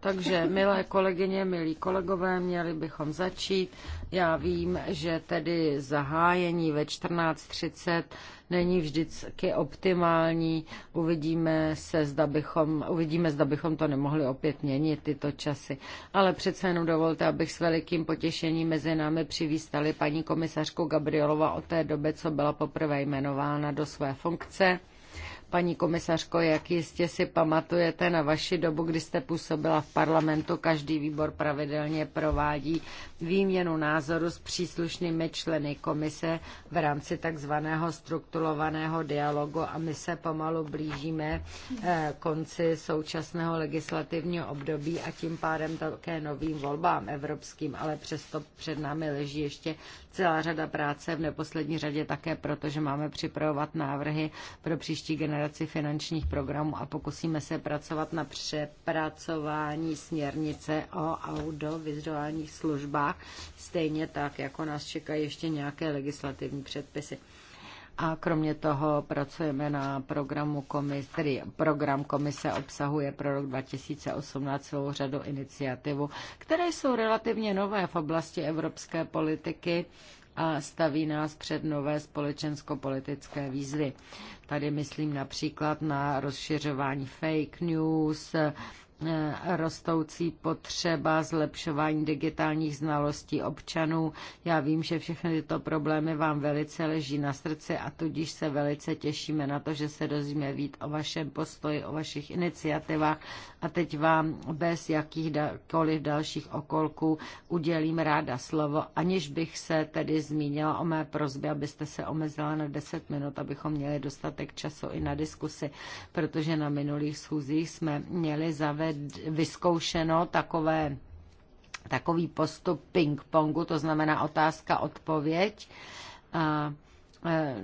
Takže, milé kolegyně, milí kolegové, měli bychom začít. Já vím, že tedy zahájení ve 14.30 není vždycky optimální. Uvidíme, se, zda bychom, uvidíme, zda bychom to nemohli opět měnit, tyto časy. Ale přece jenom dovolte, abych s velikým potěšením mezi námi přivístali paní komisařku Gabrielova od té doby, co byla poprvé jmenována do své funkce. Paní komisařko, jak jistě si pamatujete na vaši dobu, kdy jste působila v parlamentu, každý výbor pravidelně provádí výměnu názoru s příslušnými členy komise v rámci takzvaného strukturovaného dialogu a my se pomalu blížíme eh, konci současného legislativního období a tím pádem také novým volbám evropským, ale přesto před námi leží ještě celá řada práce v neposlední řadě také proto, že máme připravovat návrhy pro příští generaci generaci finančních programů a pokusíme se pracovat na přepracování směrnice o audiovizuálních službách, stejně tak, jako nás čekají ještě nějaké legislativní předpisy. A kromě toho pracujeme na programu komise, který program komise obsahuje pro rok 2018 celou řadu iniciativu, které jsou relativně nové v oblasti evropské politiky a staví nás před nové společensko-politické výzvy. Tady myslím například na rozšiřování fake news, Eh, rostoucí potřeba zlepšování digitálních znalostí občanů. Já vím, že všechny tyto problémy vám velice leží na srdci a tudíž se velice těšíme na to, že se dozvíme víc o vašem postoji, o vašich iniciativách a teď vám bez jakýchkoliv dalších okolků udělím ráda slovo, aniž bych se tedy zmínila o mé prozbě, abyste se omezila na 10 minut, abychom měli dostatek času i na diskusi, protože na minulých schůzích jsme měli zavést vyzkoušeno takové, takový postup ping-pongu, to znamená otázka-odpověď. A e,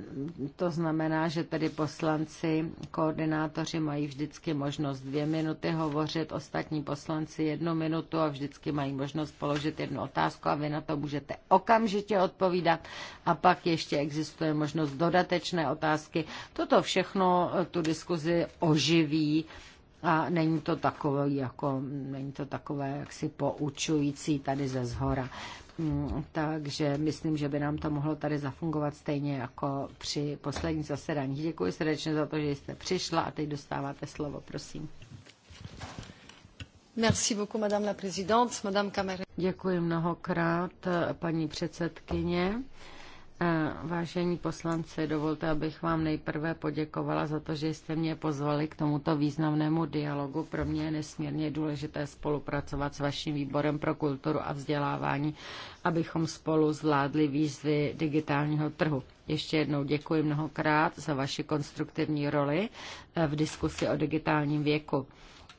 to znamená, že tedy poslanci, koordinátoři mají vždycky možnost dvě minuty hovořit, ostatní poslanci jednu minutu a vždycky mají možnost položit jednu otázku a vy na to můžete okamžitě odpovídat a pak ještě existuje možnost dodatečné otázky. Toto všechno tu diskuzi oživí a není to takové, jako, není to takové jaksi poučující tady ze zhora. Mm, takže myslím, že by nám to mohlo tady zafungovat stejně jako při poslední zasedání. Děkuji srdečně za to, že jste přišla a teď dostáváte slovo, prosím. Merci beaucoup, madame la présidente, madame Kamere. Děkuji mnohokrát, paní předsedkyně. Eh, vážení poslanci, dovolte, abych vám nejprve poděkovala za to, že jste mě pozvali k tomuto významnému dialogu. Pro mě je nesmírně důležité spolupracovat s vaším výborem pro kulturu a vzdělávání, abychom spolu zvládli výzvy digitálního trhu. Ještě jednou děkuji mnohokrát za vaši konstruktivní roli eh, v diskusi o digitálním věku.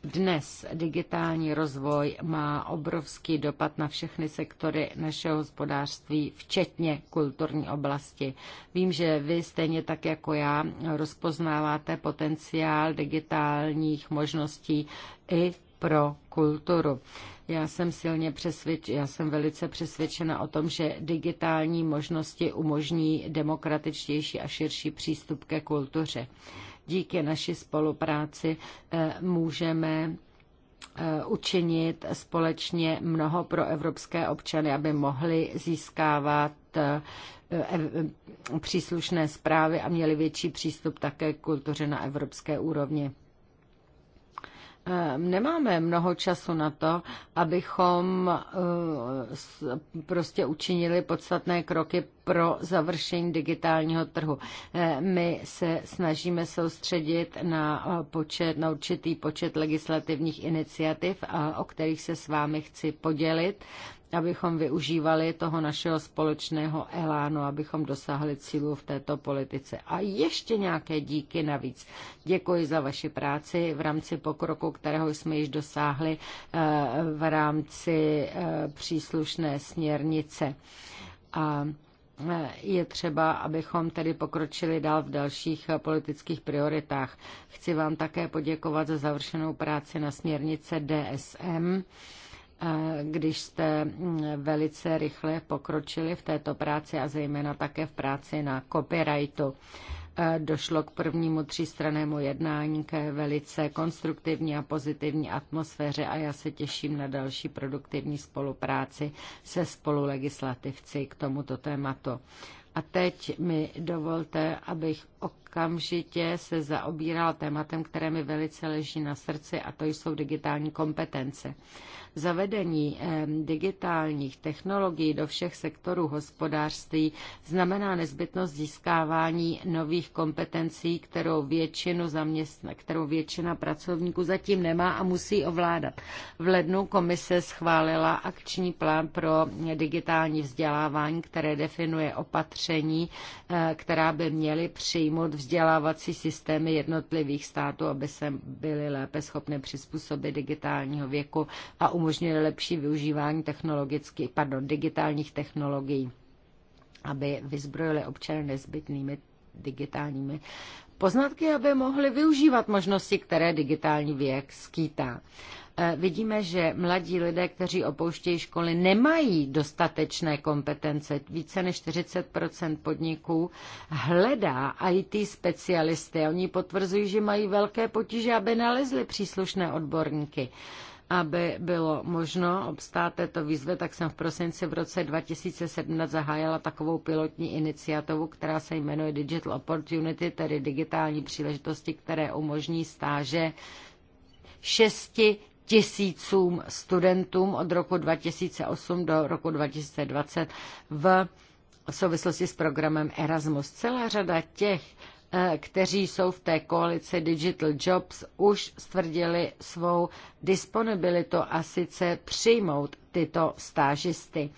Dnes digitální rozvoj má obrovský dopad na všechny sektory našeho hospodářství, včetně kulturní oblasti. Vím, že vy stejně tak jako já rozpoznáváte potenciál digitálních možností i pro kulturu. Já jsem silně přesvědč, já jsem velice přesvědčena o tom, že digitální možnosti umožní demokratičtější a širší přístup ke kultuře díky naší spolupráci eh, můžeme eh, učinit společně mnoho pro evropské občany, aby mohli získávat eh, příslušné zprávy a měli větší přístup také k kultuře na evropské úrovni. Ehm, nemáme mnoho času na to, abychom eh, prostě učinili podstatné kroky pro završení digitálního trhu. Ehm, my se snažíme soustředit na, eh, počet, na určitý počet legislativních iniciativ, o kterých se s vámi chci podělit abychom využívali toho našeho společného elánu, abychom dosáhli cílů v této politice. A ještě nějaké díky navíc. Děkuji za vaši práci v rámci pokroku, kterého jsme již dosáhli eh, v rámci eh, příslušné směrnice. A eh, je třeba, abychom tedy pokročili dál v dalších politických prioritách. Chci vám také poděkovat za završenou práci na směrnice DSM když jste mm, velice rychle pokročili v této práci a zejména také v práci na copyrightu. Eh, došlo k prvnímu třístranému jednání ke velice konstruktivní a pozitivní atmosféře a já se těším na další produktivní spolupráci se spolulegislativci k tomuto tématu. A teď mi dovolte, abych okamžitě se zaobíral tématem, které mi velice leží na srdci, a to jsou digitální kompetence. Zavedení digitálních technologií do všech sektorů hospodářství znamená nezbytnost získávání nových kompetencí, kterou, většinu zaměstna, kterou většina pracovníků zatím nemá a musí ovládat. V lednu komise schválila akční plán pro digitální vzdělávání, které definuje opatření, eh, která by měly přijmout vzdělávací systémy jednotlivých států, aby se byly lépe schopny přizpůsobit digitálního věku a umožnit umožnili lepší využívání technologických, pardon, digitálních technologií, aby vyzbrojili občany nezbytnými digitálními poznatky, aby mohli využívat možnosti, které digitální věk skýtá. E, vidíme, že mladí lidé, kteří opouštějí školy, nemají dostatečné kompetence. Více než 40 podniků hledá IT specialisty. Oni potvrzují, že mají velké potíže, aby nalezli příslušné odborníky aby bylo možno obstát této výzve, tak jsem v prosinci v roce 2017 zahájila takovou pilotní iniciativu, která se jmenuje Digital Opportunity, tedy digitální příležitosti, které umožní stáže šesti tisícům studentům od roku 2008 do roku 2020 v v souvislosti s programem Erasmus. Celá řada těch Eh, kteří jsou v té koalici Digital Jobs, už stvrdili svou disponibilitu a sice přijmout tyto stážisty.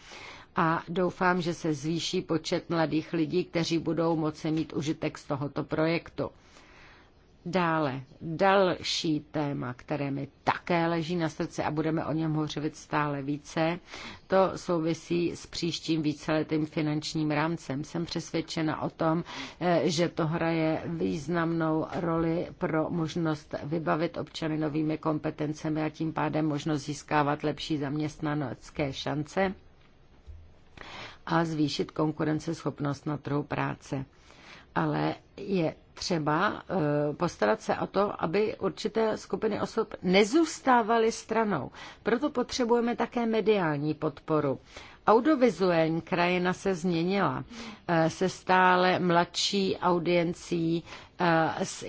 A doufám, že se zvýší počet mladých lidí, kteří budou moci mít užitek z tohoto projektu. Dále, další téma, které mi také leží na srdci a budeme o něm hořevit stále více, to souvisí s příštím víceletým finančním rámcem. Jsem přesvědčena o tom, eh, že to hraje významnou roli pro možnost vybavit občany novými kompetencemi a tím pádem možnost získávat lepší zaměstnanecké šance a zvýšit konkurenceschopnost na trhu práce. Ale je třeba eh, postarat se o to, aby určité skupiny osob nezůstávaly stranou. Proto potřebujeme také mediální podporu. Audiovizuální krajina se změnila, eh, se stále mladší audiencí, eh, s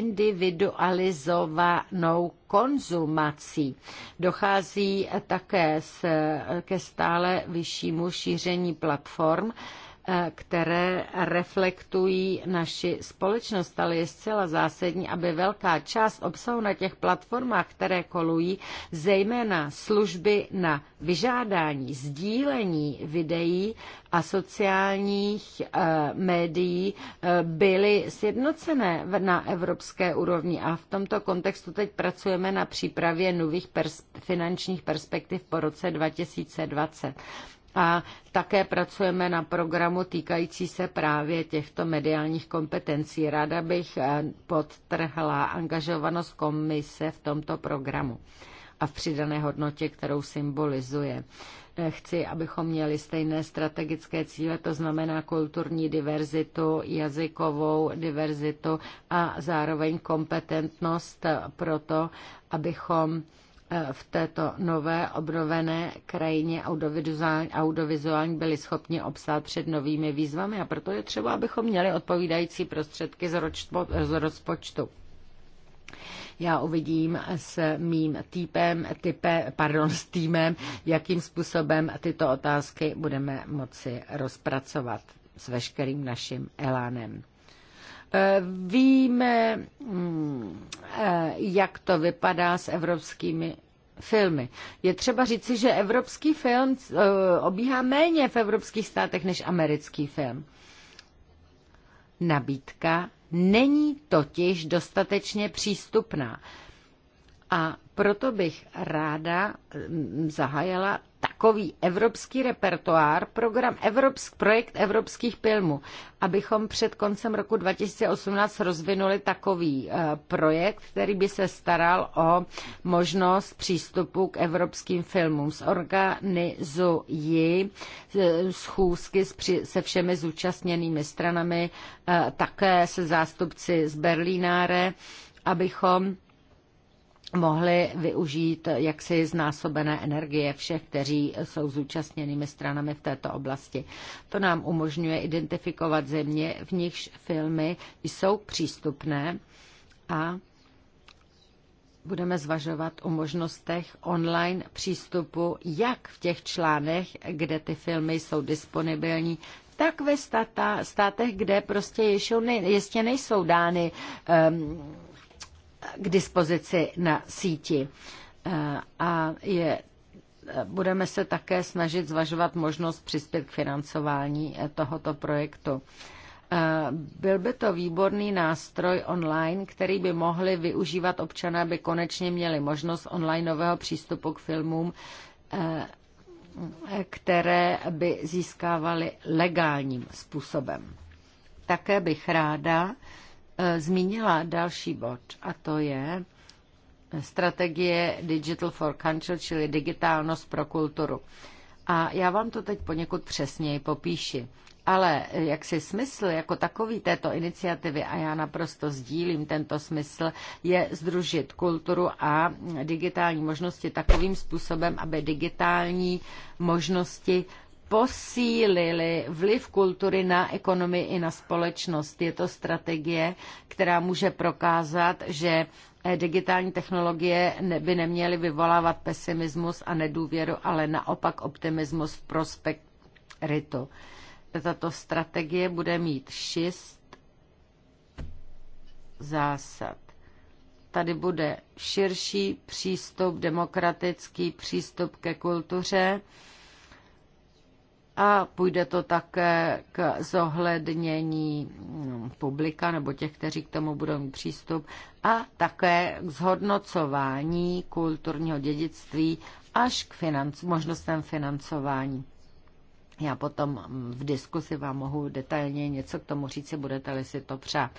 individualizovanou konzumací. Dochází také ke stále vyššímu šíření platform, Eh, které reflektují naši společnost, ale je zcela zásadní, aby velká část obsahu na těch platformách, které kolují, zejména služby na vyžádání, sdílení videí a sociálních eh, médií eh, byly sjednocené na evropské úrovni a v tomto kontextu teď pracujeme na přípravě nových pers- finančních perspektiv po roce 2020 a také pracujeme na programu týkající se právě těchto mediálních kompetencí. Ráda bych eh, podtrhla angažovanost komise v tomto programu a v přidané hodnotě, kterou symbolizuje. Eh, chci, abychom měli stejné strategické cíle, to znamená kulturní diverzitu, jazykovou diverzitu a zároveň kompetentnost pro to, abychom Eh, v této nové obnovené krajině audiovizuální, audiovizuální byli schopni obsát před novými výzvami a proto je třeba, abychom měli odpovídající prostředky z, ročpo, z rozpočtu. Já uvidím s mým týpem, type, pardon, s týmem, jakým způsobem tyto otázky budeme moci rozpracovat s veškerým naším elánem. Víme, mm, eh, jak to vypadá s evropskými filmy. Je třeba říci, že evropský film eh, obíhá méně v evropských státech než americký film. Nabídka není totiž dostatečně přístupná. A proto bych ráda mm, zahájila tak takový evropský repertoár, program Evropsk, projekt evropských filmů, abychom před koncem roku 2018 rozvinuli takový eh, projekt, který by se staral o možnost přístupu k evropským filmům. Zorganizuji eh, schůzky se všemi zúčastněnými stranami, eh, také se zástupci z Berlínáre, abychom mohli využít jaksi znásobené energie všech, kteří jsou zúčastněnými stranami v této oblasti. To nám umožňuje identifikovat země, v nichž filmy jsou přístupné a budeme zvažovat o možnostech online přístupu jak v těch článech, kde ty filmy jsou disponibilní, tak ve státech, kde prostě ještě nejsou dány um, k dispozici na síti. A je budeme se také snažit zvažovat možnost přispět k financování tohoto projektu. Byl by to výborný nástroj online, který by mohli využívat občané, aby konečně měli možnost online nového přístupu k filmům, které by získávali legálním způsobem. Také bych ráda Eh, zmínila další bod, a to je strategie Digital for Culture, čili digitálnost pro kulturu. A já vám to teď poněkud přesněji popíši. Ale jak si smysl jako takový této iniciativy, a já naprosto sdílím tento smysl, je združit kulturu a digitální možnosti takovým způsobem, aby digitální možnosti posílili vliv kultury na ekonomii i na společnost. Je to strategie, která může prokázat, že digitální technologie by neměly vyvolávat pesimismus a nedůvěru, ale naopak optimismus v prosperitu. Tato strategie bude mít šest zásad. Tady bude širší přístup, demokratický přístup ke kultuře, a půjde to také k zohlednění mm, publika nebo těch, kteří k tomu budou mít přístup a také k zhodnocování kulturního dědictví až k financ- možnostem financování. Já potom mm, v diskusi vám mohu detailně něco k tomu říct, budete-li si to přát.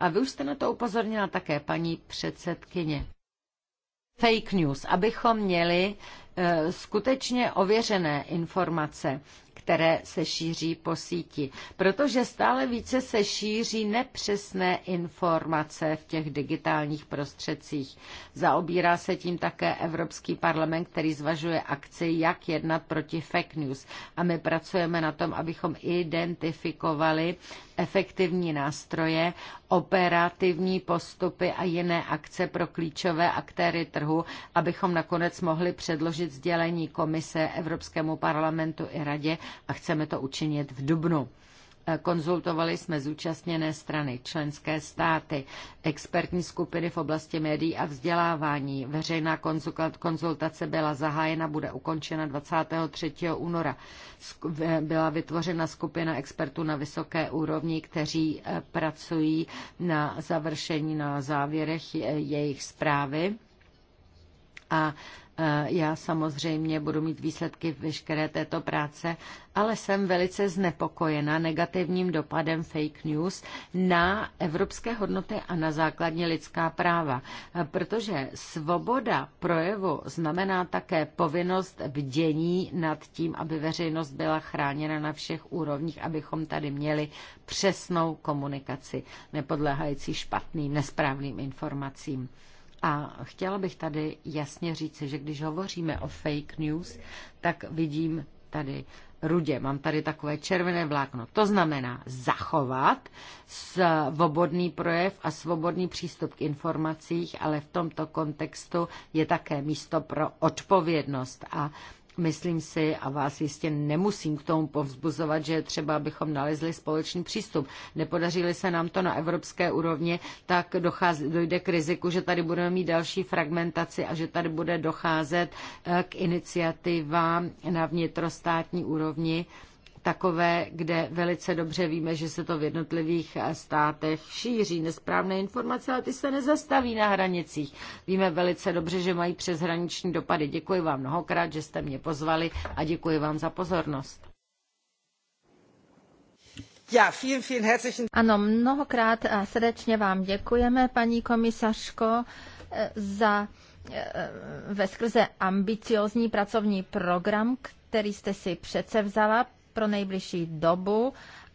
A vy už jste na to upozornila také, paní předsedkyně. Fake news, abychom měli eh, skutečně ověřené informace které se šíří po síti, protože stále více se šíří nepřesné informace v těch digitálních prostředcích. Zaobírá se tím také Evropský parlament, který zvažuje akci, jak jednat proti fake news. A my pracujeme na tom, abychom identifikovali efektivní nástroje, operativní postupy a jiné akce pro klíčové aktéry trhu, abychom nakonec mohli předložit sdělení komise Evropskému parlamentu i radě a chceme to učinit v Dubnu. Konzultovali jsme zúčastněné strany, členské státy, expertní skupiny v oblasti médií a vzdělávání. Veřejná konzultace byla zahájena, bude ukončena 23. února. Byla vytvořena skupina expertů na vysoké úrovni, kteří eh, pracují na završení, na závěrech jejich zprávy a e, já samozřejmě budu mít výsledky veškeré této práce, ale jsem velice znepokojena negativním dopadem fake news na evropské hodnoty a na základní lidská práva, protože svoboda projevu znamená také povinnost bdění nad tím, aby veřejnost byla chráněna na všech úrovních, abychom tady měli přesnou komunikaci, nepodléhající špatným, nesprávným informacím. A chtěla bych tady jasně říci, že když hovoříme o fake news, tak vidím tady rudě, mám tady takové červené vlákno. To znamená zachovat svobodný projev a svobodný přístup k informacích, ale v tomto kontextu je také místo pro odpovědnost. A Myslím si, a vás jistě nemusím k tomu povzbuzovat, že třeba bychom nalezli společný přístup. Nepodařili se nám to na evropské úrovni, tak dochází, dojde k riziku, že tady budeme mít další fragmentaci a že tady bude docházet eh, k iniciativám na vnitrostátní úrovni, takové, kde velice dobře víme, že se to v jednotlivých eh, státech šíří nesprávné informace, ale ty se nezastaví na hranicích. Víme velice dobře, že mají přeshraniční dopady. Děkuji vám mnohokrát, že jste mě pozvali a děkuji vám za pozornost. Ano, mnohokrát a eh, srdečně vám děkujeme, paní komisařko, eh, za ve skrze ambiciozní pracovní program, který jste si přece vzala pro nejbližší dobu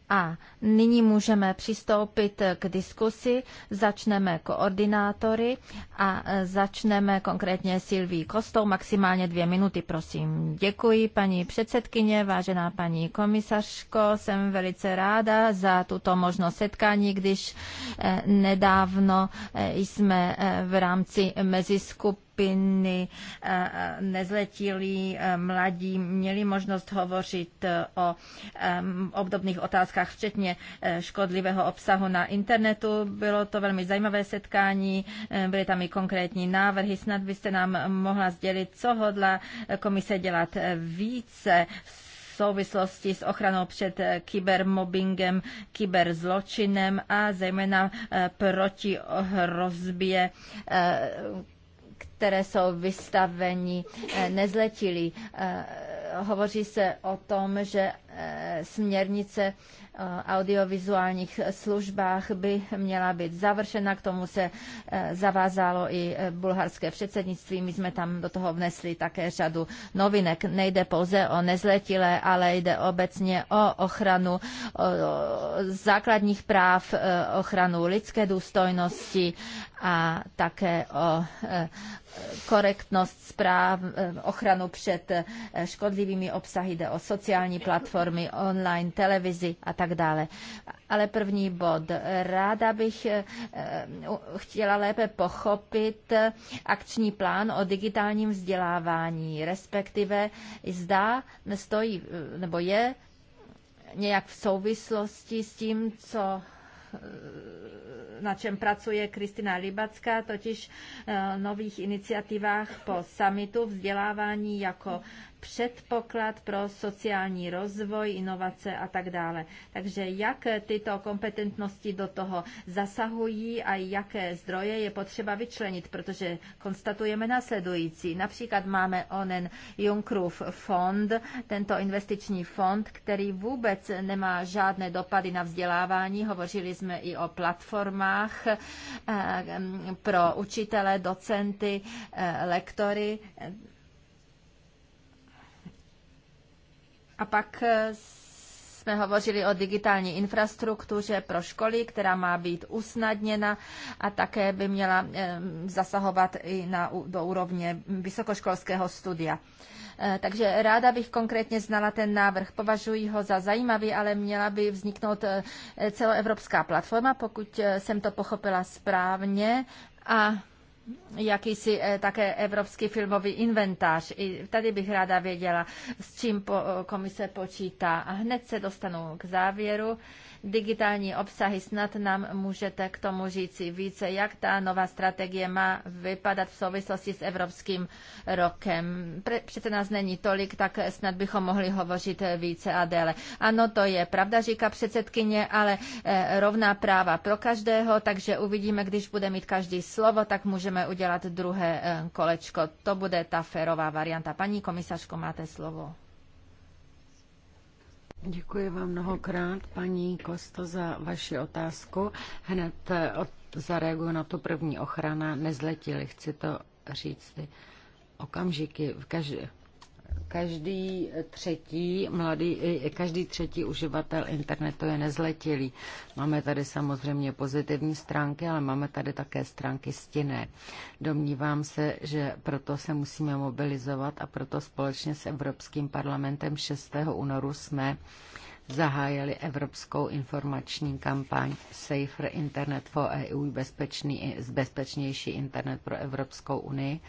a nyní můžeme přistoupit k diskusi. Začneme koordinátory a začneme konkrétně Silví Kostou. Maximálně dvě minuty, prosím. Děkuji, paní předsedkyně, vážená paní komisařko. Jsem velice ráda za tuto možnost setkání, když eh, nedávno eh, jsme eh, v rámci meziskup skupiny eh, eh, nezletilí eh, mladí měli možnost hovořit o obdobných otázkách, včetně škodlivého obsahu na internetu. Bylo to velmi zajímavé setkání, byly tam i konkrétní návrhy. Snad byste nám mohla sdělit, co hodla komise dělat více souvislosti s ochranou před kybermobbingem, kyberzločinem a zejména proti hrozbě které jsou vystaveni eh, nezletilí. Eh, hovoří se o tom, že Eh, směrnice eh, audiovizuálních službách by měla být završena. K tomu se eh, zavázalo i bulharské předsednictví. My jsme tam do toho vnesli také řadu novinek. Nejde pouze o nezletilé, ale jde obecně o ochranu o základních práv, ochranu lidské důstojnosti a také o korektnost zpráv, ochranu před škodlivými obsahy, jde o sociální platformy platformy, online televizi a tak dále. Ale první bod. Ráda bych eh, chtěla lépe pochopit eh, akční plán o digitálním vzdělávání, respektive zda stojí eh, nebo je nějak v souvislosti s tím, co na čem pracuje Kristina Libacká, totiž nových iniciativách po samitu vzdělávání jako předpoklad pro sociální rozvoj, inovace a tak dále. Takže jak tyto kompetentnosti do toho zasahují a jaké zdroje je potřeba vyčlenit, protože konstatujeme následující. Například máme onen Junkrův fond, tento investiční fond, který vůbec nemá žádné dopady na vzdělávání. Hovořili jsme i o platformách eh, pro učitele, docenty, eh, lektory. A pak eh, jsme hovořili o digitální infrastruktuře pro školy, která má být usnadněna a také by měla eh, zasahovat i na, do úrovně vysokoškolského studia. Eh, takže ráda bych konkrétně znala ten návrh. Považuji ho za zajímavý, ale měla by vzniknout celoevropská platforma, pokud jsem to pochopila správně. A jakýsi eh, také evropský filmový inventář. I tady bych ráda věděla, s čím po, eh, komise počítá. A hned se dostanu k závěru digitální obsahy. Snad nám můžete k tomu říci více, jak ta nová strategie má vypadat v souvislosti s Evropským rokem. Přece nás není tolik, tak snad bychom mohli hovořit více a déle. Ano, to je pravda, říká předsedkyně, ale eh, rovná práva pro každého, takže uvidíme, když bude mít každý slovo, tak můžeme udělat druhé eh, kolečko. To bude ta férová varianta. Paní komisařko, máte slovo. Děkuji vám mnohokrát, paní Kosto, za vaši otázku. Hned eh, od, zareaguju na tu první ochrana nezletili. Chci to říct ty okamžiky. V každé, Každý třetí, mladý, každý třetí uživatel internetu je nezletilý. Máme tady samozřejmě pozitivní stránky, ale máme tady také stránky stinné. Domnívám se, že proto se musíme mobilizovat a proto společně s Evropským parlamentem 6. únoru jsme zahájili evropskou informační kampaň Safer Internet for EU, bezpečný, bezpečnější internet pro Evropskou unii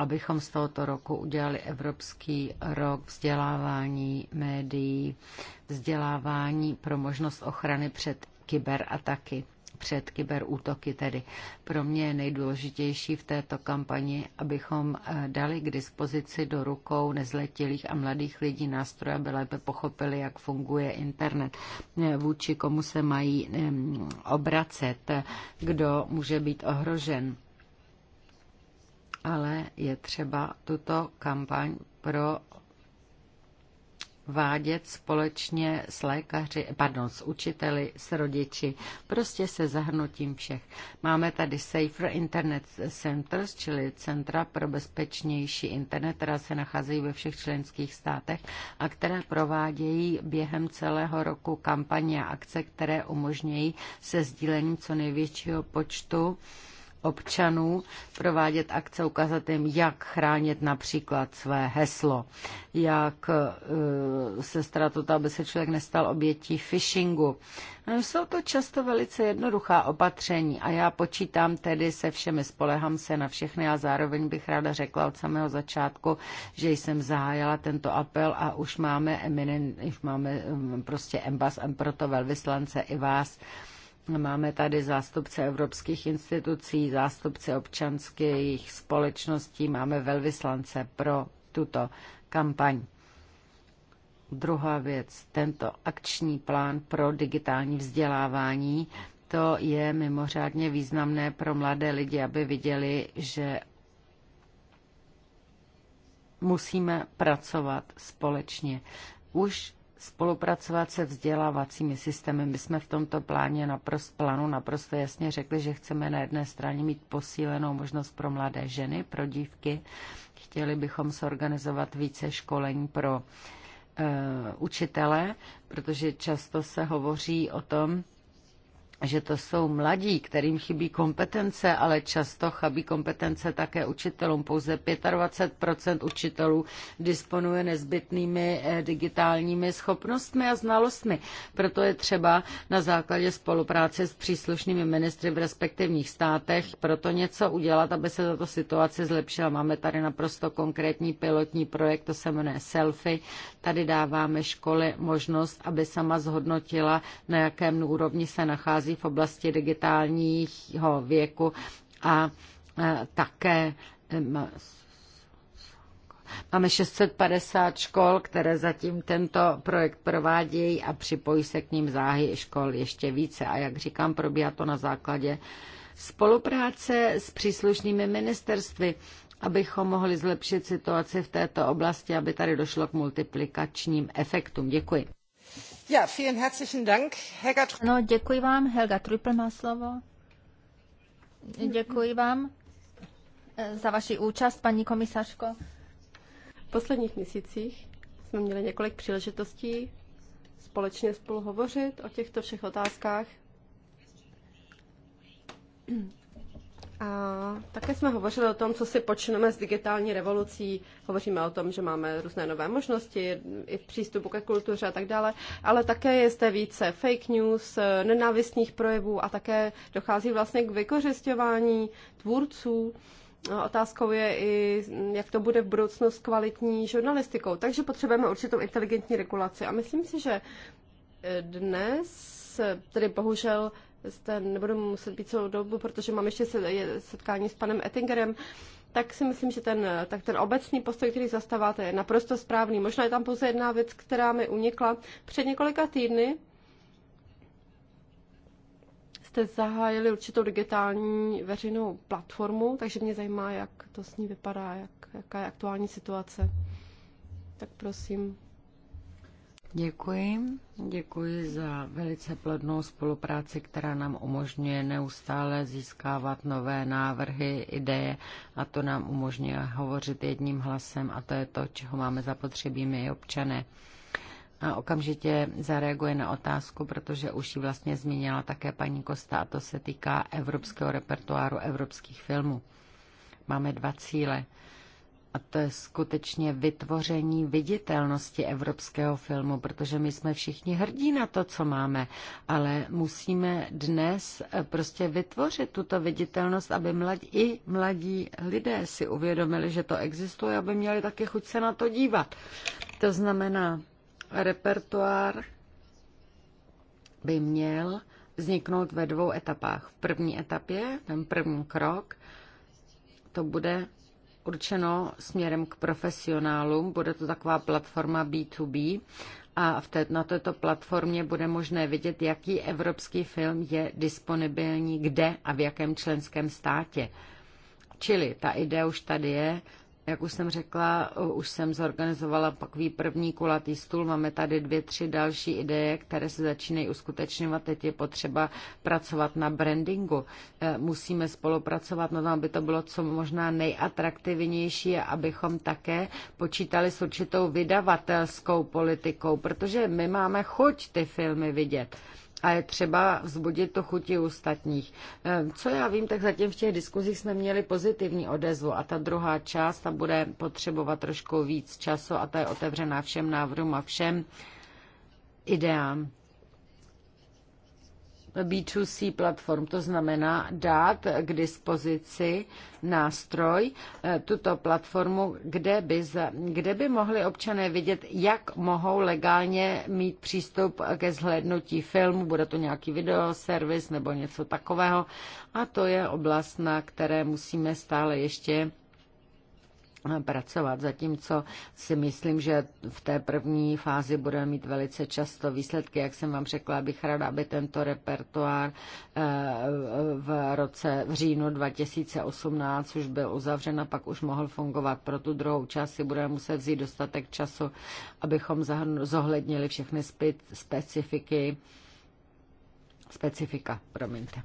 abychom z tohoto roku udělali Evropský rok vzdělávání médií, vzdělávání pro možnost ochrany před kyberataky před kyberútoky tedy. Pro mě je nejdůležitější v této kampani, abychom eh, dali k dispozici do rukou nezletilých a mladých lidí nástroje, aby lépe pochopili, jak funguje internet, eh, vůči komu se mají obracet, kdo může být ohrožen ale je třeba tuto kampaň pro vádět společně s lékaři, pardon, s učiteli, s rodiči, prostě se zahrnutím všech. Máme tady Safer Internet Centers, čili Centra pro bezpečnější internet, která se nacházejí ve všech členských státech a které provádějí během celého roku kampaně a akce, které umožňují se sdílením co největšího počtu občanů provádět akce jim, jak chránit například své heslo, jak e, se starat o to, aby se člověk nestal obětí phishingu. E, jsou to často velice jednoduchá opatření a já počítám tedy se všemi, spolehám se na všechny a zároveň bych ráda řekla od samého začátku, že jsem zahájila tento apel a už máme, eminen, už máme e, prostě embas, proto velvyslance i vás, Máme tady zástupce evropských institucí, zástupce občanských společností, máme velvyslance pro tuto kampaň. Druhá věc, tento akční plán pro digitální vzdělávání, to je mimořádně významné pro mladé lidi, aby viděli, že musíme pracovat společně. Už spolupracovat se vzdělávacími systémy. My jsme v tomto pláně naprost, plánu naprosto jasně řekli, že chceme na jedné straně mít posílenou možnost pro mladé ženy, pro dívky. Chtěli bychom zorganizovat více školení pro uh, učitele, protože často se hovoří o tom, že to jsou mladí, kterým chybí kompetence, ale často chybí kompetence také učitelům. Pouze 25 učitelů disponuje nezbytnými eh, digitálními schopnostmi a znalostmi. Proto je třeba na základě spolupráce s příslušnými ministry v respektivních státech proto něco udělat, aby se tato situace zlepšila. Máme tady naprosto konkrétní pilotní projekt, to se jmenuje Selfie. Tady dáváme škole možnost, aby sama zhodnotila, na jakém úrovni se nachází prochází v oblasti digitálního věku a e, také e, Máme 650 škol, které zatím tento projekt provádějí a připojí se k ním záhy škol ještě více. A jak říkám, probíhá to na základě spolupráce s příslušnými ministerstvy, abychom mohli zlepšit situaci v této oblasti, aby tady došlo k multiplikačním efektům. Děkuji. Ja, vielen herzlichen Dank, Helga no, děkuji vám. Helga Trüppel má slovo. Děkuji vám eh, za vaši účast, paní komisařko. V posledních měsících jsme měli několik příležitostí společně spolu hovořit o těchto všech otázkách. A také jsme hovořili o tom, co si počneme s digitální revolucí. Hovoříme o tom, že máme různé nové možnosti i v přístupu ke kultuře a tak dále, ale také je zde více fake news, nenávistných projevů a také dochází vlastně k vykořišťování tvůrců. Otázkou je i, jak to bude v budoucnu s kvalitní žurnalistikou. Takže potřebujeme určitou inteligentní regulaci. A myslím si, že dnes, tedy bohužel, jste, nebudu muset být celou dobu, protože mám ještě setkání s panem Ettingerem, tak si myslím, že ten, tak ten obecný postoj, který zastáváte, je naprosto správný. Možná je tam pouze jedna věc, která mi unikla. Před několika týdny jste zahájili určitou digitální veřejnou platformu, takže mě zajímá, jak to s ní vypadá, jak, jaká je aktuální situace. Tak prosím. Děkuji. Děkuji za velice plodnou spolupráci, která nám umožňuje neustále získávat nové návrhy, ideje a to nám umožňuje hovořit jedním hlasem a to je to, čeho máme zapotřebí my občané. A okamžitě zareaguje na otázku, protože už ji vlastně zmínila také paní Kosta a to se týká evropského repertoáru evropských filmů. Máme dva cíle a to je skutečně vytvoření viditelnosti evropského filmu, protože my jsme všichni hrdí na to, co máme, ale musíme dnes eh, prostě vytvořit tuto viditelnost, aby mladí, i mladí lidé si uvědomili, že to existuje, aby měli také chuť se na to dívat. To znamená, repertoár by měl vzniknout ve dvou etapách. V první etapě, ten první krok, to bude určeno směrem k profesionálům. Bude to taková platforma B2B a v té, na této platformě bude možné vidět, jaký evropský film je disponibilní kde a v jakém členském státě. Čili ta idea už tady je, jak už jsem řekla, už jsem zorganizovala takový první kulatý stůl. Máme tady dvě, tři další ideje, které se začínají uskutečňovat. Teď je potřeba pracovat na brandingu. Eh, musíme spolupracovat na no tom, aby to bylo co možná nejatraktivnější a abychom také počítali s určitou vydavatelskou politikou, protože my máme chuť ty filmy vidět a je třeba vzbudit to chuti ostatních. Ehm, co já vím, tak zatím v těch diskuzích jsme měli pozitivní odezvu a ta druhá část, ta bude potřebovat trošku víc času a ta je otevřená všem návrhům a všem ideám. B2C platform, to znamená dát k dispozici nástroj, eh, tuto platformu, kde by, za, kde by mohli občané vidět, jak mohou legálně mít přístup ke zhlédnutí filmu, bude to nějaký videoservis nebo něco takového. A to je oblast, na které musíme stále ještě pracovat, zatímco si myslím, že v té první fázi budeme mít velice často výsledky, jak jsem vám řekla, bych ráda, aby tento repertoár eh, v roce v říjnu 2018 už byl uzavřen a pak už mohl fungovat. Pro tu druhou část si budeme muset vzít dostatek času, abychom zohlednili všechny specifiky specifika. Promiňte.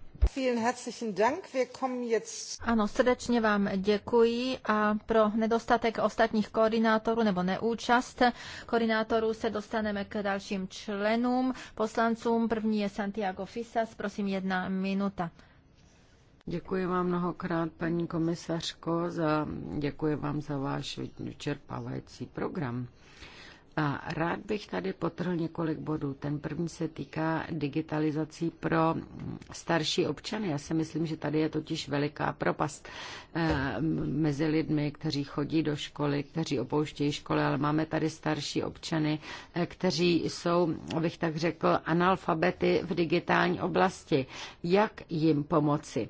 Ano, srdečně vám děkuji a pro nedostatek ostatních koordinátorů nebo neúčast koordinátorů se dostaneme k dalším členům, poslancům. První je Santiago Fisas, prosím jedna minuta. Děkuji vám mnohokrát, paní komisařko, za, děkuji vám za váš vyčerpávající program. A rád bych tady potrhl několik bodů. Ten první se týká digitalizací pro starší občany. Já si myslím, že tady je totiž veliká propast eh, mezi lidmi, kteří chodí do školy, kteří opouštějí školy, ale máme tady starší občany, eh, kteří jsou, abych tak řekl, analfabety v digitální oblasti. Jak jim pomoci?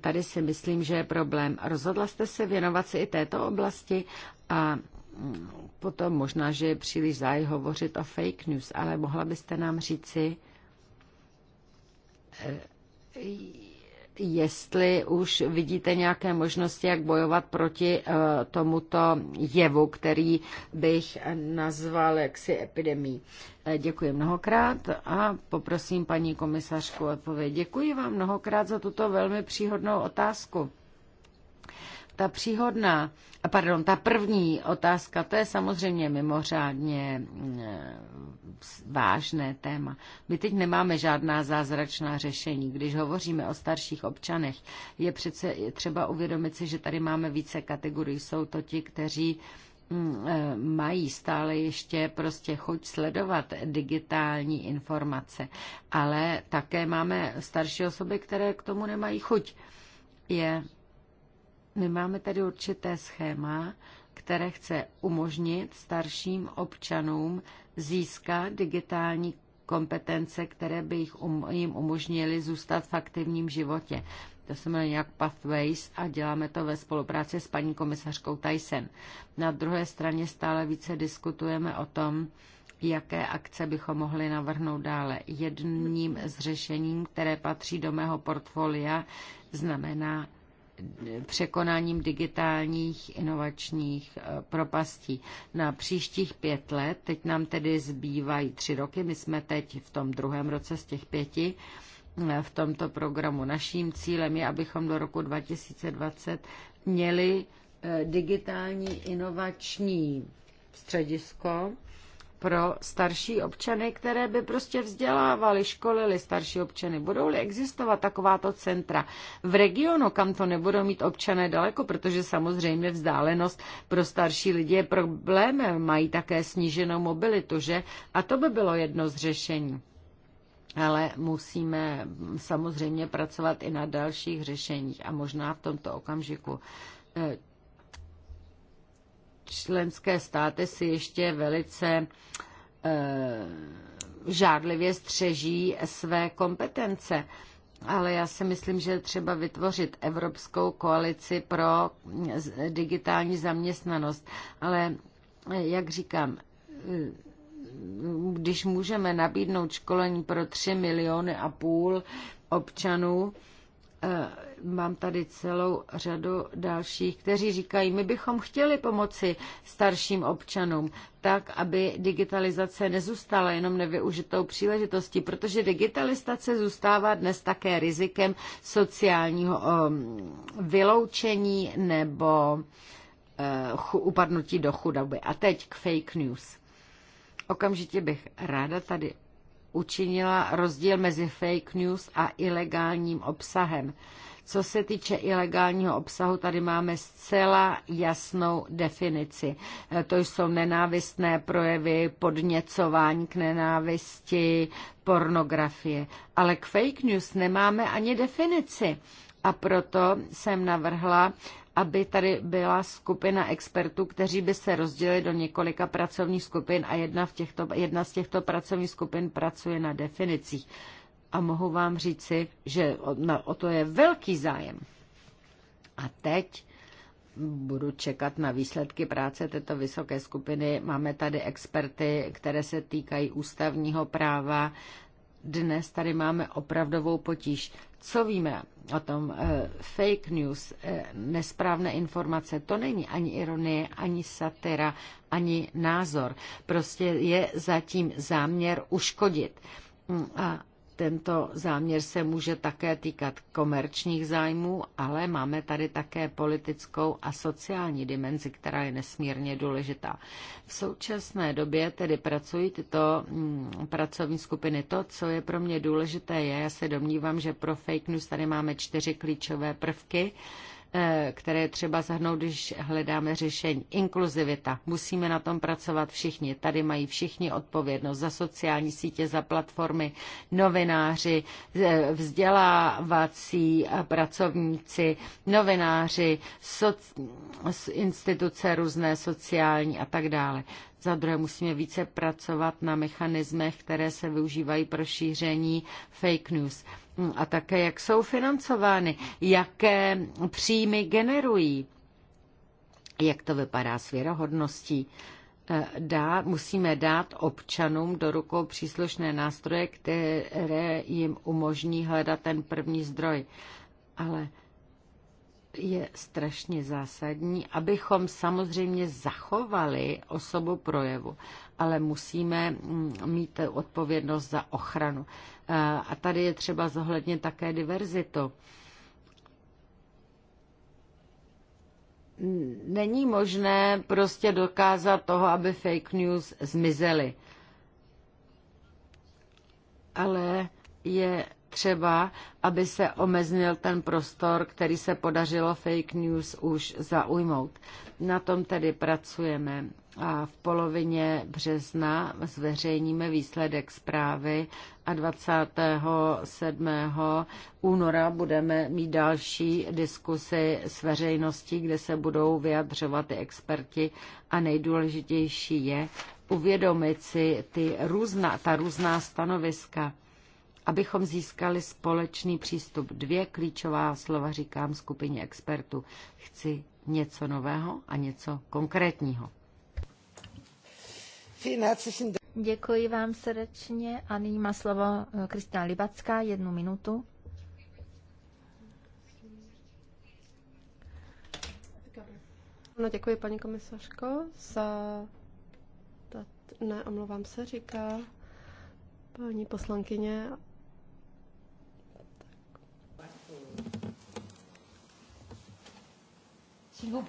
Tady si myslím, že je problém. Rozhodla jste se věnovat si i této oblasti a potom možná, že je příliš záj hovořit o fake news, ale mohla byste nám říci, eh, jestli už vidíte nějaké možnosti, jak bojovat proti eh, tomuto jevu, který bych nazval jaksi epidemí. Eh, děkuji mnohokrát a poprosím paní komisařku odpověď. Děkuji vám mnohokrát za tuto velmi příhodnou otázku. Ta příhodná, pardon, ta první otázka, to je samozřejmě mimořádně eh, vážné téma. My teď nemáme žádná zázračná řešení. Když hovoříme o starších občanech, je přece třeba uvědomit si, že tady máme více kategorií. Jsou to ti, kteří mm, eh, mají stále ještě prostě chuť sledovat digitální informace, ale také máme starší osoby, které k tomu nemají chuť. Je my máme tedy určité schéma, které chce umožnit starším občanům získat digitální kompetence, které by jich um, jim umožnily zůstat v aktivním životě. To se jmenuje nějak Pathways a děláme to ve spolupráci s paní komisařkou Tyson. Na druhé straně stále více diskutujeme o tom, jaké akce bychom mohli navrhnout dále. Jedním z řešení, které patří do mého portfolia, znamená překonáním digitálních inovačních eh, propastí. Na příštích pět let, teď nám tedy zbývají tři roky, my jsme teď v tom druhém roce z těch pěti, eh, v tomto programu. Naším cílem je, abychom do roku 2020 měli eh, digitální inovační středisko, pro starší občany, které by prostě vzdělávali, školili starší občany. Budou-li existovat takováto centra v regionu, kam to nebudou mít občané daleko, protože samozřejmě vzdálenost pro starší lidi je problém. mají také sníženou mobilitu, že? A to by bylo jedno z řešení. Ale musíme samozřejmě pracovat i na dalších řešeních a možná v tomto okamžiku eh, členské státy si ještě velice e, žádlivě střeží své kompetence. Ale já si myslím, že třeba vytvořit Evropskou koalici pro digitální zaměstnanost. Ale eh, jak říkám, eh, když můžeme nabídnout školení pro 3 miliony a půl občanů, mám tady celou řadu dalších, kteří říkají, my bychom chtěli pomoci starším občanům tak, aby digitalizace nezůstala jenom nevyužitou příležitostí, protože digitalizace zůstává dnes také rizikem sociálního ehm, vyloučení nebo eh, upadnutí do chudoby. A teď k fake news. Okamžitě bych ráda tady učinila rozdíl mezi fake news a ilegálním obsahem. Co se týče ilegálního obsahu, tady máme zcela jasnou definici. E, to jsou nenávistné projevy, podněcování k nenávisti, pornografie. Ale k fake news nemáme ani definici. A proto jsem navrhla, aby tady byla skupina expertů, kteří by se rozdělili do několika pracovních skupin a jedna, v těchto, jedna z těchto pracovních skupin pracuje na definicích a mohu vám říci, že o, na, o to je velký zájem. A teď budu čekat na výsledky práce této vysoké skupiny. Máme tady experty, které se týkají ústavního práva. Dnes tady máme opravdovou potíž. Co víme o tom? Eh, fake news, eh, nesprávné informace, to není ani ironie, ani satira, ani názor. Prostě je zatím záměr uškodit. Mm, a tento záměr se může také týkat komerčních zájmů, ale máme tady také politickou a sociální dimenzi, která je nesmírně důležitá. V současné době tedy pracují tyto mm, pracovní skupiny. To, co je pro mě důležité, je, já se domnívám, že pro fake news tady máme čtyři klíčové prvky Eh, které je třeba zahrnout, když hledáme řešení. Inkluzivita. Musíme na tom pracovat všichni. Tady mají všichni odpovědnost za sociální sítě, za platformy, novináři, eh, vzdělávací eh, pracovníci, novináři, soc, instituce různé sociální a tak dále. Za druhé musíme více pracovat na mechanismech, které se využívají pro šíření fake news. A také, jak jsou financovány, jaké příjmy generují, jak to vypadá s věrohodností eh, dá, musíme dát občanům do rukou příslušné nástroje, které jim umožní hledat ten první zdroj. Ale je strašně zásadní, abychom samozřejmě zachovali osobu projevu, ale musíme mm, mít odpovědnost za ochranu. Eh, a tady je třeba zohlednit také diverzitu. Není možné prostě dokázat toho, aby fake news zmizely. Ale je třeba, aby se omeznil ten prostor, který se podařilo fake news už zaujmout. Na tom tedy pracujeme a v polovině března zveřejníme výsledek zprávy a 27. února budeme mít další diskusy s veřejností, kde se budou vyjadřovat i experti a nejdůležitější je uvědomit si ty různá, ta různá stanoviska abychom získali společný přístup. Dvě klíčová slova říkám skupině expertů. Chci něco nového a něco konkrétního. Děkuji vám srdečně a nyní má slovo eh, Kristina Libacká, jednu minutu. No, děkuji, paní komisařko, za... Ne, omlouvám se, říká paní poslankyně No.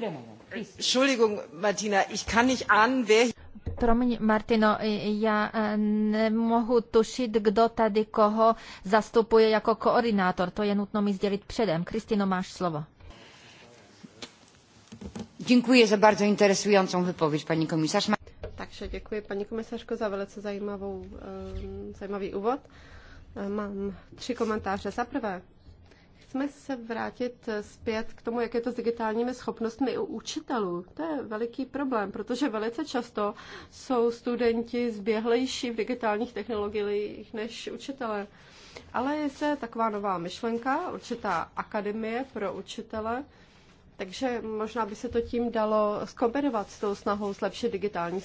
Entschuldigung, Martina, ich kann nicht ahnen, wer... Promiň, Martino, já eh, nemohu tušit, kdo tady koho zastupuje jako koordinátor. To je nutno mi sdělit předem. Kristino, máš slovo. Děkuji za bardzo interesującą wypowiedź, paní komisař. Takže děkuji, paní komisařko, za velice zajímavou, eh, zajímavý úvod. Eh, mám tři komentáře. Za prvé, Pojďme se vrátit zpět k tomu, jak je to s digitálními schopnostmi u učitelů. To je veliký problém, protože velice často jsou studenti zběhlejší v digitálních technologiích než učitelé. Ale je se taková nová myšlenka, určitá akademie pro učitele, takže možná by se to tím dalo skombinovat s tou snahou zlepšit digitální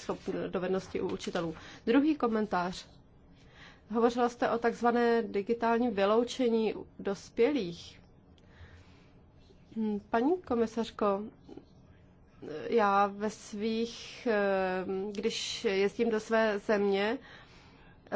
dovednosti u učitelů. Druhý komentář. Hovořila jste o takzvané digitálním vyloučení dospělých. Hm, paní komisařko, já ve svých, eh, když jezdím do své země,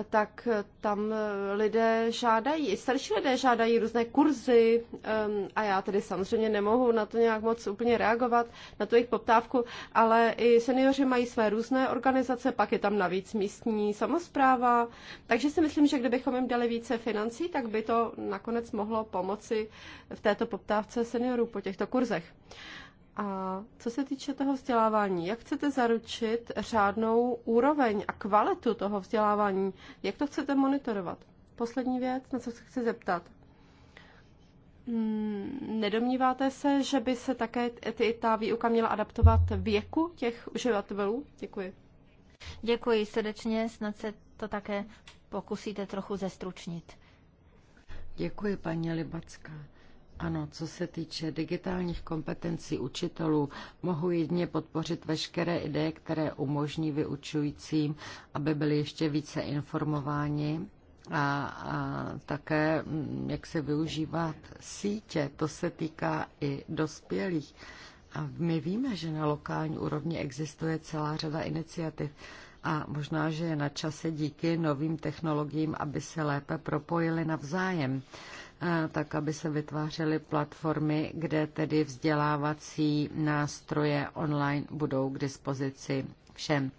tak eh, tam eh, lidé žádají, i starší lidé žádají různé kurzy ehm, a já tedy samozřejmě nemohu na to nějak moc úplně reagovat, na tu jejich poptávku, ale i seniori mají své různé organizace, pak je tam navíc místní samozpráva, takže si myslím, že kdybychom jim dali více financí, tak by to nakonec mohlo pomoci v této poptávce seniorů po těchto kurzech. A co se týče toho vzdělávání, jak chcete zaručit řádnou úroveň a kvalitu toho vzdělávání? Jak to chcete monitorovat? Poslední věc, na co se chci zeptat. Hmm, nedomníváte se, že by se také ty, ta výuka měla adaptovat věku těch uživatelů? Děkuji. Děkuji srdečně, snad se to také pokusíte trochu zestručnit. Děkuji, paní Libacká. Ano, co se týče digitálních kompetencí učitelů, mohu jedině podpořit veškeré ideje, které umožní vyučujícím, aby byli ještě více informováni a, a také, mm, jak se využívat sítě. To se týká i dospělých. A my víme, že na lokální úrovni existuje celá řada iniciativ. A možná, že je na čase díky novým technologiím, aby se lépe propojili navzájem tak aby se vytvářely platformy, kde tedy vzdělávací nástroje online budou k dispozici všem.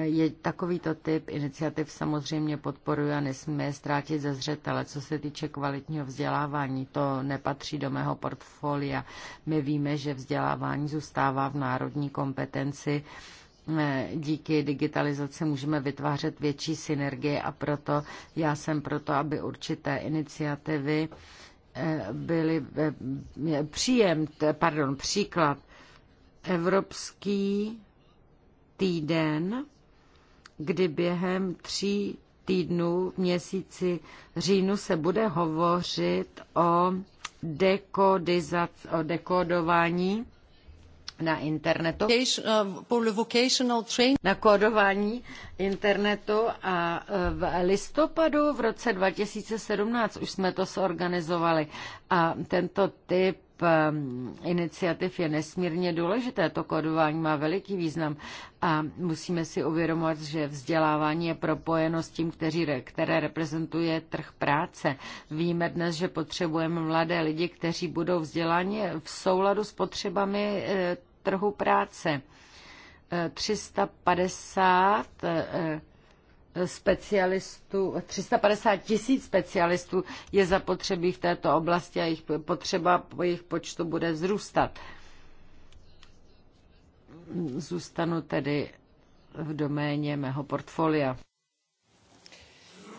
Je takovýto typ iniciativ samozřejmě podporuji a nesmíme je ztrátit ze zřetele. Co se týče kvalitního vzdělávání, to nepatří do mého portfolia. My víme, že vzdělávání zůstává v národní kompetenci Eh, díky digitalizaci můžeme vytvářet větší synergie a proto já jsem proto, aby určité iniciativy eh, byly eh, příjem, pardon, příklad Evropský týden, kdy během tří týdnů v měsíci říjnu se bude hovořit o, dekodizac- o dekodování na internetu, eh, na kódování internetu a eh, v listopadu v roce 2017 už jsme to zorganizovali a tento typ eh, iniciativ je nesmírně důležité. To kodování má veliký význam a musíme si uvědomovat, že vzdělávání je propojeno s tím, kteří, které reprezentuje trh práce. Víme dnes, že potřebujeme mladé lidi, kteří budou vzděláni v souladu s potřebami trhu práce. 350 e, e, specialistů, 350 tisíc specialistů je zapotřebí v této oblasti a jejich potřeba po jejich počtu bude vzrůstat. Zůstanu tedy v doméně mého portfolia.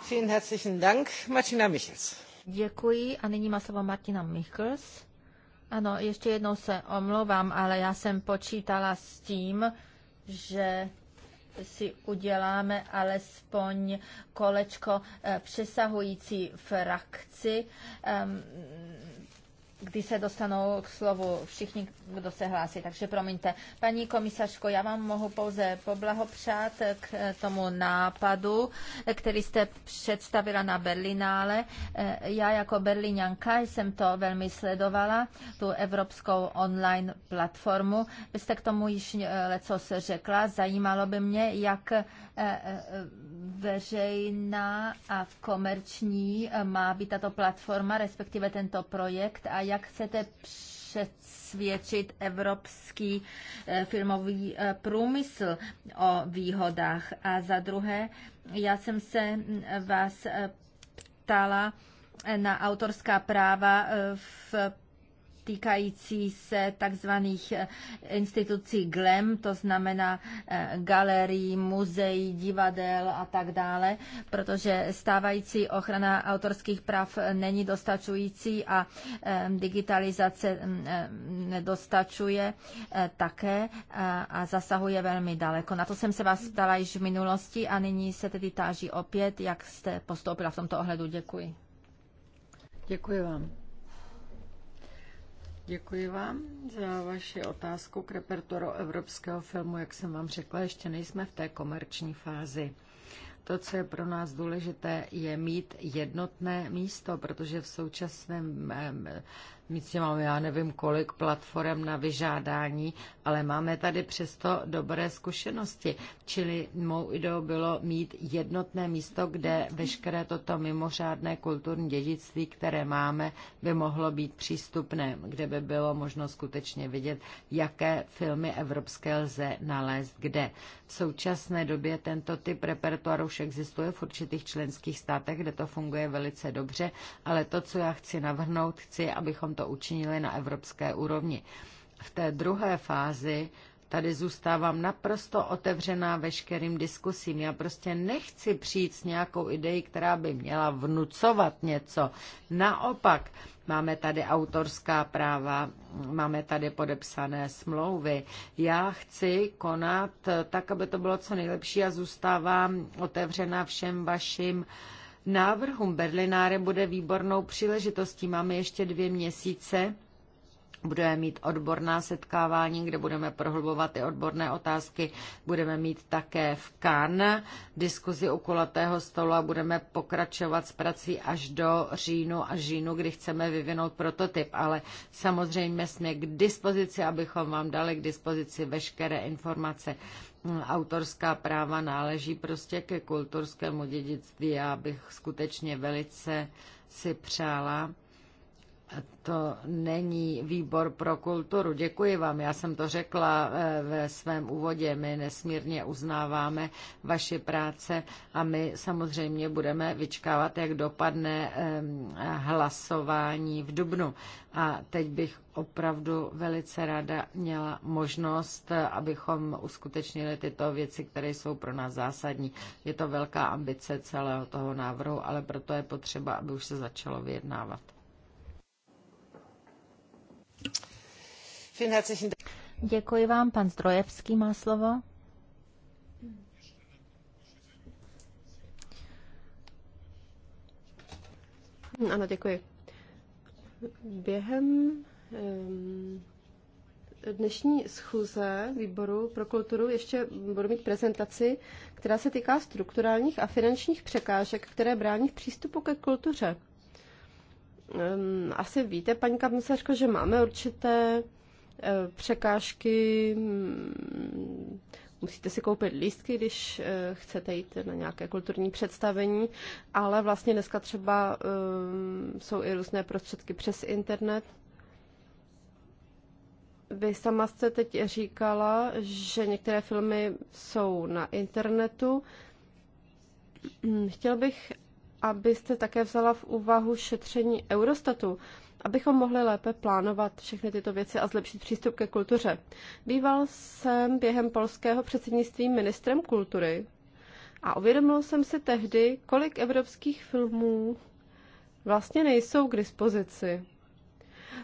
Vielen herzlichen Dank, Martina Michels. Děkuji a nyní má slovo Martina Michels. Ano, ještě jednou se omlouvám, ale já jsem počítala s tím, že si uděláme alespoň kolečko eh, přesahující frakci kdy se dostanou k slovu všichni, kdo se hlásí. Takže promiňte. Paní komisařko, já vám mohu pouze poblahopřát k tomu nápadu, který jste představila na Berlinále. Eh, já jako berlíňanka jsem to velmi sledovala, tu evropskou online platformu. Vy jste k tomu již eh, leco se řekla. Zajímalo by mě, jak Eh, eh, veřejná a komerční eh, má být tato platforma, respektive tento projekt a jak chcete přesvědčit evropský filmový průmysl o výhodách. A za druhé, já jsem se mm, vás ptala na autorská práva v týkající se takzvaných eh, institucí GLEM, to znamená eh, galerii, muzeí, divadel a tak dále, protože stávající ochrana autorských práv není dostačující a eh, digitalizace mm, nedostačuje také a zasahuje velmi daleko. Na to jsem se vás ptala již v minulosti a nyní se tedy táží opět, jak jste postoupila v tomto ohledu. Děkuji. Děkuji vám. Děkuji vám za vaši otázku k repertoru evropského filmu. Jak jsem vám řekla, ještě nejsme v té komerční fázi. To, co je pro nás důležité, je mít jednotné místo, protože v současném nic máme, já nevím, kolik platform na vyžádání, ale máme tady přesto dobré zkušenosti. Čili mou ideou bylo mít jednotné místo, kde veškeré toto mimořádné kulturní dědictví, které máme, by mohlo být přístupné, kde by bylo možno skutečně vidět, jaké filmy evropské lze nalézt kde. V současné době tento typ repertoáru už existuje v určitých členských státech, kde to funguje velice dobře, ale to, co já chci navrhnout, chci, abychom abychom to učinili na evropské úrovni. V té druhé fázi tady zůstávám naprosto otevřená veškerým diskusím. Já prostě nechci přijít s nějakou ideí, která by měla vnucovat něco. Naopak, máme tady autorská práva, máme tady podepsané smlouvy. Já chci konat tak, aby to bylo co nejlepší a zůstávám otevřená všem vašim uh, návrhům Berlináre bude výbornou příležitostí. Máme ještě dvě měsíce. Budeme mít odborná setkávání, kde budeme prohlubovat i odborné otázky. Budeme mít také v Kan diskuzi u kulatého stolu a budeme pokračovat s prací až do říjnu a říjnu, kdy chceme vyvinout prototyp. Ale samozřejmě jsme k dispozici, abychom vám dali k dispozici veškeré informace autorská práva náleží prostě ke kulturskému dědictví. Já bych skutečně velice si přála, to není výbor pro kulturu. Děkuji vám. Já jsem to řekla eh, ve svém úvodě. My nesmírně uznáváme vaše práce a my samozřejmě budeme vyčkávat, jak dopadne hlasování v Dubnu. A teď bych opravdu velice ráda měla možnost, eh, abychom uskutečnili tyto věci, které jsou pro nás zásadní. Je to velká ambice celého toho návrhu, ale proto je potřeba, aby už se začalo vyjednávat. Děkuji vám. Pan Zdrojevský má slovo. Ano, děkuji. Během dnešní schůze výboru pro kulturu ještě budu mít prezentaci, která se týká strukturálních a finančních překážek, které brání v přístupu ke kultuře. asi víte, paní komisařko, že máme určité Eh, překážky, mm, musíte si koupit lístky, když eh, chcete jít na nějaké kulturní představení, ale vlastně dneska třeba eh, jsou i různé prostředky přes internet. Vy sama jste teď říkala, že některé filmy jsou na internetu. Chtěl bych, abyste také vzala v úvahu šetření Eurostatu, abychom mohli lépe plánovat všechny tyto věci a zlepšit přístup ke kultuře. Býval jsem během polského předsednictví ministrem kultury a uvědomil jsem si tehdy, kolik evropských filmů vlastně nejsou k dispozici.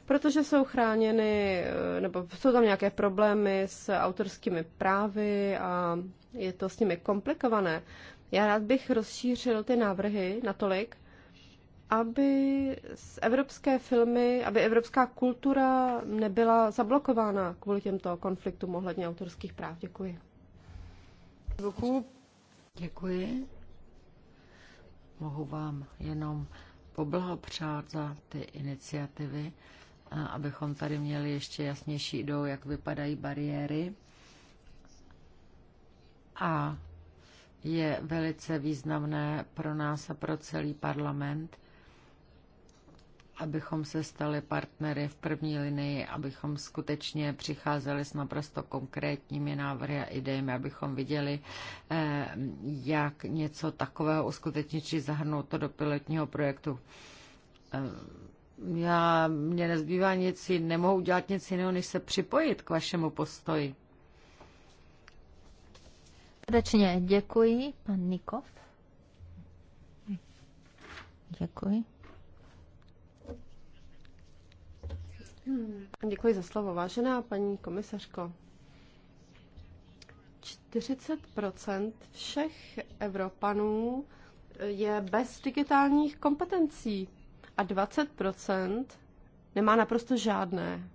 Protože jsou chráněny, eh, nebo jsou tam nějaké problémy s autorskými právy a je to s nimi komplikované. Já rád bych rozšířil ty návrhy natolik, aby z evropské filmy, aby evropská kultura nebyla zablokována kvůli těmto konfliktům ohledně autorských práv. Děkuji. Děkuji. Mohu vám jenom poblahopřát za ty iniciativy, abychom tady měli ještě jasnější idou, jak vypadají bariéry. A je velice významné pro nás a pro celý parlament, abychom se stali partnery v první linii, abychom skutečně přicházeli s naprosto konkrétními návrhy a idejemi, abychom viděli, eh, jak něco takového uskutečnit či zahrnout to do pilotního projektu. Eh, já, mě nezbývá nic, nemohu dělat nic jiného, než se připojit k vašemu postoji. Srdečně děkuji, pan Nikov. Děkuji. Děkuji za slovo. Vážená paní komisařko, 40 všech Evropanů je bez digitálních kompetencí a 20 nemá naprosto žádné.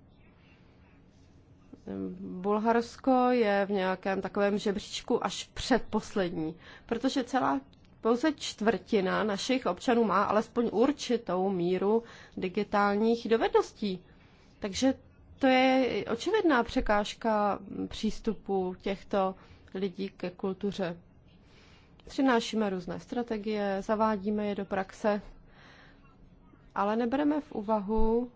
Bulharsko je v nějakém takovém žebříčku až předposlední, protože celá pouze čtvrtina našich občanů má alespoň určitou míru digitálních dovedností. Takže to je očividná překážka přístupu těchto lidí ke kultuře. Přinášíme různé strategie, zavádíme je do praxe, ale nebereme v úvahu,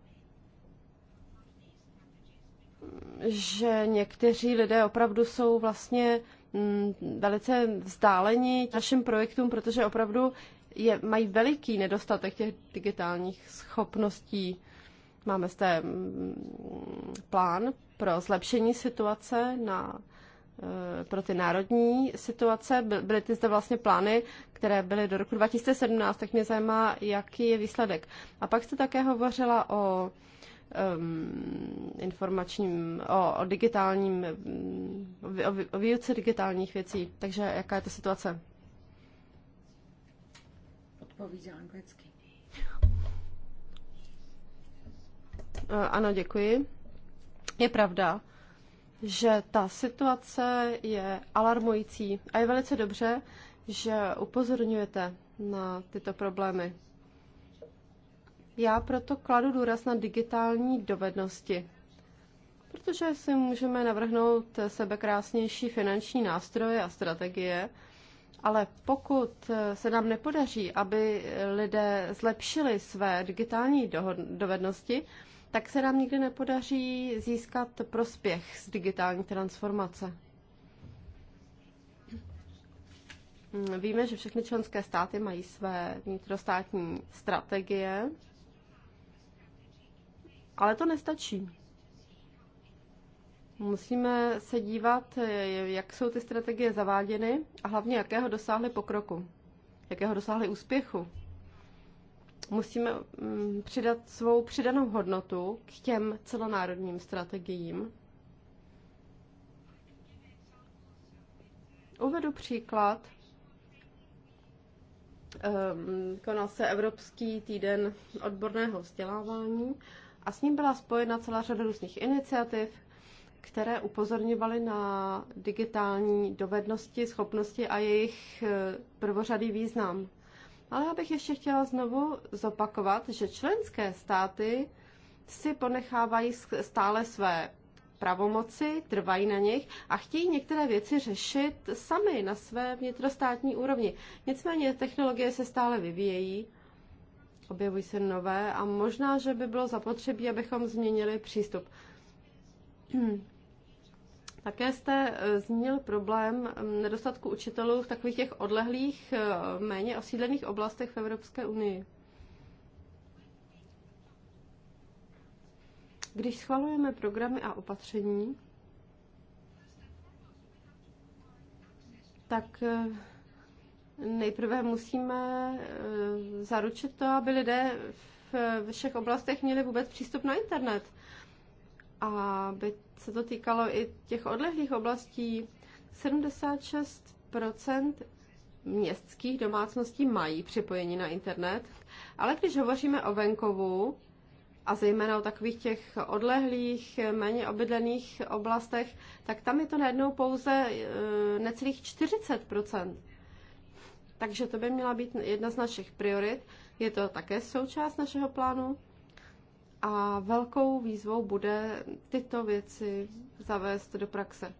že někteří lidé opravdu jsou vlastně mm, velice vzdáleni našim projektům, protože opravdu je, mají veliký nedostatek těch digitálních schopností. Máme zde mm, plán pro zlepšení situace na, eh, pro ty národní situace. Byly ty zde vlastně plány, které byly do roku 2017, tak mě zajímá, jaký je výsledek. A pak jste také hovořila o um, informačním, o, o digitálním, mm, o, o výuce digitálních věcí. Takže jaká je ta situace? Odpovídá anglicky. Eh, ano, děkuji. Je pravda, že ta situace je alarmující a je velice dobře, že upozorňujete na tyto problémy. Já proto kladu důraz na digitální dovednosti, protože si můžeme navrhnout sebekrásnější finanční nástroje a strategie, ale pokud se nám nepodaří, aby lidé zlepšili své digitální dovednosti, tak se nám nikdy nepodaří získat prospěch z digitální transformace. Víme, že všechny členské státy mají své vnitrostátní strategie, ale to nestačí. Musíme se dívat, jak jsou ty strategie zaváděny a hlavně jakého dosáhly pokroku, jakého dosáhly úspěchu musíme mm, přidat svou přidanou hodnotu k těm celonárodním strategiím. Uvedu příklad. Ehm, konal se Evropský týden odborného vzdělávání a s ním byla spojena celá řada různých iniciativ, které upozorňovaly na digitální dovednosti, schopnosti a jejich eh, prvořadý význam. Ale já bych ještě chtěla znovu zopakovat, že členské státy si ponechávají stále své pravomoci, trvají na nich a chtějí některé věci řešit sami na své vnitrostátní úrovni. Nicméně technologie se stále vyvíjejí, objevují se nové a možná, že by bylo zapotřebí, abychom změnili přístup. Také jste eh, zmínil problém mm, nedostatku učitelů v takových těch odlehlých, eh, méně osídlených oblastech v Evropské unii. Když schvalujeme programy a opatření, tak eh, nejprve musíme zaručit to, aby lidé v všech oblastech měli vůbec přístup na internet. A by se to týkalo i těch odlehlých oblastí. 76 městských domácností mají připojení na internet, ale když hovoříme o venkovu a zejména o takových těch odlehlých, méně obydlených oblastech, tak tam je to najednou pouze eh, necelých 40 Takže to by měla být jedna z našich priorit. Je to také součást našeho plánu. A velkou výzvou bude tyto věci zavést do praxe.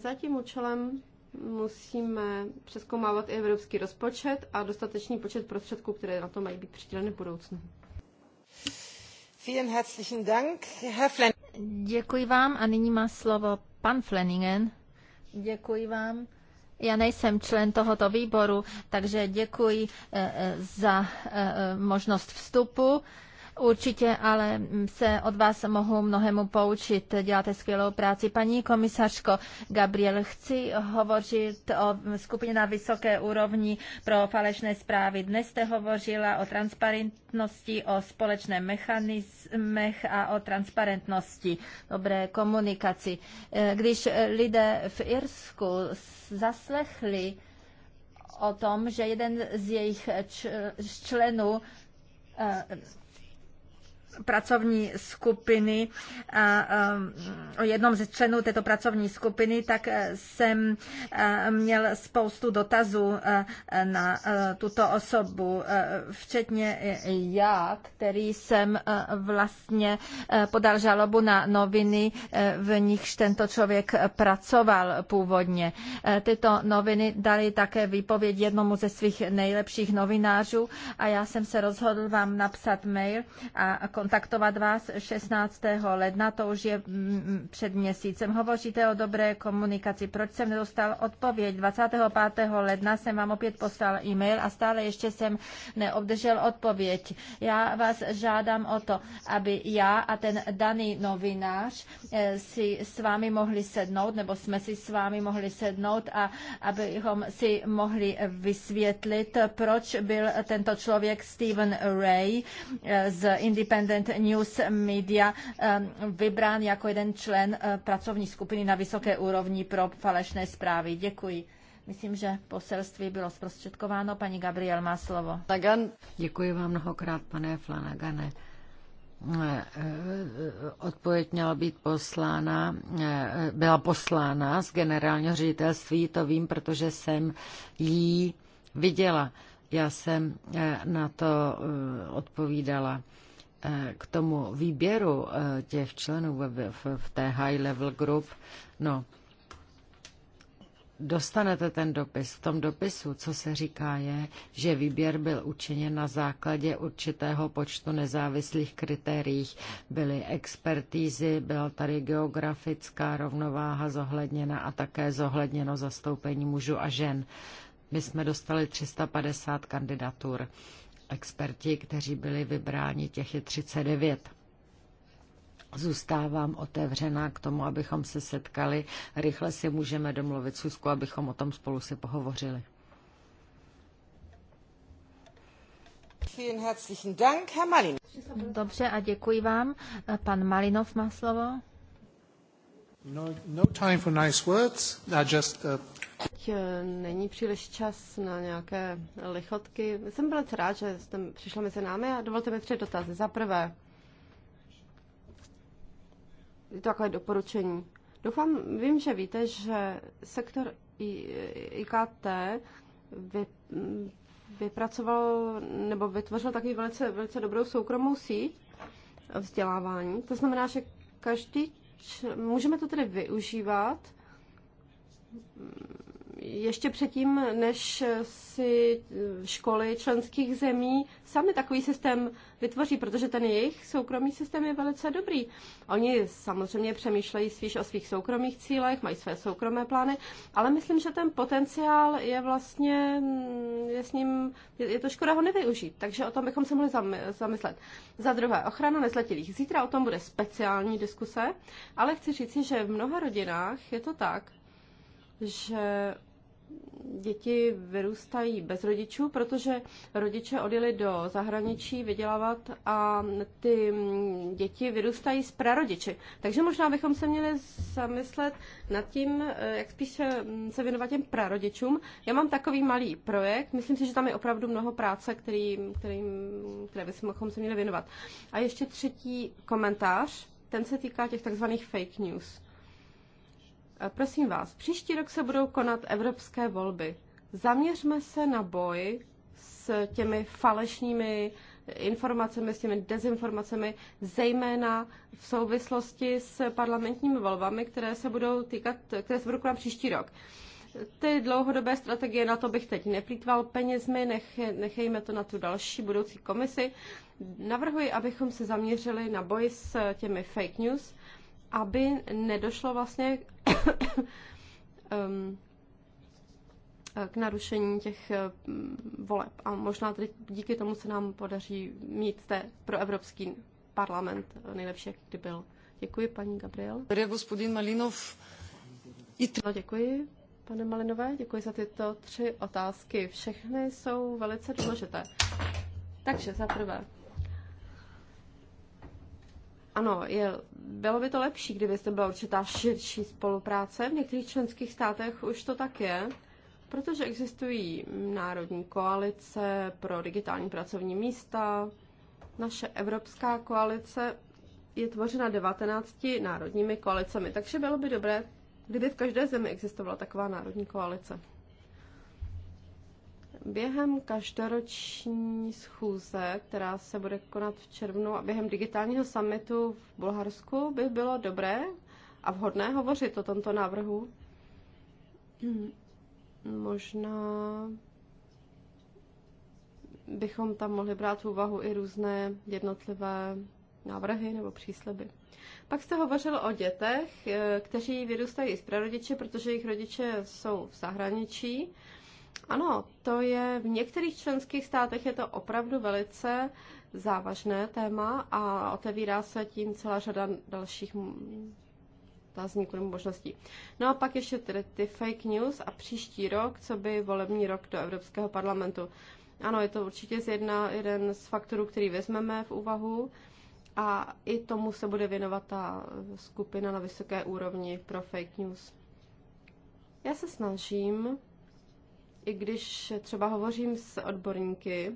Za tím účelem musíme přeskoumávat i evropský rozpočet a dostatečný počet prostředků, které na to mají být přiděleny v budoucnu. Děkuji vám a nyní má slovo pan Fleningen. Děkuji vám. Já nejsem člen tohoto výboru, takže děkuji eh, eh, za eh, možnost vstupu. Určitě ale se od vás mohu mnohému poučit. Děláte skvělou práci. Paní komisařko Gabriel, chci hovořit o skupině na vysoké úrovni pro falešné zprávy. Dnes jste hovořila o transparentnosti, o společném mechanismech a o transparentnosti, dobré komunikaci. Když lidé v Irsku zaslechli o tom, že jeden z jejich členů eh, pracovní skupiny a o jednom ze členů této pracovní skupiny, tak e, jsem e, měl spoustu dotazů e, na tuto osobu, včetně já, který jsem vlastně podal žalobu na noviny, v nichž tento člověk pracoval původně. Tyto noviny dali také výpověď jednomu ze svých nejlepších novinářů a já jsem se rozhodl vám napsat mail a kontaktovat vás 16. ledna, to už je mm, mm, před měsícem. Hovoříte o dobré komunikaci. Proč jsem nedostal odpověď? 25. ledna jsem vám opět poslal e-mail a stále ještě jsem neobdržel odpověď. Já vás žádám o to, aby já a ten daný novinář eh, si s vámi mohli sednout, nebo jsme si s vámi mohli sednout a abychom si mohli vysvětlit, proč byl tento člověk Stephen Ray eh, z Independent Independent News Media ehm, vybrán jako jeden člen eh, pracovní skupiny na vysoké úrovni pro falešné zprávy. Děkuji. Myslím, že poselství bylo zprostředkováno. Paní Gabriel má slovo. Děkuji vám mnohokrát, pane Flanagane. Eh, eh, odpověď měla být poslána, byla poslána z generálního ředitelství, to vím, protože jsem jí viděla. Já jsem na to odpovídala. Eh, k tomu výběru eh, těch členů v té high level group, no, dostanete ten dopis. V tom dopisu, co se říká, je, že výběr byl učiněn na základě určitého počtu nezávislých kritérií. Byly expertízy, byla tady geografická rovnováha zohledněna a také zohledněno zastoupení mužů a žen. My jsme dostali 350 kandidatur experti, kteří byli vybráni, těch je 39. Zůstávám otevřená k tomu, abychom se setkali. Rychle si můžeme domluvit Susku, abychom o tom spolu si pohovořili. Dobře a děkuji vám. Pan Malinov má slovo. No, no time for nice words. I just, uh... Teď eh, není příliš čas na nějaké lichotky. Jsem velice rád, že jste přišla mezi námi a dovolte mi tři dotazy. Za prvé, je to takové doporučení. Doufám, vím, že víte, že sektor IKT vy, vypracoval nebo vytvořil taky velice, velice dobrou soukromou síť vzdělávání. To znamená, že každý, můžeme to tedy využívat ještě předtím, než si eh, školy členských zemí sami takový systém vytvoří, protože ten jejich soukromý systém je velice dobrý. Oni samozřejmě přemýšlejí spíš o svých soukromých cílech, mají své soukromé plány, ale myslím, že ten potenciál je vlastně, mm, je s ním, je, to škoda ho nevyužít, takže o tom bychom se mohli zamyslet. Za druhé, ochrana nezletilých. Zítra o tom bude speciální diskuse, ale chci říci, že v mnoha rodinách je to tak, že děti vyrůstají bez rodičů, protože rodiče odjeli do zahraničí vydělávat a ty děti vyrůstají s prarodiči. Takže možná bychom se měli zamyslet nad tím, eh, jak spíše eh, se věnovat těm prarodičům. Já mám takový malý projekt, myslím si, že tam je opravdu mnoho práce, který, kterým, které bychom se měli věnovat. A ještě třetí komentář, ten se týká těch takzvaných fake news. Eh, prosím vás, příští rok se budou konat evropské volby. Zaměřme se na boj s těmi falešnými informacemi, s těmi dezinformacemi, zejména v souvislosti s parlamentními volbami, které se budou týkat, které se budou konat příští rok. Ty dlouhodobé strategie, na to bych teď neplýtval penězmi, nech, nechejme to na tu další budoucí komisi. Navrhuji, abychom se zaměřili na boj s těmi fake news, aby nedošlo vlastně um, k narušení těch eh, voleb. A možná tedy díky tomu se nám podaří mít té pro Evropský parlament nejlepší, jak kdy byl. Děkuji, paní Gabriel. Tady gospodin Malinov. No, děkuji, pane Malinové, děkuji za tyto tři otázky. Všechny jsou velice důležité. Takže za prvé, ano, je, bylo by to lepší, kdyby to byla určitá širší spolupráce. V některých členských státech už to tak je, protože existují národní koalice pro digitální pracovní místa. Naše evropská koalice je tvořena 19 národními koalicemi, takže bylo by dobré, kdyby v každé zemi existovala taková národní koalice. Během každoroční schůze, která se bude konat v červnu a během digitálního summitu v Bulharsku by bylo dobré a vhodné hovořit o tomto návrhu. Možná bychom tam mohli brát v úvahu i různé jednotlivé návrhy nebo přísleby. Pak jste hovořil o dětech, eh, kteří vyrůstají z prarodiče, protože jejich rodiče jsou v zahraničí. Ano, to je v některých členských státech je to opravdu velice závažné téma a otevírá se tím celá řada dalších otázníků nebo možností. No a pak ještě tedy ty fake news a příští rok, co by volební rok do Evropského parlamentu. Ano, je to určitě z jedna, jeden z faktorů, který vezmeme v úvahu a i tomu se bude věnovat ta skupina na vysoké úrovni pro fake news. Já se snažím i když třeba hovořím s odborníky,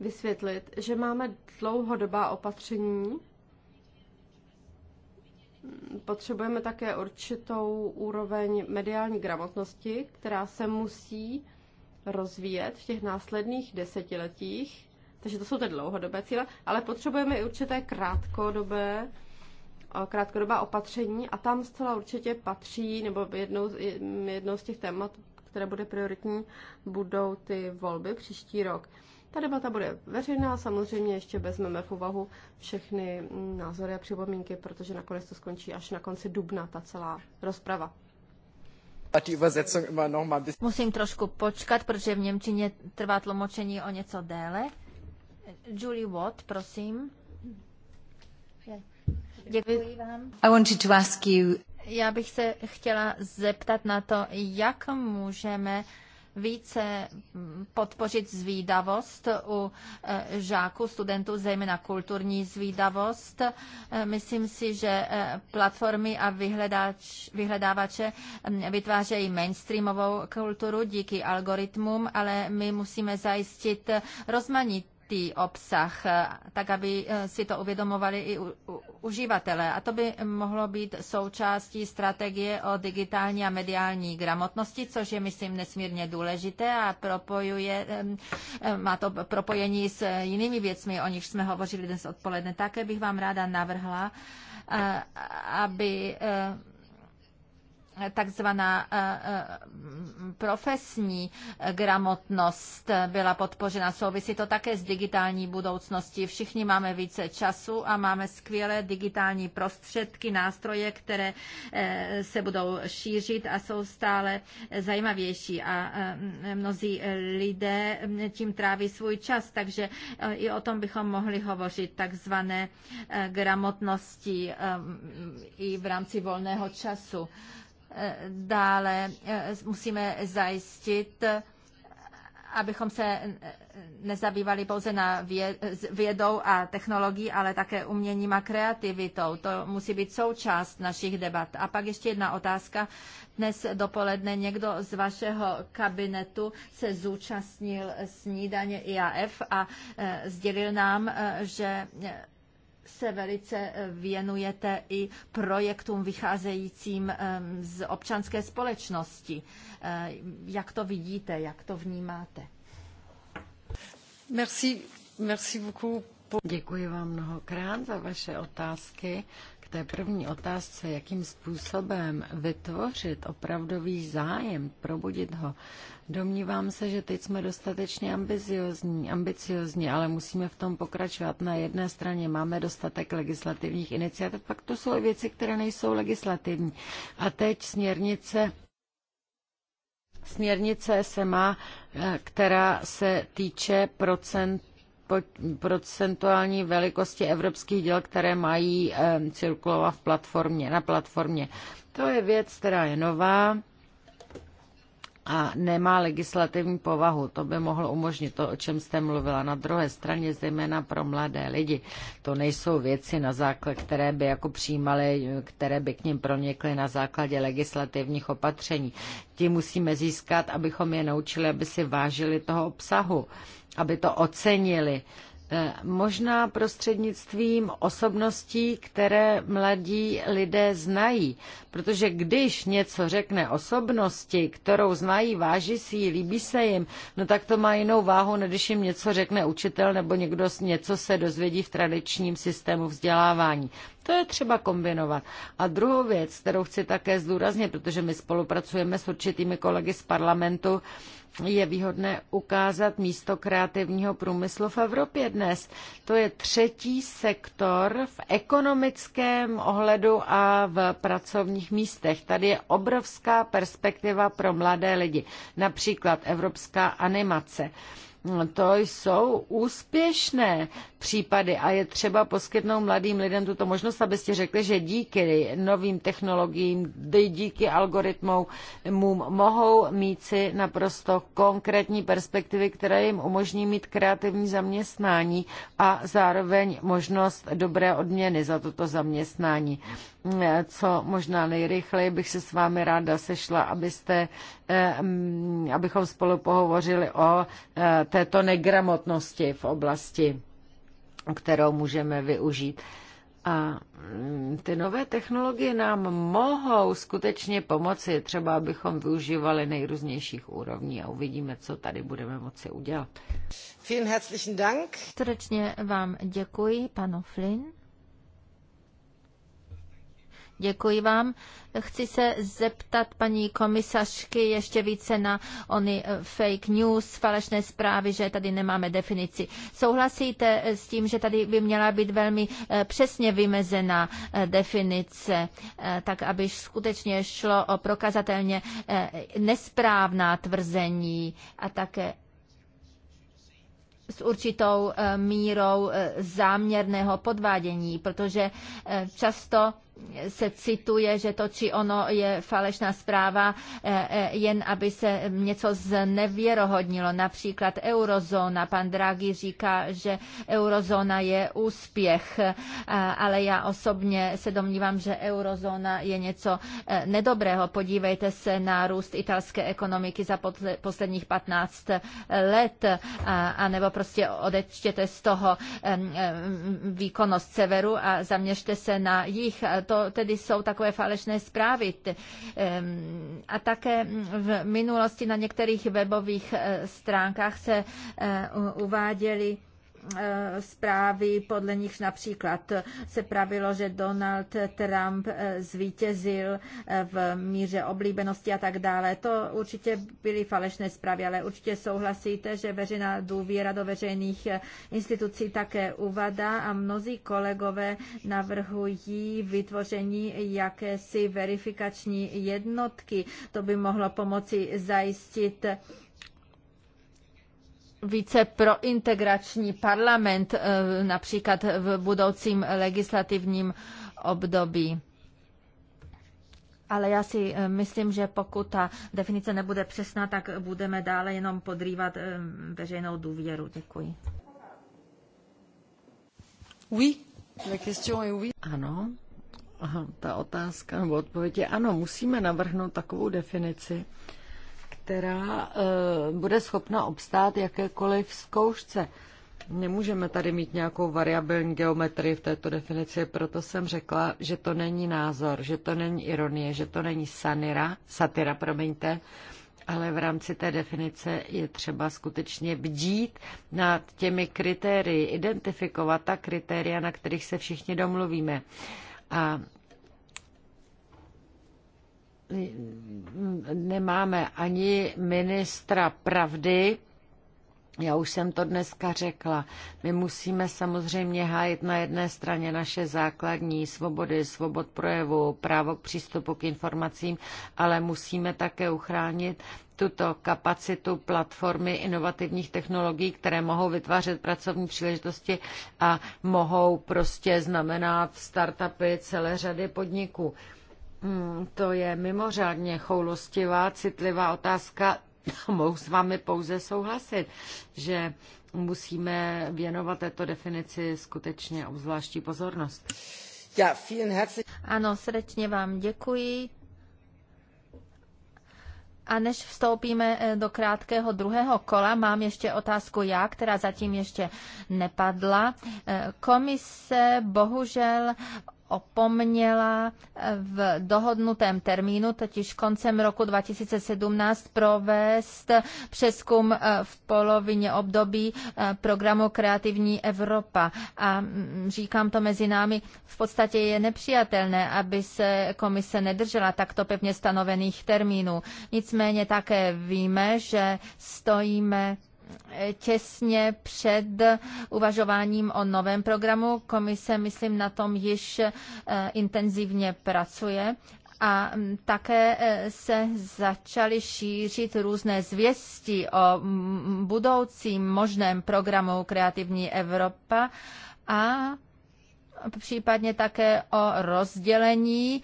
vysvětlit, že máme dlouhodobá opatření, potřebujeme také určitou úroveň mediální gramotnosti, která se musí rozvíjet v těch následných desetiletích. Takže to jsou ty dlouhodobé cíle, ale potřebujeme i určité krátkodobé krátkodobá opatření a tam zcela určitě patří, nebo jednou, jednou z těch témat, které bude prioritní, budou ty volby příští rok. Ta debata bude veřejná, samozřejmě ještě vezmeme v úvahu všechny názory a připomínky, protože nakonec to skončí až na konci dubna ta celá rozprava. Musím trošku počkat, protože v Němčině trvá tlumočení o něco déle. Julie Watt, prosím. Yeah. Děkuji vám. I wanted to ask you... Já bych se chtěla zeptat na to, jak můžeme více podpořit zvídavost u eh, žáků, studentů, zejména kulturní zvídavost. Eh, myslím si, že eh, platformy a vyhledáč, vyhledávače hm, vytvářejí mainstreamovou kulturu díky algoritmům, ale my musíme zajistit rozmanitost bohatý obsah, eh, tak aby eh, si to uvědomovali i uživatelé. A to by mohlo být součástí strategie o digitální a mediální gramotnosti, což je, myslím, nesmírně důležité a propojuje, má to propojení s jinými věcmi, o nich jsme hovořili dnes odpoledne. Také bych vám ráda navrhla, eh, aby takzvaná eh, eh, profesní eh, gramotnost byla podpořena. Souvisí to také s digitální budoucností. Všichni máme více času a máme skvělé digitální prostředky, nástroje, které se budou šířit a jsou stále zajímavější. A mnozí lidé tím tráví svůj čas, takže i o tom bychom mohli hovořit, takzvané gramotnosti i v rámci volného času. Dále eh, musíme zajistit, abychom se nezabývali pouze na vědou a technologií, ale také uměním a kreativitou. To musí být součást našich debat. A pak ještě jedna otázka. Dnes dopoledne někdo z vašeho kabinetu se zúčastnil snídaně IAF a eh, sdělil nám, eh, že se velice eh, věnujete i projektům vycházejícím z občanské společnosti. Eh, jak to vidíte, jak to vnímáte? Merci, merci beaucoup. Děkuji vám mnohokrát za vaše otázky té první otázce, jakým způsobem vytvořit opravdový zájem, probudit ho, domnívám se, že teď jsme dostatečně ambiciozní, ambiciozní, ale musíme v tom pokračovat. Na jedné straně máme dostatek legislativních iniciativ, pak to jsou věci, které nejsou legislativní. A teď směrnice Směrnice se má, eh, která se týče procent procentuální velikosti evropských děl, které mají cirkulovat v platformě, na platformě. To je věc, která je nová a nemá legislativní povahu. To by mohlo umožnit to, o čem jste mluvila. Na druhé straně, zejména pro mladé lidi, to nejsou věci, na základ, které by jako přijímali, které by k ním pronikly na základě legislativních opatření. Ti musíme získat, abychom je naučili, aby si vážili toho obsahu aby to ocenili. E, možná prostřednictvím osobností, které mladí lidé znají. Protože když něco řekne osobnosti, kterou znají, váží si ji, líbí se jim, no tak to má jinou váhu, než když jim něco řekne učitel nebo někdo něco se dozvědí v tradičním systému vzdělávání. To je třeba kombinovat. A druhou věc, kterou chci také zdůraznit, protože my spolupracujeme s určitými kolegy z parlamentu, je výhodné ukázat místo kreativního průmyslu v Evropě dnes. To je třetí sektor v ekonomickém ohledu a v pracovních místech. Tady je obrovská perspektiva pro mladé lidi, například evropská animace to jsou úspěšné případy a je třeba poskytnout mladým lidem tuto možnost, abyste řekli, že díky novým technologiím, díky algoritmům mohou mít si naprosto konkrétní perspektivy, které jim umožní mít kreativní zaměstnání a zároveň možnost dobré odměny za toto zaměstnání. Co možná nejrychleji bych se s vámi ráda sešla, abyste, eh, abychom spolu pohovořili o té eh, této negramotnosti v oblasti, kterou můžeme využít. A mm, ty nové technologie nám mohou skutečně pomoci, třeba abychom využívali nejrůznějších úrovní a uvidíme, co tady budeme moci udělat. Vielen herzlichen Dank. Srdečně vám děkuji, panu Flynn. Děkuji vám. Chci se zeptat paní komisařky ještě více na ony eh, fake news, falešné zprávy, že tady nemáme definici. Souhlasíte eh, s tím, že tady by měla být velmi eh, přesně vymezená definice, tak aby skutečně šlo o prokazatelně nesprávná tvrzení a také s určitou mírou záměrného podvádění, protože často se cituje, že to či ono je falešná zpráva, e, e, jen aby se něco znevěrohodnilo. Například eurozóna. Pan Draghi říká, že eurozóna je úspěch, e, ale já osobně se domnívám, že eurozóna je něco nedobrého. Podívejte se na růst italské ekonomiky za posledních 15 let, anebo prostě odečtěte z toho výkonnost severu a zaměřte se na jich to tedy jsou takové falešné zprávy. A také v minulosti na některých webových eh, stránkách se eh, uváděly Eh, zprávy, podle nich například se pravilo, že Donald Trump eh, zvítězil eh, v míře oblíbenosti a tak dále. To určitě byly falešné zprávy, ale určitě souhlasíte, že veřejná důvěra do veřejných institucí také uvada a mnozí kolegové navrhují vytvoření jakési verifikační jednotky. To by mohlo pomoci zajistit více prointegrační parlament eh, například v budoucím legislativním období. Ale já si eh, myslím, že pokud ta definice nebude přesná, tak budeme dále jenom podrývat eh, veřejnou důvěru. Děkuji. Oui, la question est oui. Ano, Aha, ta otázka nebo odpověď je ano, musíme navrhnout takovou definici, která eh, bude schopna obstát jakékoliv zkoušce. Nemůžeme tady mít nějakou variabilní geometrii v této definici, proto jsem řekla, že to není názor, že to není ironie, že to není sanira, satira, promiňte, ale v rámci té definice je třeba skutečně bdít nad těmi kritérii, identifikovat ta kritéria, na kterých se všichni domluvíme. A nemáme ani ministra pravdy, já už jsem to dneska řekla. My musíme samozřejmě hájit na jedné straně naše základní svobody, svobod projevu, právo k přístupu k informacím, ale musíme také uchránit tuto kapacitu platformy inovativních technologií, které mohou vytvářet pracovní příležitosti a mohou prostě znamenat startupy celé řady podniků. Hmm, to je mimořádně choulostivá, citlivá otázka. Mohu s vámi pouze souhlasit, že musíme věnovat této definici skutečně obzvláštní pozornost. Ja, vielen herzlich. Ano, srdečně vám děkuji. A než vstoupíme eh, do krátkého druhého kola, mám ještě otázku já, která zatím ještě nepadla. Eh, komise bohužel opomněla eh, v dohodnutém termínu, totiž koncem roku 2017, provést přeskum eh, v polovině období eh, programu Kreativní Evropa. A mm, říkám to mezi námi, v podstatě je nepřijatelné, aby se komise nedržela takto pevně stanovených termínů. Nicméně také víme, že stojíme těsně před uvažováním o novém programu. Komise, myslím, na tom již eh, intenzivně pracuje a mm, také eh, se začaly šířit různé zvěsti o mm, budoucím možném programu Kreativní Evropa a případně také o rozdělení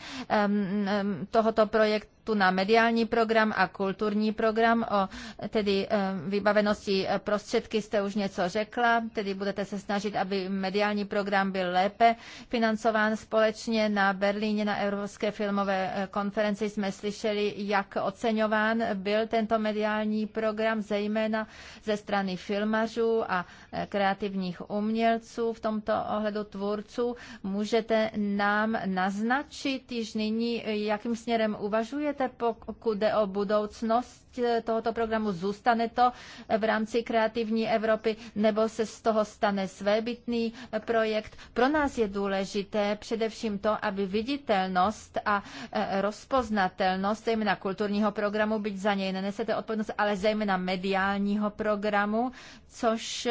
tohoto projektu tu na mediální program a kulturní program. O tedy eh, vybavenosti eh, prostředky jste už něco řekla, tedy budete se snažit, aby mediální program byl lépe financován společně. Na Berlíně na Evropské filmové eh, konferenci jsme slyšeli, jak oceňován byl tento mediální program, zejména ze strany filmařů a kreativních umělců, v tomto ohledu tvůrců. Můžete nám naznačit již nyní, jakým směrem uvažuje provedete, pokud jde o budoucnost eh, tohoto programu? Zůstane to v rámci kreativní Evropy nebo se z toho stane svébytný eh, projekt? Pro nás je důležité především to, aby viditelnost a eh, rozpoznatelnost, zejména kulturního programu, byť za něj nenesete odpovědnost, ale zejména mediálního programu, což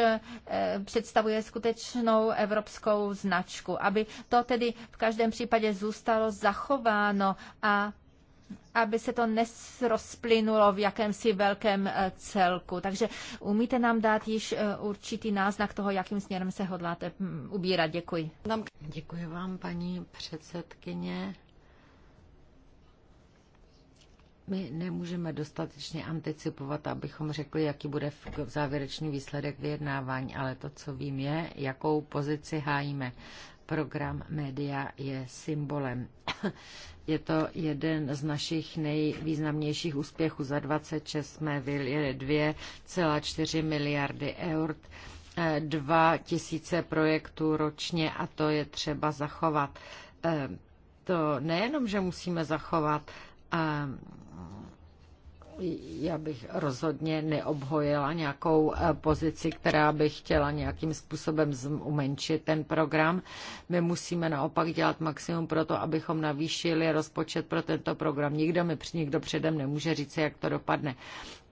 představuje skutečnou evropskou značku. Aby to tedy v každém případě zůstalo zachováno a aby se to nesrozplynulo v jakémsi velkém eh, celku. Takže umíte nám dát již eh, určitý náznak toho, jakým směrem se hodláte hm, ubírat. Děkuji. Děkuji vám, paní předsedkyně. My nemůžeme dostatečně anticipovat, abychom řekli, jaký bude závěrečný výsledek vyjednávání, ale to, co vím, je, jakou pozici hájíme program média je symbolem. Je to jeden z našich nejvýznamnějších úspěchů. Za 26 jsme vyjeli 2,4 miliardy eur, 2 eh, tisíce projektů ročně a to je třeba zachovat. Eh, to nejenom, že musíme zachovat eh, já bych rozhodně neobhojila nějakou eh, pozici, která by chtěla nějakým způsobem umenšit ten program. My musíme naopak dělat maximum pro to, abychom navýšili rozpočet pro tento program. Nikdo, mi, nikdo předem nemůže říct, jak to dopadne.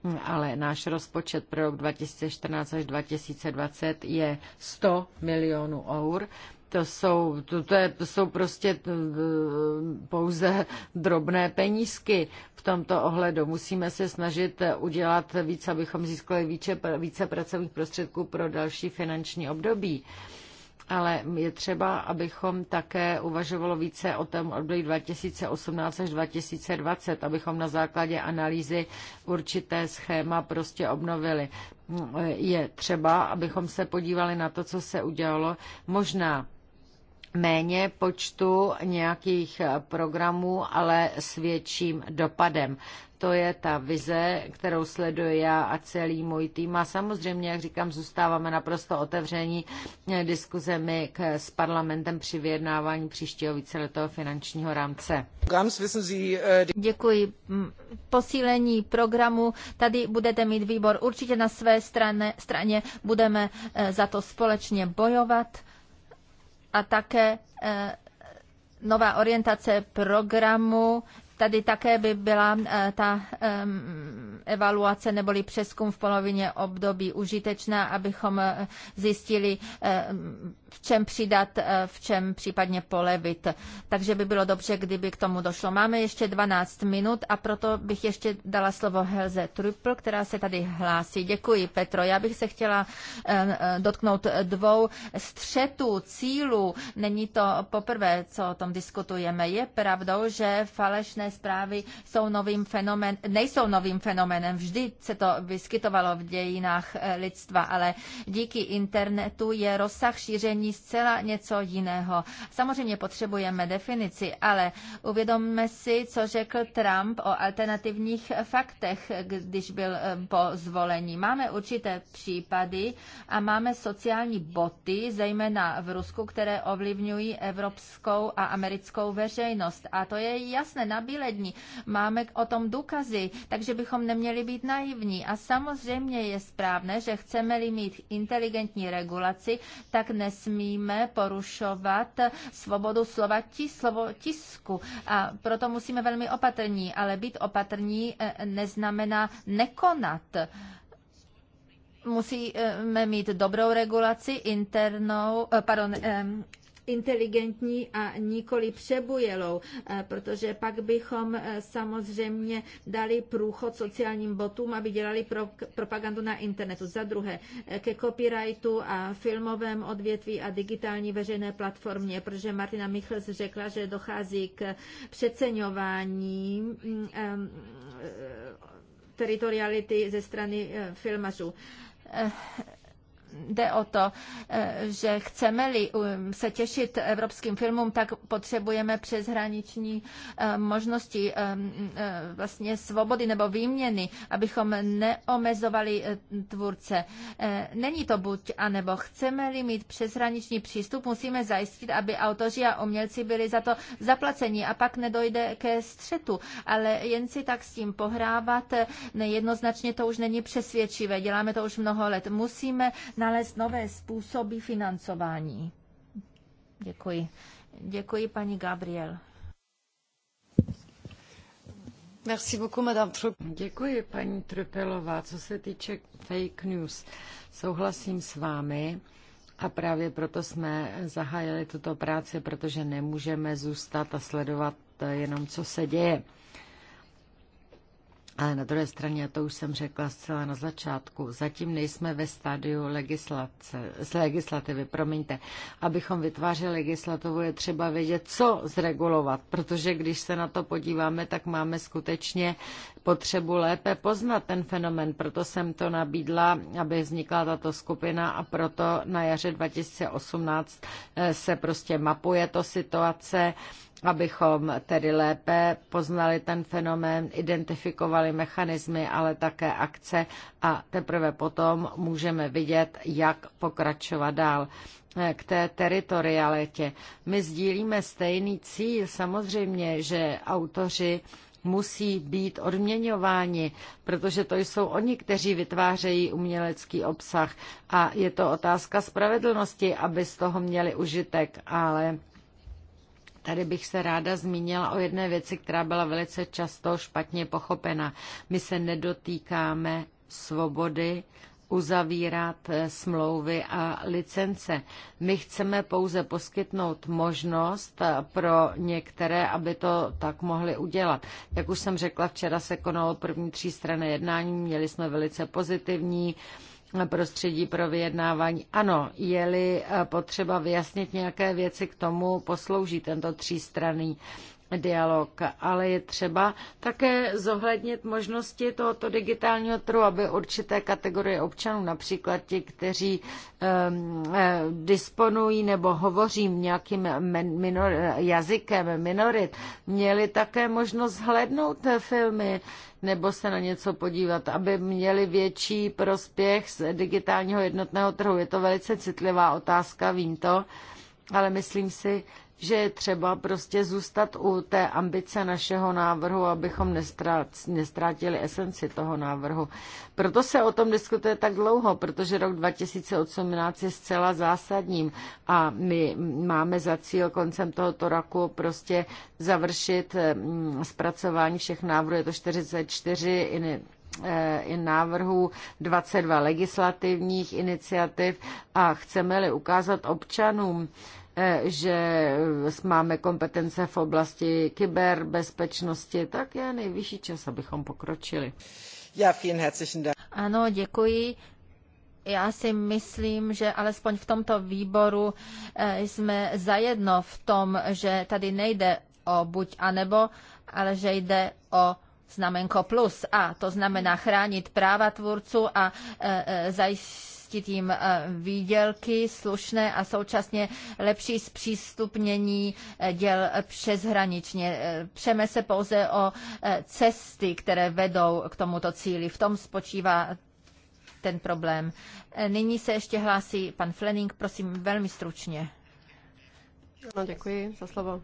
Hm, ale náš rozpočet pro rok 2014 až 2020 je 100 milionů eur to jsou, to, to, je, to jsou prostě pouze drobné penízky v tomto ohledu. Musíme se snažit udělat víc, abychom získali více, více pracovních prostředků pro další finanční období. Ale je třeba, abychom také uvažovalo více o tom období 2018 až 2020, abychom na základě analýzy určité schéma prostě obnovili. Je třeba, abychom se podívali na to, co se udělalo. Možná méně počtu nějakých programů, ale s větším dopadem. To je ta vize, kterou sleduji já a celý můj tým. A samozřejmě, jak říkám, zůstáváme naprosto otevření diskuzemi k, s parlamentem při vyjednávání příštího víceletého finančního rámce. Äh, Děkuji. Posílení programu. Tady budete mít výbor určitě na své straně. straně. Budeme eh, za to společně bojovat a také eh, nová orientace programu Tady také by byla eh, ta evaluace neboli přeskum v polovině období užitečná, abychom eh, zjistili, v čem přidat, eh, v čem případně polevit. Takže by bylo dobře, kdyby k tomu došlo. Máme ještě 12 minut a proto bych ještě dala slovo Helze Trupl, která se tady hlásí. Děkuji, Petro. Já bych se chtěla dotknout dvou střetů cílů. Není to poprvé, co o tom diskutujeme. Je pravdou, že falešné Správy jsou novým fenomen, nejsou novým fenomenem. Vždy se to vyskytovalo v dějinách eh, lidstva, ale díky internetu je rozsah šíření zcela něco jiného. Samozřejmě potřebujeme definici, ale uvědomme si, co řekl Trump o alternativních faktech, když byl eh, po zvolení. Máme určité případy a máme sociální boty, zejména v Rusku, které ovlivňují evropskou a americkou veřejnost. A to je jasné, nabízí bílední. Máme o tom důkazy, takže bychom neměli být naivní. A samozřejmě je správné, že chceme-li mít inteligentní regulaci, tak nesmíme porušovat svobodu slova tis, slovo tisku. A proto musíme velmi opatrní, ale být opatrní eh, neznamená nekonat musíme mít dobrou regulaci internou, eh, pardon, eh, inteligentní a nikoli přebujelou, eh, protože pak bychom eh, samozřejmě dali průchod sociálním botům, aby dělali pro, propagandu na internetu. Za druhé, eh, ke copyrightu a filmovém odvětví a digitální veřejné platformě, protože Martina Michels řekla, že dochází k přeceňování mm, teritoriality ze strany filmařů jde o to, eh, že chceme-li um, se těšit evropským firmům, tak potřebujeme přeshraniční eh, možnosti eh, vlastně svobody nebo výměny, abychom neomezovali tvůrce. Není to buď a nebo chceme-li mít přeshraniční přístup, musíme zajistit, aby autoři a umělci byli za to zaplaceni a pak nedojde ke střetu. Ale jen si tak s tím pohrávat nejednoznačně to už není přesvědčivé. Děláme to už mnoho let. Musíme nalézt nové způsoby financování. Děkuji. Děkuji, paní Gabriel. Merci beaucoup, madame Děkuji, paní Trpelová. Co se týče fake news, souhlasím s vámi. A právě proto jsme zahájili tuto práci, protože nemůžeme zůstat a sledovat jenom, co se děje. Ale na druhé straně, a to už jsem řekla zcela na začátku, zatím nejsme ve stádiu legislace, z legislativy, promiňte. Abychom vytvářeli legislativu, je třeba vědět, co zregulovat, protože když se na to podíváme, tak máme skutečně potřebu lépe poznat ten fenomen. Proto jsem to nabídla, aby vznikla tato skupina a proto na jaře 2018 eh, se prostě mapuje to situace, abychom tedy lépe poznali ten fenomén, identifikovali mechanismy, ale také akce a teprve potom můžeme vidět, jak pokračovat dál k té teritorialitě. My sdílíme stejný cíl, samozřejmě, že autoři musí být odměňováni, protože to jsou oni, kteří vytvářejí umělecký obsah. A je to otázka spravedlnosti, aby z toho měli užitek, ale Tady bych se ráda zmínila o jedné věci, která byla velice často špatně pochopena. My se nedotýkáme svobody uzavírat eh, smlouvy a licence. My chceme pouze poskytnout možnost eh, pro některé, aby to tak mohli udělat. Jak už jsem řekla, včera se konalo první strany jednání, měli jsme velice pozitivní uh, prostředí pro vyjednávání. Ano, je-li eh, potřeba vyjasnit nějaké věci, k tomu poslouží tento třístranný dialog, ale je třeba také zohlednit možnosti tohoto digitálního trhu, aby určité kategorie občanů, například ti, kteří um, disponují nebo hovoří nějakým minor, jazykem minorit, měli také možnost hlednout filmy nebo se na něco podívat, aby měli větší prospěch z digitálního jednotného trhu. Je to velice citlivá otázka, vím to, ale myslím si, že je třeba prostě zůstat u té ambice našeho návrhu, abychom nestrátili esenci toho návrhu. Proto se o tom diskutuje tak dlouho, protože rok 2018 je zcela zásadním a my máme za cíl koncem tohoto roku prostě završit mm, zpracování všech návrhů. Je to 44 Eh, návrhů 22 legislativních iniciativ a chceme-li ukázat občanům, eh, že máme kompetence v oblasti kyberbezpečnosti, tak je nejvyšší čas, abychom pokročili. Ja, vielen herzlichen Dank. Ano, děkuji. Já si myslím, že alespoň v tomto výboru eh, jsme zajedno v tom, že tady nejde o buď a nebo, ale že jde o znamenko plus A. To znamená chránit práva tvůrců a zajistit e, e, zajistit jim e, výdělky slušné a současně lepší zpřístupnění děl přeshraničně. Přeme se pouze o cesty, které vedou k tomuto cíli. V tom spočívá ten problém. Nyní se ještě hlásí pan Fleming, prosím, velmi stručně. děkuji za slovo.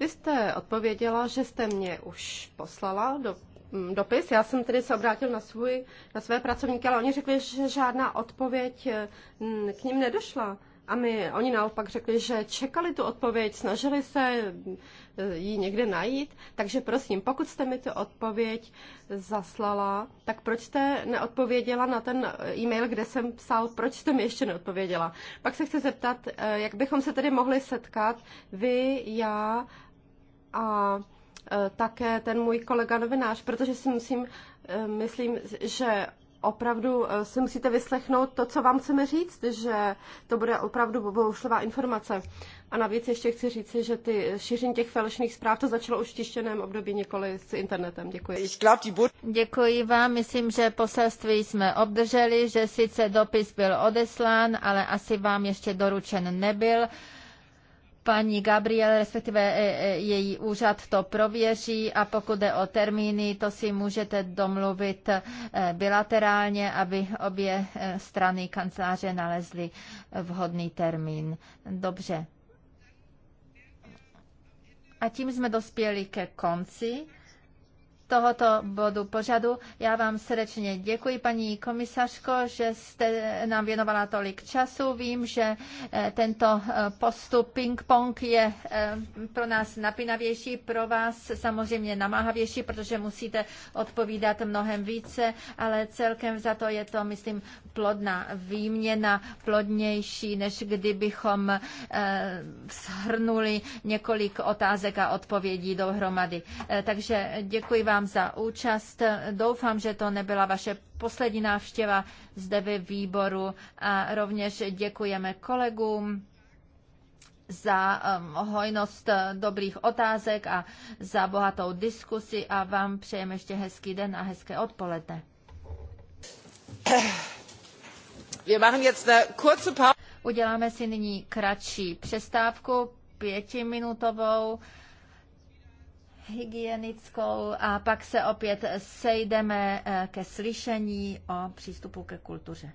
Vy jste odpověděla, že jste mě už poslala do mm, dopis. Já jsem tedy se obrátil na, svůj, na své pracovníky, ale oni řekli, že žádná odpověď eh, k ním nedošla. A my, oni naopak řekli, že čekali tu odpověď, snažili se eh, ji někde najít. Takže prosím, pokud jste mi tu odpověď zaslala, tak proč jste neodpověděla na ten eh, e-mail, kde jsem psal, proč jste mi ještě neodpověděla? Pak se chci zeptat, jak bychom se tedy mohli setkat, vy, já a e, také ten můj kolega novinář, protože si musím, e, myslím, že opravdu e, si musíte vyslechnout to, co vám chceme říct, že to bude opravdu boušlivá informace. A navíc ještě chci říct, že ty šíření těch falešných zpráv to začalo už v tištěném období, nikoli s internetem. Děkuji. Děkuji vám. Myslím, že poselství jsme obdrželi, že sice dopis byl odeslán, ale asi vám ještě doručen nebyl paní Gabriel, respektive e, e, její úřad to prověří a pokud jde o termíny, to si můžete domluvit e, bilaterálně, aby obě strany kanceláře nalezly vhodný termín. Dobře. A tím jsme dospěli ke konci tohoto bodu pořadu. Já vám srdečně děkuji, paní komisařko, že jste nám věnovala tolik času. Vím, že eh, tento eh, postup ping-pong je eh, pro nás napinavější, pro vás samozřejmě namáhavější, protože musíte odpovídat mnohem více, ale celkem za to je to, myslím, plodná výměna, plodnější, než kdybychom shrnuli několik otázek a odpovědí dohromady. Takže děkuji vám vám za účast. Doufám, že to nebyla vaše poslední návštěva zde ve výboru a rovněž děkujeme kolegům za um, hojnost dobrých otázek a za bohatou diskusi a vám přejeme ještě hezký den a hezké odpoledne. Uděláme si nyní kratší přestávku, pětiminutovou hygienickou a pak se opět sejdeme eh, ke slyšení o přístupu ke kultuře.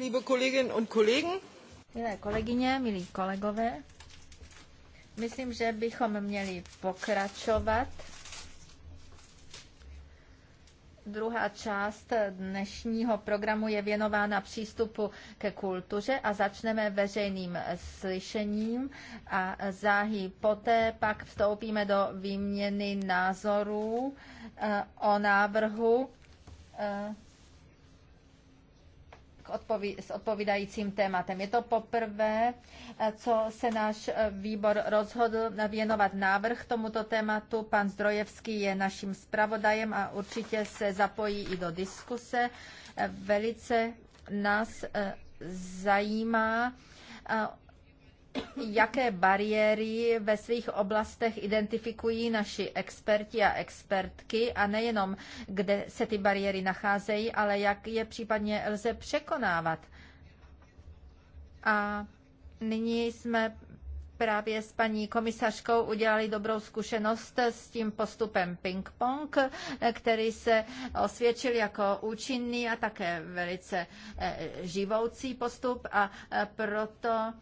liebe Kolleginnen und Kollegen. Milé kolegyně, milí kolegové, myslím, že bychom měli pokračovat. Druhá část dnešního programu je věnována přístupu ke kultuře a začneme veřejným slyšením a záhy poté pak vstoupíme do výměny názorů eh, o návrhu eh, odpoví, s odpovídajícím tématem. Je to poprvé, eh, co se náš eh, výbor rozhodl věnovat návrh tomuto tématu. Pan Zdrojevský je naším zpravodajem a určitě se zapojí i do diskuse. Eh, velice nás zajímá jaké bariéry ve svých oblastech identifikují naši experti a expertky a nejenom, kde se ty bariéry nacházejí, ale jak je případně lze překonávat. A nyní jsme právě s paní komisařkou udělali dobrou zkušenost s tím postupem ping-pong, který se osvědčil jako účinný a také velice eh, živoucí postup a eh, proto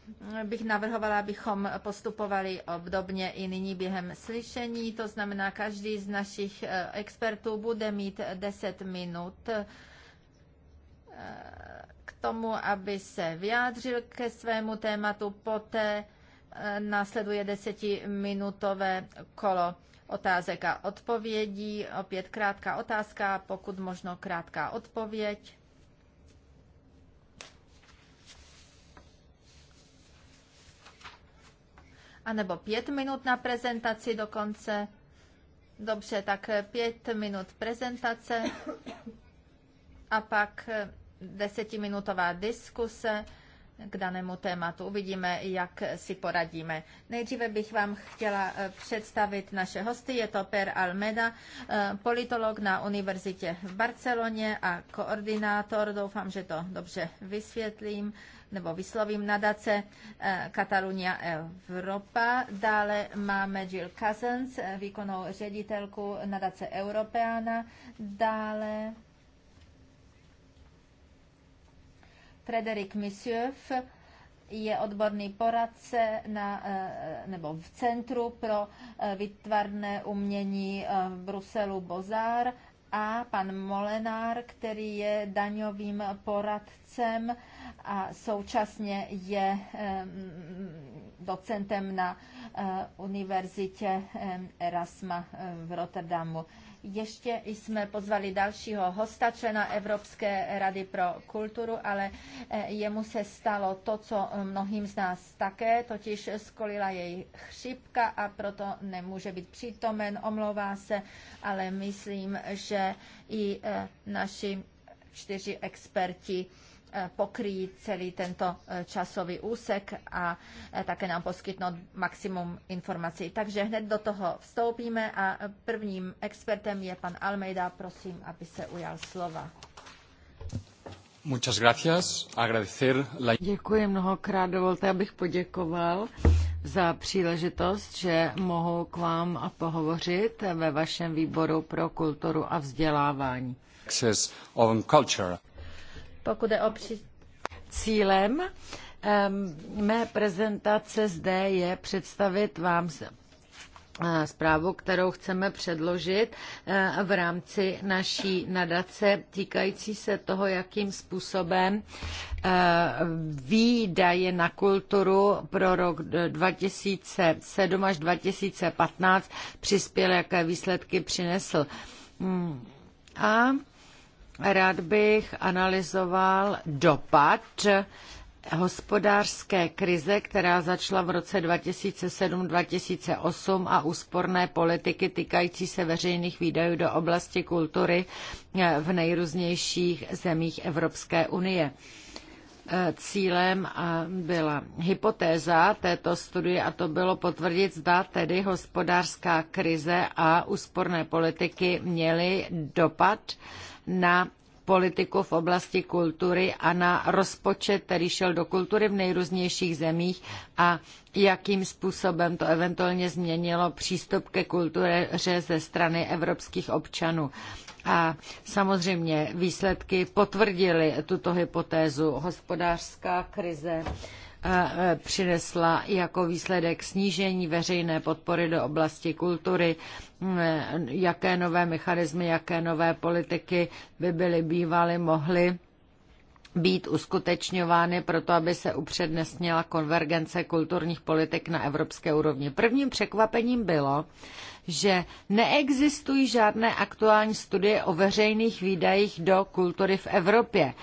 bych navrhovala, abychom postupovali obdobně i nyní během slyšení. To znamená, každý z našich eh, expertů bude mít 10 minut k tomu, aby se vyjádřil ke svému tématu poté, Následuje desetiminutové kolo otázek a odpovědí. Opět krátká otázka, pokud možno krátká odpověď. A nebo pět minut na prezentaci dokonce. Dobře, tak pět minut prezentace a pak desetiminutová diskuse k danému tématu. Uvidíme, jak si poradíme. Nejdříve bych vám chtěla eh, představit naše hosty. Je to Per Almeda, eh, politolog na univerzitě v Barceloně a koordinátor, doufám, že to dobře vysvětlím, nebo vyslovím nadace eh, Katalunia Evropa. Dále máme Jill Cousins, výkonnou ředitelku nadace Europeana. Dále Frederik Misiev je odborný poradce na, eh, nebo v Centru pro eh, vytvarné umění eh, v Bruselu Bozár a pan Molenár, který je daňovým poradcem a současně je docentem na univerzitě Erasma v Rotterdamu ještě jsme pozvali dalšího hosta, člena Evropské rady pro kulturu, ale eh, jemu se stalo to, co mnohým z nás také, totiž skolila jej chřipka a proto nemůže být přítomen, omlouvá se, ale myslím, že i eh, naši čtyři experti Eh, pokryjí celý tento eh, časový úsek a eh, také nám poskytnout maximum informací. Takže hned do toho vstoupíme a prvním expertem je pan Almeida. Prosím, aby se ujal slova. Muchas gracias. Agradecer la... Děkuji mnohokrát. Dovolte, abych poděkoval za příležitost, že mohu k vám a pohovořit ve vašem výboru pro kulturu a vzdělávání. culture pokud je o při... Cílem mé prezentace zde je představit vám eh, zprávu, kterou chceme předložit eh, v rámci naší nadace týkající se toho, jakým způsobem eh, výdaje na kulturu pro rok 2007 až 2015 přispěl, jaké výsledky přinesl. Hmm. A Rád bych analyzoval dopad hospodářské krize, která začala v roce 2007-2008 a úsporné politiky týkající se veřejných výdajů do oblasti kultury v nejrůznějších zemích Evropské unie. Cílem byla hypotéza této studie a to bylo potvrdit, zda tedy hospodářská krize a úsporné politiky měly dopad na politiku v oblasti kultury a na rozpočet, který šel do kultury v nejrůznějších zemích a jakým způsobem to eventuálně změnilo přístup ke kultuře ze strany evropských občanů. A samozřejmě výsledky potvrdily tuto hypotézu. Hospodářská krize přinesla jako výsledek snížení veřejné podpory do oblasti kultury, jaké nové mechanismy, jaké nové politiky by byly bývaly mohly být uskutečňovány proto, aby se upřednesnila konvergence kulturních politik na evropské úrovni. Prvním překvapením bylo, že neexistují žádné aktuální studie o veřejných výdajích do kultury v Evropě.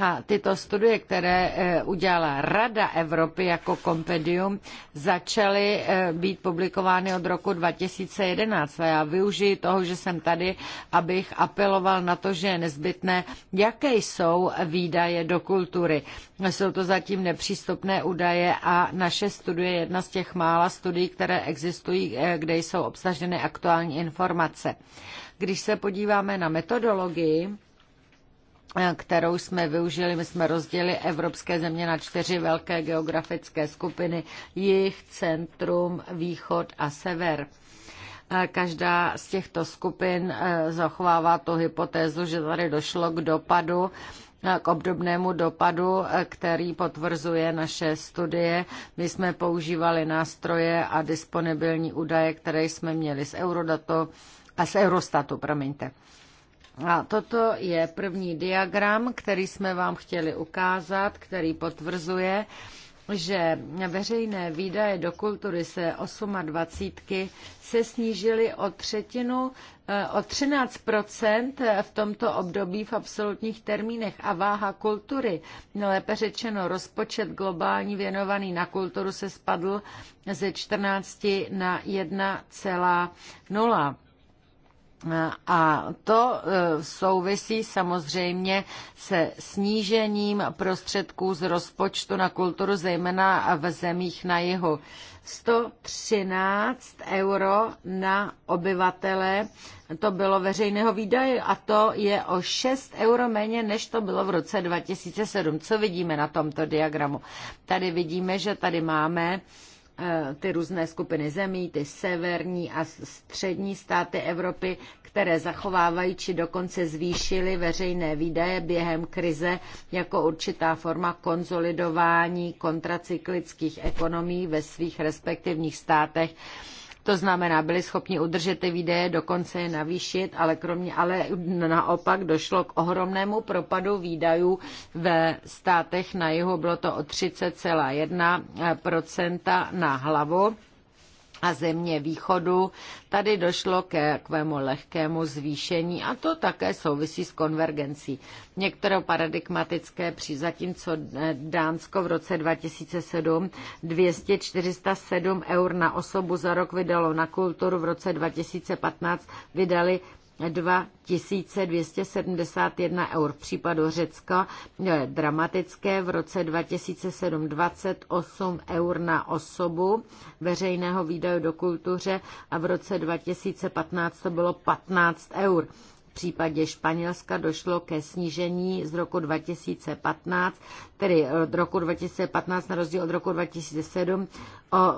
A tyto studie, které eh, udělala Rada Evropy jako kompendium, začaly eh, být publikovány od roku 2011. A já využiji toho, že jsem tady, abych apeloval na to, že je nezbytné, jaké jsou výdaje do kultury. Jsou to zatím nepřístupné údaje a naše studie je jedna z těch mála studií, které existují, eh, kde jsou obsaženy aktuální informace. Když se podíváme na metodologii, kterou jsme využili. My jsme rozdělili evropské země na čtyři velké geografické skupiny, jich, centrum, východ a sever. Eh, každá z těchto skupin eh, zachovává tu hypotézu, že tady došlo k dopadu eh, k obdobnému dopadu, který potvrzuje naše studie. My jsme používali nástroje a disponibilní údaje, které jsme měli z Eurodato a z Eurostatu, promiňte. A toto je první diagram, který jsme vám chtěli ukázat, který potvrzuje, že veřejné výdaje do kultury se 28 se snížily o třetinu, eh, o 13 v tomto období v absolutních termínech a váha kultury, lépe řečeno rozpočet globální věnovaný na kulturu se spadl ze 14 na 1,0 a to e, souvisí samozřejmě se snížením prostředků z rozpočtu na kulturu, zejména v zemích na jihu. 113 euro na obyvatele, to bylo veřejného výdaje a to je o 6 euro méně, než to bylo v roce 2007. Co vidíme na tomto diagramu? Tady vidíme, že tady máme uh, Eh, ty různé skupiny zemí, ty severní a střední státy Evropy, které zachovávají či dokonce zvýšily veřejné výdaje během krize jako určitá forma konzolidování kontracyklických ekonomí ve svých respektivních státech to znamená, byli schopni udržet ty výdaje, dokonce je navýšit, ale, kromě, ale naopak došlo k ohromnému propadu výdajů ve státech na jihu. Bylo to o 30,1% na hlavu a země východu, tady došlo ke takovému lehkému zvýšení a to také souvisí s konvergencí. Některé paradigmatické při zatímco Dánsko v roce 2007 200-407 eur na osobu za rok vydalo na kulturu, v roce 2015 vydali 2271 eur. V případu Řecka je dramatické v roce 2007 28 eur na osobu veřejného výdaje do kultuře a v roce 2015 to bylo 15 eur. V případě Španělska došlo ke snížení z roku 2015, tedy od roku 2015 na rozdíl od roku 2007 o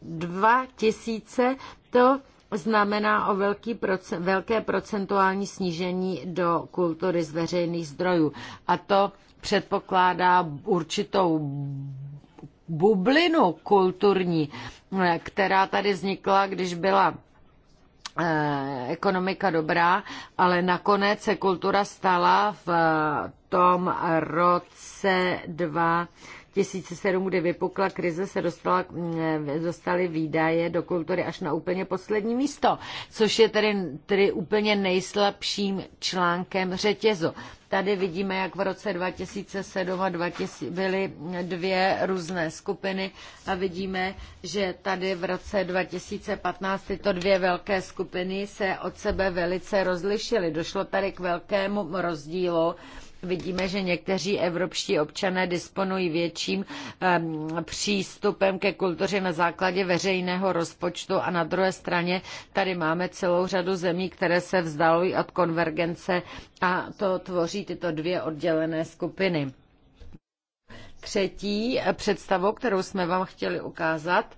2000, e, to znamená o velký procent, velké procentuální snížení do kultury z veřejných zdrojů. A to předpokládá určitou bublinu kulturní, která tady vznikla, když byla eh, ekonomika dobrá, ale nakonec se kultura stala v tom roce 2 2007, kdy vypukla krize, se dostala, mm, eh, dostaly výdaje do kultury až na úplně poslední místo, což je tedy, tedy úplně nejslabším článkem řetězu. Tady vidíme, jak v roce 2007 a 2000 byly dvě různé skupiny a vidíme, že tady v roce 2015 tyto dvě velké skupiny se od sebe velice rozlišily. Došlo tady k velkému rozdílu vidíme, že někteří evropští občané disponují větším přístupem ke kultuře na základě veřejného rozpočtu a na druhé straně tady máme celou řadu zemí, které se vzdalují od konvergence a to tvoří tyto dvě oddělené skupiny. Třetí představou, kterou jsme vám chtěli ukázat,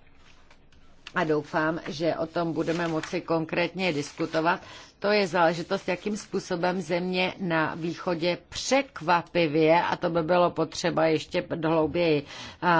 a doufám, že o tom budeme moci konkrétně diskutovat, to je záležitost, jakým způsobem země na východě překvapivě, a to by bylo potřeba ještě hlouběji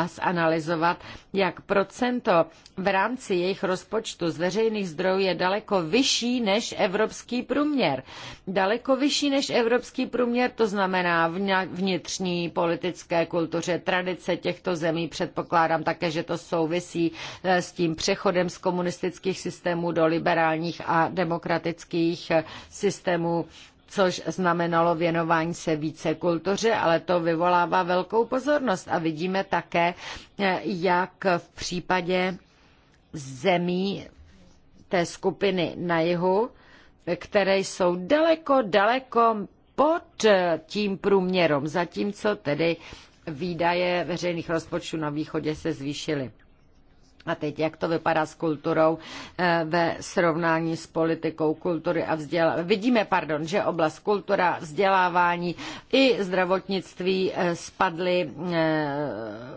zanalizovat, jak procento v rámci jejich rozpočtu z veřejných zdrojů je daleko vyšší než evropský průměr. Daleko vyšší než evropský průměr, to znamená vnitřní politické kultuře, tradice těchto zemí. Předpokládám také, že to souvisí e, s tím přechodem z komunistických systémů do liberálních a demokratických jejich systému což znamenalo věnování se více kultuře, ale to vyvolává velkou pozornost. A vidíme také, jak v případě zemí té skupiny na jihu, které jsou daleko, daleko pod tím průměrem, zatímco tedy výdaje veřejných rozpočtů na východě se zvýšily. A teď, jak to vypadá s kulturou eh, ve srovnání s politikou kultury a vzdělávání. Vidíme, pardon, že oblast kultura, vzdělávání i zdravotnictví eh, spadly eh,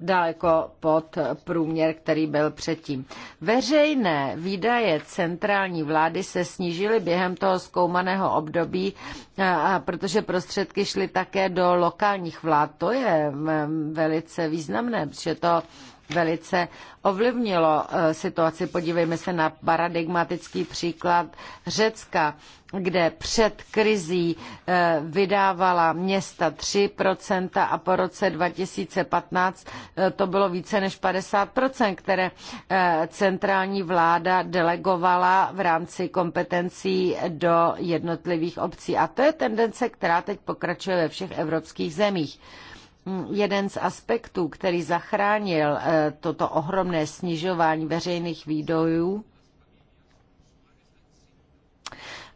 daleko pod průměr, který byl předtím. Veřejné výdaje centrální vlády se snížily během toho zkoumaného období, protože prostředky šly také do lokálních vlád. To je mm, velice významné, protože to velice ovlivnilo eh, situaci. Podívejme se na paradigmatický příklad Řecka, kde před krizí eh, vydávala města 3% a po roce 2015 eh, to bylo více než 50%, které centrální vláda delegovala v rámci kompetencí do jednotlivých obcí. A to je tendence, která teď pokračuje ve všech evropských zemích jeden z aspektů, který zachránil eh, toto ohromné snižování veřejných výdojů,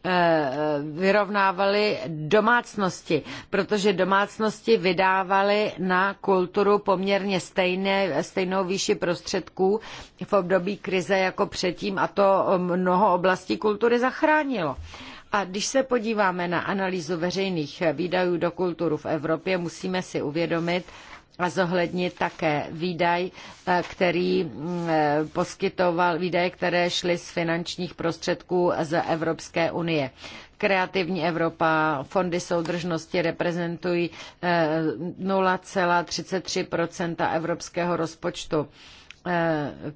eh, vyrovnávaly domácnosti, protože domácnosti vydávaly na kulturu poměrně stejné, stejnou výši prostředků v období krize jako předtím a to mnoho oblastí kultury zachránilo. A když se podíváme na analýzu veřejných výdajů do kulturu v Evropě, musíme si uvědomit, a zohlednit také výdaj, eh, který mm, eh, poskytoval výdaje, které šly z finančních prostředků z Evropské unie. Kreativní Evropa, fondy soudržnosti reprezentují 0,33 eh, evropského rozpočtu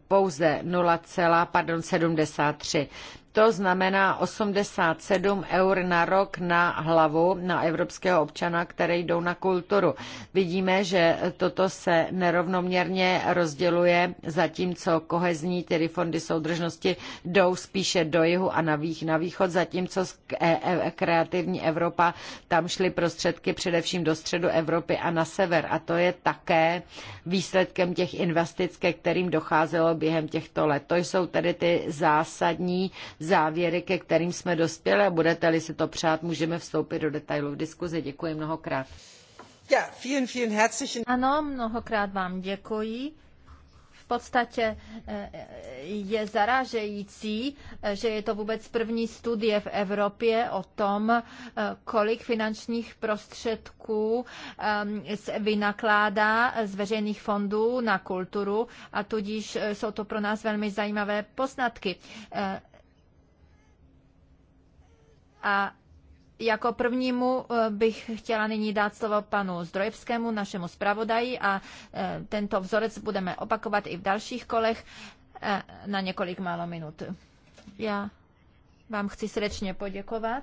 pouze 0, pardon, 73. To znamená 87 eur na rok na hlavu na evropského občana, které jdou na kulturu. Vidíme, že toto se nerovnoměrně rozděluje, zatímco kohezní, tedy fondy soudržnosti, jdou spíše do jihu a na, vých, na východ, zatímco e- e- kreativní Evropa, tam šly prostředky především do středu Evropy a na sever. A to je také výsledkem těch investic, ke kterým docházelo během těchto let. To jsou tedy ty zásadní závěry, ke kterým jsme dospěli a budete-li si to přát, můžeme vstoupit do detailu v diskuzi. Děkuji mnohokrát. Ja, vielen, vielen herzlichen... Ano, mnohokrát vám děkuji. V podstatě eh, je zarážející, eh, že je to vůbec první studie v Evropě o tom, eh, kolik finančních prostředků se vynakládá z veřejných fondů na kulturu a tudíž jsou to pro nás velmi zajímavé poznatky. A jako prvnímu eh, bych chtěla nyní dát slovo panu Zdrojevskému, našemu zpravodaji a eh, tento vzorec budeme opakovat i v dalších kolech eh, na několik málo minut. Já vám chci srdečně poděkovat.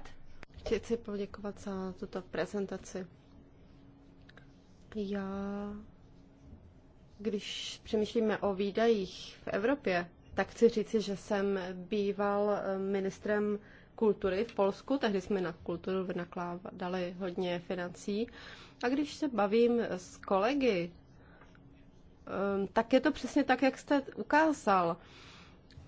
Chci poděkovat za tuto prezentaci. Já, když přemýšlíme o výdajích v Evropě, tak chci říci, že jsem býval ministrem kultury v Polsku, tehdy jsme na kulturu vynakládali hodně financí. A když se bavím s kolegy, ehm, tak je to přesně tak, jak jste ukázal.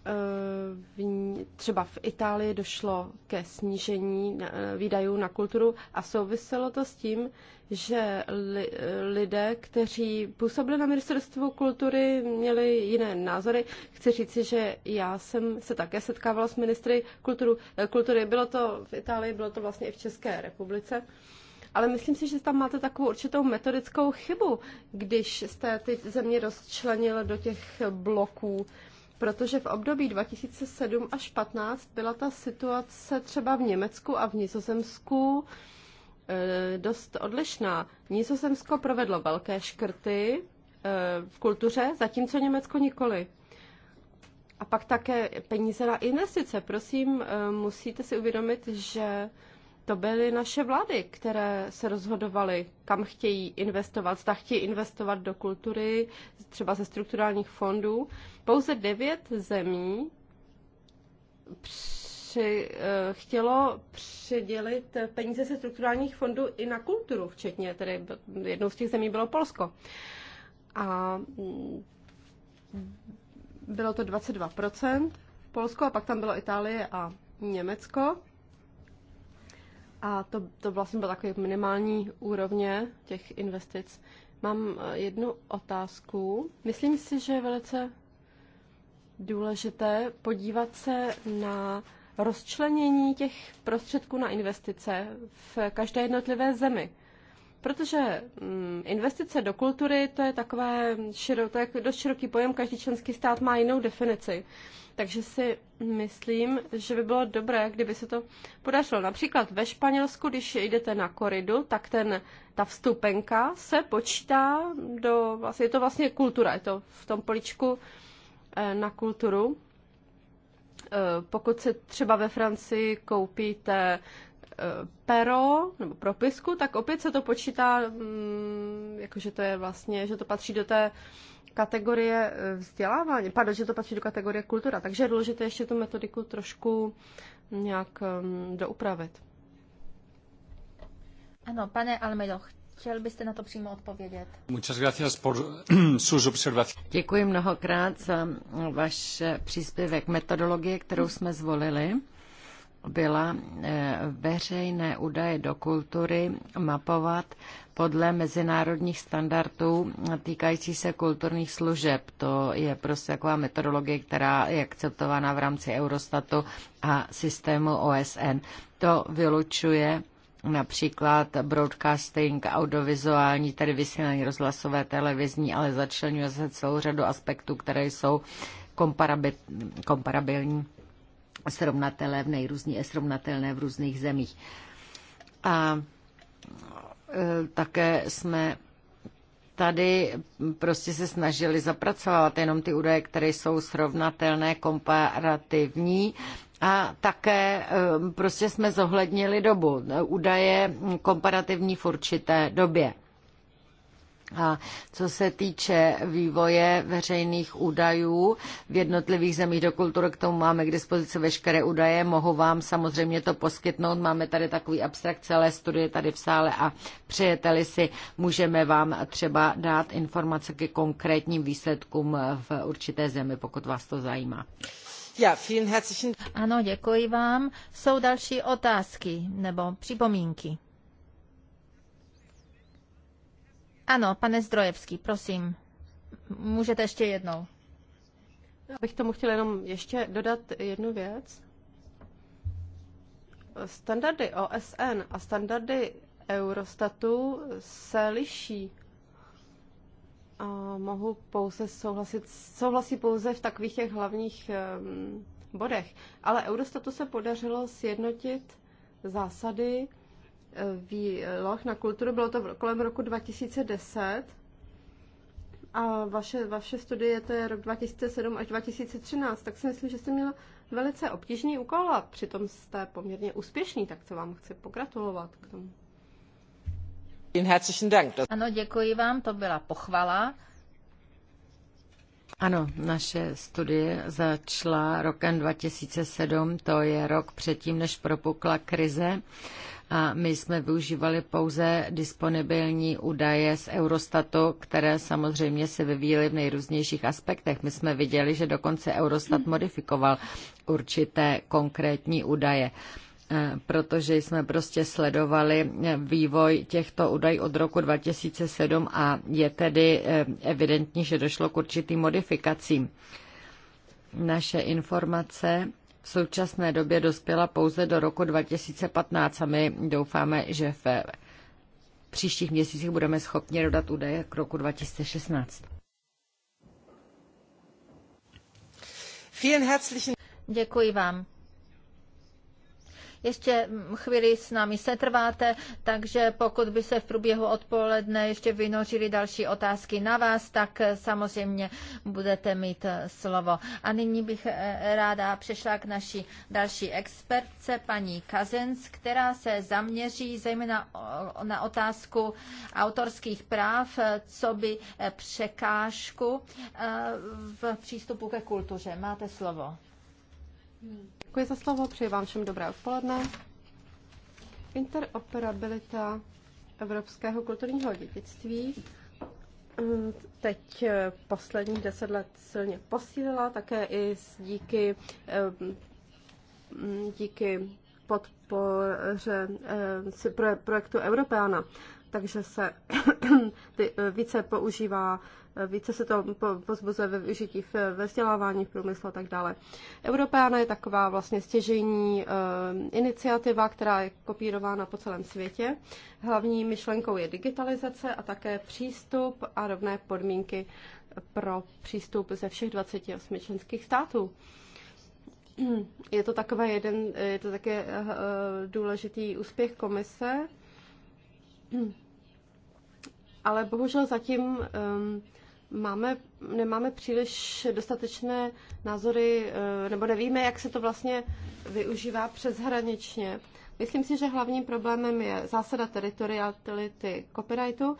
Eh, třeba v Itálii došlo ke snížení eh, výdajů na kulturu a souviselo to s tím, že li, lidé, kteří působili na ministerstvu kultury, měli jiné názory. Chci říci, že já jsem se také setkávala s ministry kulturu, eh, kultury. Bylo to v Itálii, bylo to vlastně i v České republice. Ale myslím si, že tam máte takovou určitou metodickou chybu, když jste ty země rozčlenil do těch bloků protože v období 2007 až 2015 byla ta situace třeba v Německu a v Nizozemsku eh, dost odlišná. Nizozemsko provedlo velké škrty eh, v kultuře, zatímco Německo nikoli. A pak také peníze na investice. Prosím, eh, musíte si uvědomit, že to byly naše vlády, které se rozhodovaly, kam chtějí investovat. Zda chtějí investovat do kultury, třeba ze strukturálních fondů. Pouze devět zemí při, eh, chtělo předělit peníze ze strukturálních fondů i na kulturu, včetně tedy jednou z těch zemí bylo Polsko. A mm, bylo to 22%, Polsko a pak tam bylo Itálie a Německo. A to, to vlastně byl takový minimální úrovně těch investic. Mám e, jednu otázku. Myslím si, že je velice důležité podívat se na rozčlenění těch prostředků na investice v každé jednotlivé zemi. Protože mm, investice do kultury, to je takové širo, to je dost široký pojem, každý členský stát má jinou definici. Takže si myslím, že by bylo dobré, kdyby se to podařilo. Například ve Španělsku, když jdete na koridu, tak ten, ta vstupenka se počítá do, vlastně je to vlastně kultura, je to v tom poličku eh, na kulturu. Eh, pokud se třeba ve Francii koupíte Eh, pero nebo propisku, tak opět se to počítá, mm, jakože to je vlastně, že to patří do té kategorie eh, vzdělávání, pardon, že to patří do kategorie kultura, takže je důležité ještě tu metodiku trošku nějak mm, doupravit. Ano, pane Almedo, Chtěl byste na to přímo odpovědět. Muchas gracias por sus observaciones. Děkuji mnohokrát za váš příspěvek metodologie, kterou jsme zvolili byla eh, veřejné údaje do kultury mapovat podle mezinárodních standardů týkající se kulturních služeb. To je prostě taková metodologie, která je akceptována v rámci Eurostatu a systému OSN. To vylučuje například broadcasting, audiovizuální, tedy vysílání rozhlasové, televizní, ale začlenuje se celou řadu aspektů, které jsou komparabilní srovnatelné v, nejrůzní, srovnatelné v různých zemích. A e, také jsme tady prostě se snažili zapracovat jenom ty údaje, které jsou srovnatelné, komparativní. A také e, prostě jsme zohlednili dobu, údaje komparativní v určité době. A co se týče vývoje veřejných údajů v jednotlivých zemích do kultury, k tomu máme k dispozici veškeré údaje, mohu vám samozřejmě to poskytnout. Máme tady takový abstrakt celé studie tady v sále a přejeteli si, můžeme vám třeba dát informace ke konkrétním výsledkům v určité zemi, pokud vás to zajímá. Ja, vielen herzlichen... Ano, děkuji vám. Jsou další otázky nebo připomínky? Ano, pane Zdrojevský, prosím, můžete ještě jednou. Já bych tomu chtěla jenom ještě dodat jednu věc. Standardy OSN a standardy Eurostatu se liší. A mohu pouze souhlasit, souhlasí pouze v takových těch hlavních um, bodech. Ale Eurostatu se podařilo sjednotit zásady, výloh na kulturu, bylo to kolem roku 2010 a vaše, vaše studie, to je rok 2007 až 2013, tak si myslím, že jste měla velice obtížný úkol a přitom jste poměrně úspěšný, tak se vám chci pogratulovat k tomu. Ano, děkuji vám, to byla pochvala. Ano, naše studie začala rokem 2007, to je rok předtím, než propukla krize a my jsme využívali pouze disponibilní údaje z Eurostatu, které samozřejmě se vyvíjely v nejrůznějších aspektech. My jsme viděli, že dokonce Eurostat modifikoval určité konkrétní údaje eh, protože jsme prostě sledovali eh, vývoj těchto údajů od roku 2007 a je tedy eh, evidentní, že došlo k určitým modifikacím. Naše informace v současné době dospěla pouze do roku 2015 a my doufáme, že v příštích měsících budeme schopni dodat údaje k roku 2016. Děkuji vám ještě mm, chvíli s námi setrváte, takže pokud by se v průběhu odpoledne ještě vynořily další otázky na vás, tak eh, samozřejmě budete mít eh, slovo. A nyní bych eh, ráda přešla k naší další expertce, paní Kazenc, která se zaměří zejména na otázku autorských práv, co by překážku v přístupu ke kultuře. Máte slovo. Hmm. Děkuji za slovo, přeji vám všem dobré odpoledne. Interoperabilita evropského kulturního dědictví mm, teď eh, posledních deset let silně posílila, také i díky, eh, mm, díky podpoře eh, projektu Europeana. Takže se více používá více se to pozbuzuje ve využití ve vzdělávání, v průmyslu a tak dále. Europeana je taková vlastně stěžení eh, iniciativa, která je kopírována po celém světě. Hlavní myšlenkou je digitalizace a také přístup a rovné podmínky pro přístup ze všech 28 členských států. Je to takové jeden, je to také eh, důležitý úspěch komise, ale bohužel zatím um, máme, nemáme příliš dostatečné názory, eh, nebo nevíme, jak se to vlastně využívá přeshraničně. Myslím si, že hlavním problémem je zásada teritoriality copyrightu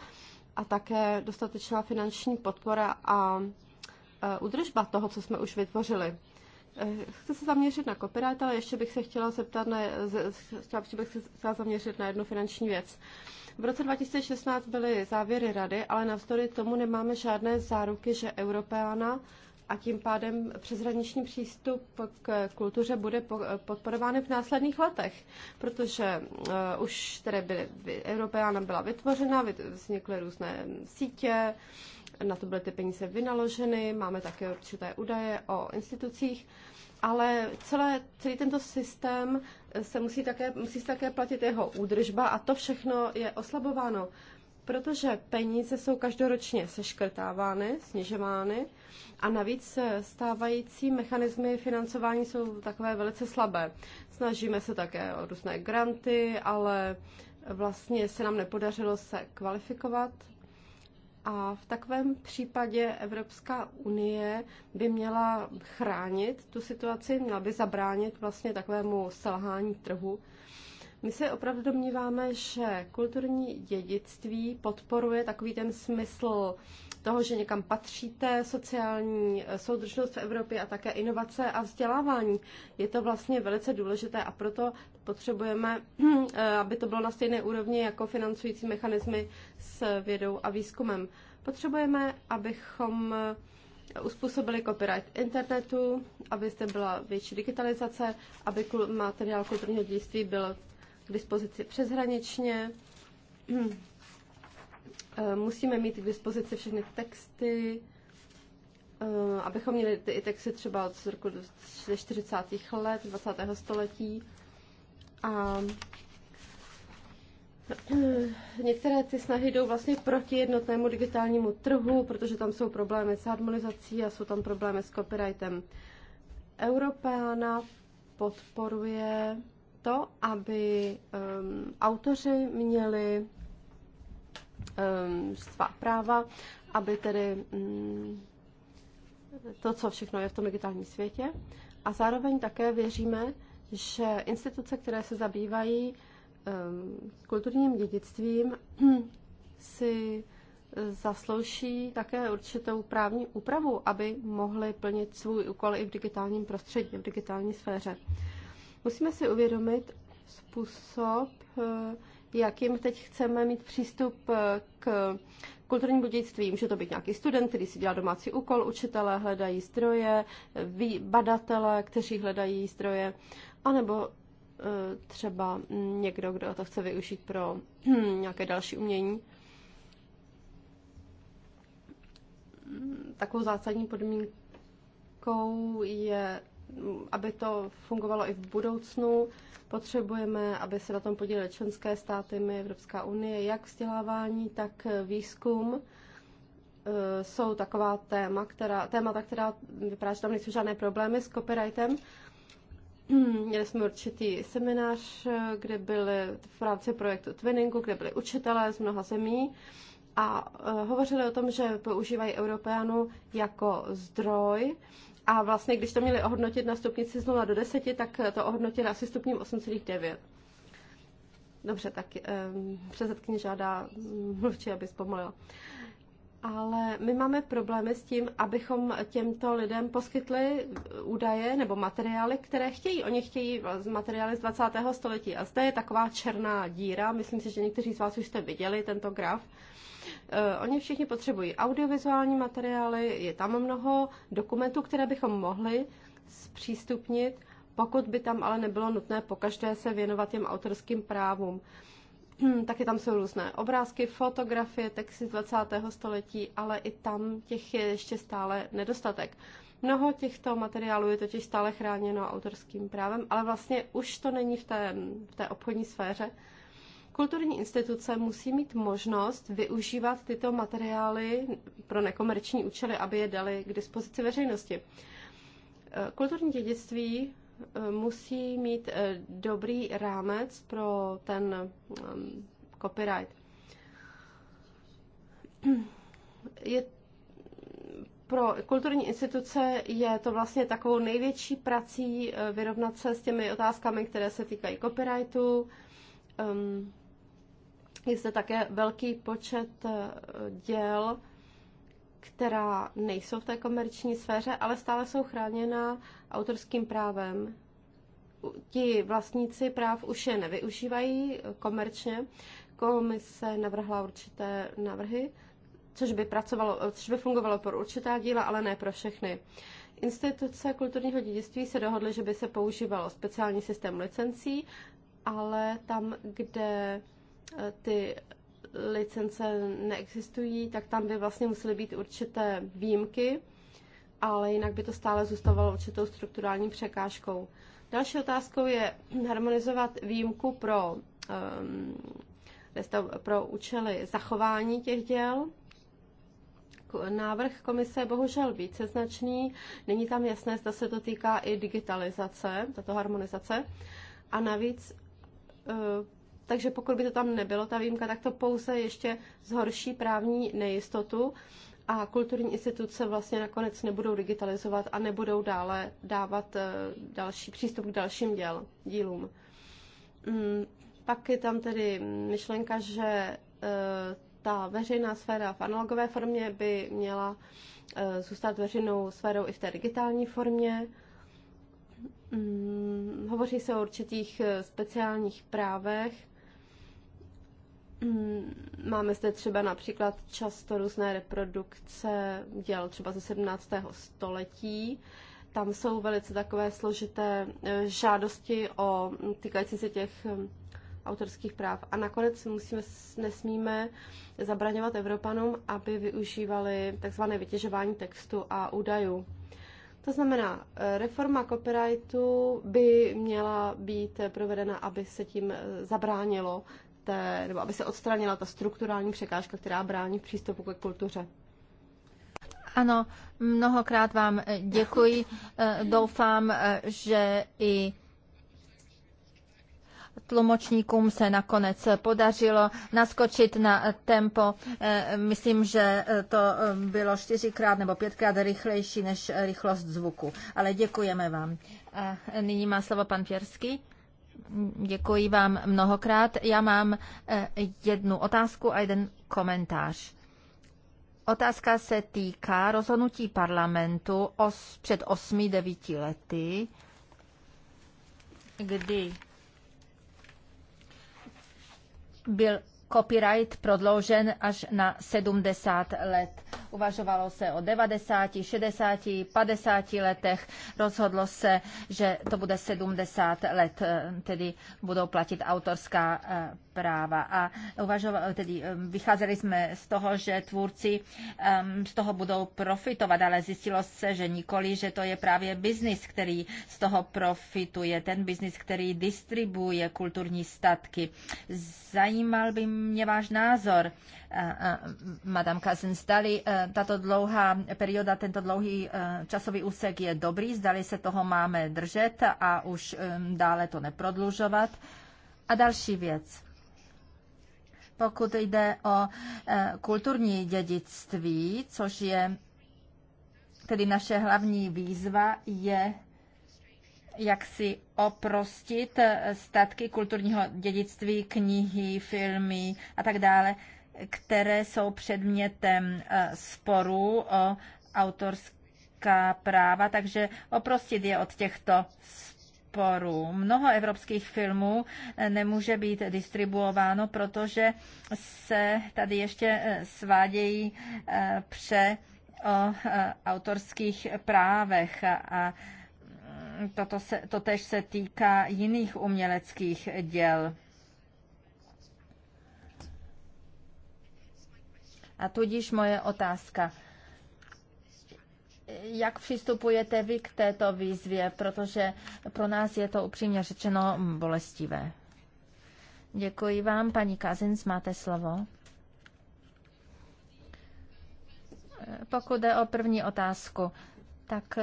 a také dostatečná finanční podpora a eh, udržba toho, co jsme už vytvořili. Eh, chci se zaměřit na copyright, ale ještě bych se chtěla zeptat, na, chtěla bych se chtěla zaměřit na jednu finanční věc. Uh, v roce 2016 byly závěry rady, ale navzdory tomu nemáme žádné záruky, že Europeana a tím pádem přeshraniční přístup k kultuře bude podporován v následných letech, protože uh, už tedy byly, Europeana byla vytvořena, vznikly různé sítě, na to byly ty peníze vynaloženy, máme také určité údaje o institucích, ale celé, celý tento systém se musí také, musí se také platit jeho údržba a to všechno je oslabováno, protože peníze jsou každoročně seškrtávány, snižovány a navíc stávající mechanismy financování jsou takové velice slabé. Snažíme se také o různé granty, ale vlastně se nám nepodařilo se kvalifikovat a v takovém případě Evropská unie by měla chránit tu situaci, měla by zabránit vlastně takovému selhání trhu. My se opravdu domníváme, že kulturní dědictví podporuje takový ten smysl toho, že někam patříte, sociální eh, soudržnost v Evropě a také inovace a vzdělávání. Je to vlastně velice důležité a proto potřebujeme, eh, aby to bylo na stejné úrovni jako financující mechanismy s vědou a výzkumem. Potřebujeme, abychom eh, uspůsobili copyright internetu, aby zde byla větší digitalizace, aby materiál kulturního dědictví byl k dispozici přeshraničně. Eh, musíme mít k dispozici všechny texty, eh, abychom měli ty i texty třeba od roku 40. let 20. století. A eh, Některé ty snahy jdou vlastně proti jednotnému digitálnímu trhu, protože tam jsou problémy s harmonizací a jsou tam problémy s copyrightem. Europeana podporuje to, aby um, autoři měli um, svá práva, aby tedy um, to, co všechno je v tom digitálním světě. A zároveň také věříme, že instituce, které se zabývají um, kulturním dědictvím, si zaslouží také určitou právní úpravu, aby mohly plnit svůj úkol i v digitálním prostředí, v digitální sféře. Musíme si uvědomit způsob, eh, jakým teď chceme mít přístup eh, k kulturním dědictví. Může to být nějaký student, který si dělá domácí úkol, učitelé hledají zdroje, badatelé, kteří hledají zdroje, anebo eh, třeba někdo, kdo to chce využít pro hm, nějaké další umění. Takovou zásadní podmínkou je aby to fungovalo i v budoucnu, potřebujeme, aby se na tom podílely členské státy, my Evropská unie, jak vzdělávání, tak výzkum. E, jsou taková téma, která, témata, která vypadá, že tam nejsou žádné problémy s copyrightem. Měli jsme určitý seminář, kde byly v rámci projektu Twinningu, kde byli učitelé z mnoha zemí a e, hovořili o tom, že používají Europeanu jako zdroj a vlastně, když to měli ohodnotit na stupnici z 0 do 10, tak to ohodnotili asi stupním 8,9. Dobře, tak um, předsedkyně žádá mluvčí, aby zpomalila. Ale my máme problémy s tím, abychom těmto lidem poskytli údaje nebo materiály, které chtějí. Oni chtějí materiály z 20. století. A zde je taková černá díra. Myslím si, že někteří z vás už jste viděli tento graf. Uh, Eh, oni všichni potřebují audiovizuální materiály, je tam mnoho dokumentů, které bychom mohli zpřístupnit, pokud by tam ale nebylo nutné pokaždé se věnovat těm autorským právům. Hmm, taky tam jsou různé obrázky, fotografie, texty z 20. století, ale i tam těch je ještě stále nedostatek. Mnoho těchto materiálů je totiž stále chráněno autorským právem, ale vlastně už to není v té, v té obchodní sféře, Kulturní instituce musí mít možnost využívat tyto materiály pro nekomerční účely, aby je dali k dispozici veřejnosti. Eh, kulturní dědictví eh, musí mít eh, dobrý rámec pro ten ehm, copyright. Je pro kulturní instituce je to vlastně takovou největší prací vyrovnat se s těmi otázkami, které se týkají copyrightu, um, je zde také velký počet eh, děl, která nejsou v té komerční sféře, ale stále jsou chráněna autorským právem. Ti vlastníci práv už je nevyužívají eh, komerčně. Komise navrhla určité návrhy, což by, pracovalo, eh, což by fungovalo pro určitá díla, ale ne pro všechny. Instituce kulturního dědictví se dohodly, že by se používalo speciální systém licencí, ale tam, kde Eh, ty licence neexistují, tak tam by vlastně musely být určité výjimky, ale jinak by to stále zůstávalo určitou strukturální překážkou. Další otázkou je harmonizovat výjimku pro, um, pro účely zachování těch děl. Návrh komise je bohužel více značný. Není tam jasné, zda se to týká i digitalizace, tato harmonizace. A navíc uh, takže pokud by to tam nebylo, ta výjimka, tak to pouze ještě zhorší právní nejistotu a kulturní instituce vlastně nakonec nebudou digitalizovat a nebudou dále dávat eh, další přístup k dalším děl, dílům. Mm, pak je tam tedy myšlenka, že eh, ta veřejná sféra v analogové formě by měla eh, zůstat veřejnou sférou i v té digitální formě. Mm, hovoří se o určitých speciálních právech, Mm, máme zde třeba například často různé reprodukce děl třeba ze 17. století. Tam jsou velice takové složité eh, žádosti o mm, týkající se těch mm, autorských práv. A nakonec musíme, nesmíme zabraňovat Evropanům, aby využívali tzv. vytěžování textu a údajů. To znamená, eh, reforma copyrightu by měla být eh, provedena, aby se tím zabránilo té, nebo aby se odstranila ta strukturální překážka, která brání v přístupu ke kultuře. Ano, mnohokrát vám eh, děkuji. Eh, doufám, eh, že i tlumočníkům se nakonec podařilo naskočit na tempo. Myslím, že to bylo čtyřikrát nebo pětkrát rychlejší než rychlost zvuku. Ale děkujeme vám. A nyní má slovo pan Pěrský. Děkuji vám mnohokrát. Já mám eh, jednu otázku a jeden komentář. Otázka se týká rozhodnutí parlamentu os, před 8-9 lety, kdy byl copyright prodloužen až na 70 let. Uvažovalo se o 90, 60, 50 letech. Rozhodlo se, že to bude 70 let, eh, tedy budou platit autorská eh, práva. A uvažovali, eh, tedy vycházeli jsme z toho, že tvůrci ehm, z toho budou profitovat, ale zjistilo se, že nikoli, že to je právě biznis, který z toho profituje, ten biznis, který distribuuje kulturní statky. Zajímal by mě váš názor, madam Kazin, zdali tato dlouhá perioda, tento dlouhý časový úsek je dobrý, zdali se toho máme držet a už um, dále to neprodlužovat. A další věc. Pokud jde o kulturní dědictví, což je tedy naše hlavní výzva, je jak si oprostit eh, statky kulturního dědictví, knihy, filmy a tak dále, které jsou předmětem eh, sporu o autorská práva, takže oprostit je od těchto sporů. Mnoho evropských filmů eh, nemůže být distribuováno, protože se tady ještě svádějí pře o autorských právech a toto se, totež se týká jiných uměleckých děl. A tudíž moje otázka. Jak přistupujete vy k této výzvě, protože pro nás je to upřímně řečeno bolestivé. Děkuji vám, paní Kazins, máte slovo. Pokud jde o první otázku, tak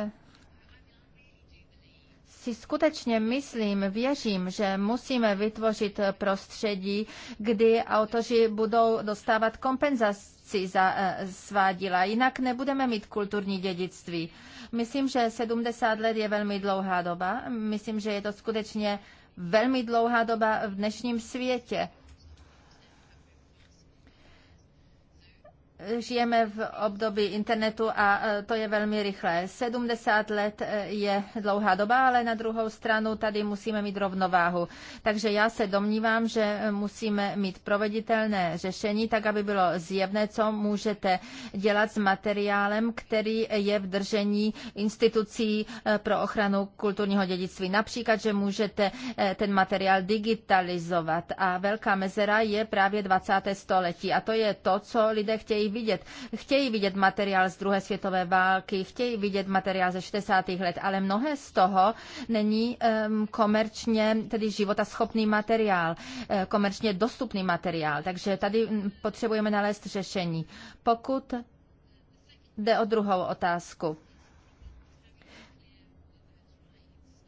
si skutečně myslím, věřím, že musíme vytvořit prostředí, kdy autoři budou dostávat kompenzaci za e, svá díla, jinak nebudeme mít kulturní dědictví. Myslím, že 70 let je velmi dlouhá doba. Myslím, že je to skutečně velmi dlouhá doba v dnešním světě. Žijeme v období internetu a e, to je velmi rychlé. 70 let e, je dlouhá doba, ale na druhou stranu tady musíme mít rovnováhu. Takže já se domnívám, že musíme mít proveditelné řešení, tak aby bylo zjevné, co můžete dělat s materiálem, který je v držení institucí e, pro ochranu kulturního dědictví. Například, že můžete ten materiál digitalizovat a velká mezera je právě 20. století a to je to, co lidé chtějí vidět. Chtějí vidět materiál z druhé světové války, chtějí vidět materiál ze 60. let, ale mnohé z toho není um, komerčně, tedy životaschopný materiál, eh, komerčně dostupný materiál. Takže tady mm, potřebujeme nalézt řešení. Pokud jde o druhou otázku,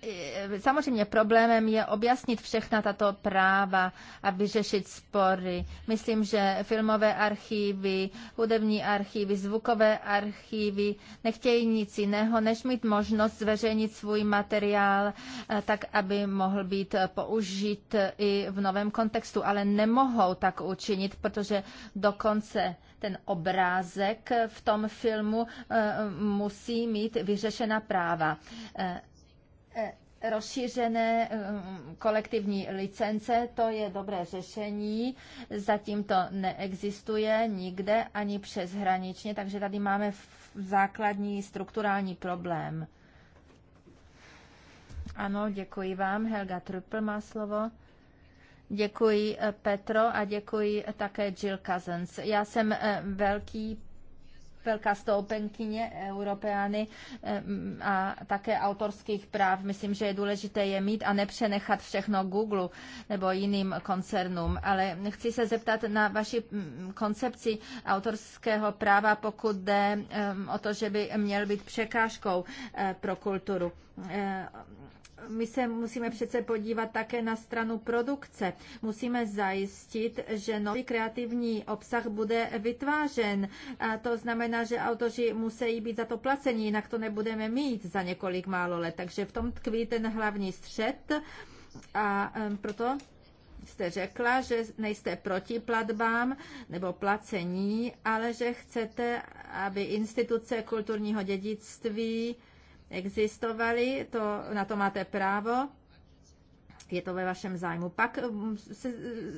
E, samozřejmě problémem je objasnit všechna tato práva a vyřešit spory. Myslím, že filmové archívy, hudební archívy, zvukové archívy nechtějí nic jiného, než mít možnost zveřejnit svůj materiál e, tak, aby mohl být použit i v novém kontextu, ale nemohou tak učinit, protože dokonce ten obrázek v tom filmu e, musí mít vyřešena práva. Eh, rozšířené eh, kolektivní licence, to je dobré řešení. Zatím to neexistuje nikde ani přeshraničně, takže tady máme základní strukturální problém. Ano, děkuji vám. Helga Trüppel má slovo. Děkuji eh, Petro a děkuji také Jill Cousins. Já jsem velký velká stoupenkyně Europeány eh, a také autorských práv. Myslím, že je důležité je mít a nepřenechat všechno Google nebo jiným koncernům. Ale chci se zeptat na vaši mm, koncepci autorského práva, pokud jde eh, o to, že by měl být překážkou eh, pro kulturu my se musíme přece podívat také na stranu produkce. Musíme zajistit, že nový kreativní obsah bude vytvářen. A to znamená, že autoři musí být za to placení. jinak to nebudeme mít za několik málo let. Takže v tom tkví ten hlavní střed. A proto jste řekla, že nejste proti platbám nebo placení, ale že chcete, aby instituce kulturního dědictví existovaly, to, na to máte právo, je to ve vašem zájmu. Pak mm, se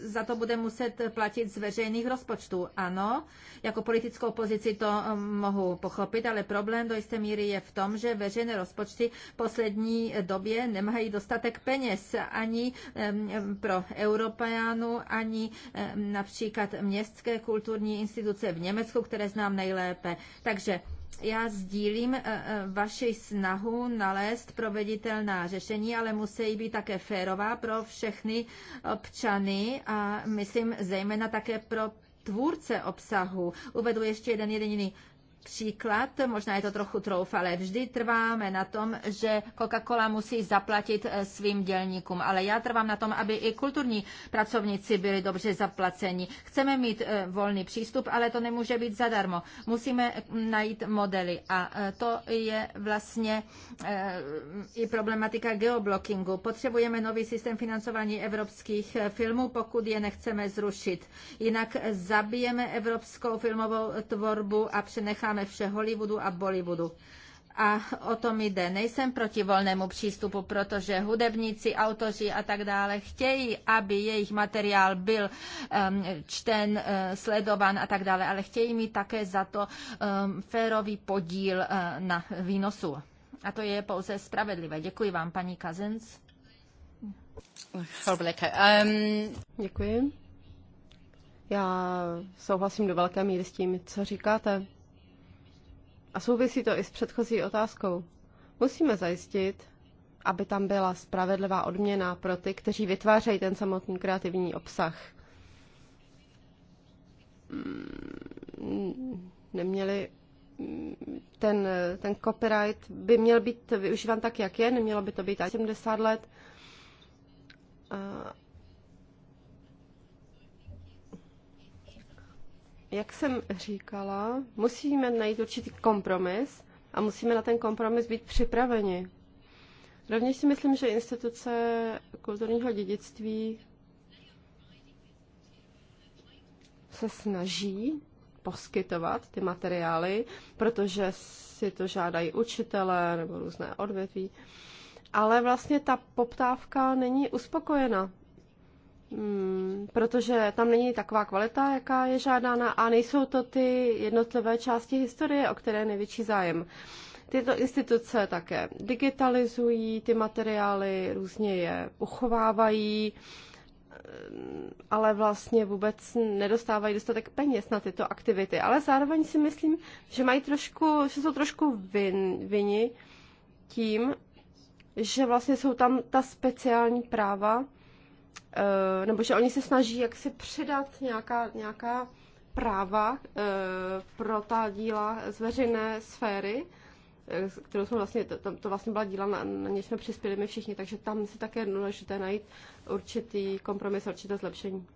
za to bude muset platit z veřejných rozpočtů. Ano, jako politickou pozici to mm, mohu pochopit, ale problém do jisté míry je v tom, že veřejné rozpočty v poslední době nemají dostatek peněz ani mm, pro Europeánu, ani například městské kulturní instituce v Německu, které znám nejlépe. Takže já sdílím eh, eh, vaši snahu nalézt proveditelná řešení, ale musí být také férová pro všechny občany a myslím zejména také pro tvůrce obsahu. Uvedu ještě jeden jediný příklad, možná je to trochu troufalé, vždy trváme na tom, že Coca-Cola musí zaplatit eh, svým dělníkům, ale já trvám na tom, aby i kulturní pracovníci byli dobře zaplaceni. Chceme mít eh, volný přístup, ale to nemůže být zadarmo. Musíme eh, najít modely a to je vlastně i problematika geoblockingu. Potřebujeme nový systém financování evropských filmů, pokud je nechceme zrušit. Jinak zabijeme evropskou filmovou tvorbu a přenecháme týkáme vše Hollywoodu a Bollywoodu. A o tom jde. Nejsem proti volnému přístupu, protože hudebníci, autoři a tak dále chtějí, aby jejich materiál byl um, čten, uh, sledovan a tak dále, ale chtějí mít také za to um, férový podíl uh, na výnosu. A to je pouze spravedlivé. Děkuji vám, paní Kazens. Um, děkuji. Já souhlasím do velké míry s tím, co říkáte a souvisí to i s předchozí otázkou, musíme zajistit, aby tam byla spravedlivá odměna pro ty, kteří vytvářejí ten samotný kreativní obsah. Hmm, neměli hmm, ten, ten copyright by měl být využívan tak, jak je, nemělo by to být až 70 let. Jak jsem říkala, musíme najít určitý kompromis a musíme na ten kompromis být připraveni. Rovněž si myslím, že instituce kulturního dědictví se snaží poskytovat ty materiály, protože si to žádají učitelé nebo různé odvětví. Ale vlastně ta poptávka není uspokojena. Hmm, protože tam není taková kvalita, jaká je žádána a nejsou to ty jednotlivé části historie, o které největší zájem. Tyto instituce také digitalizují ty materiály, různě je uchovávají, ale vlastně vůbec nedostávají dostatek peněz na tyto aktivity. Ale zároveň si myslím, že mají trošku, že jsou trošku vin, vini tím, že vlastně jsou tam ta speciální práva, Eh, nebo že oni se snaží jak si předat nějaká, nějaká práva eh, pro ta díla z veřejné sféry, eh, kterou jsme vlastně, to, to vlastně byla díla, na, na něj jsme přispěli my všichni, takže tam si také je důležité najít určitý kompromis, určité zlepšení.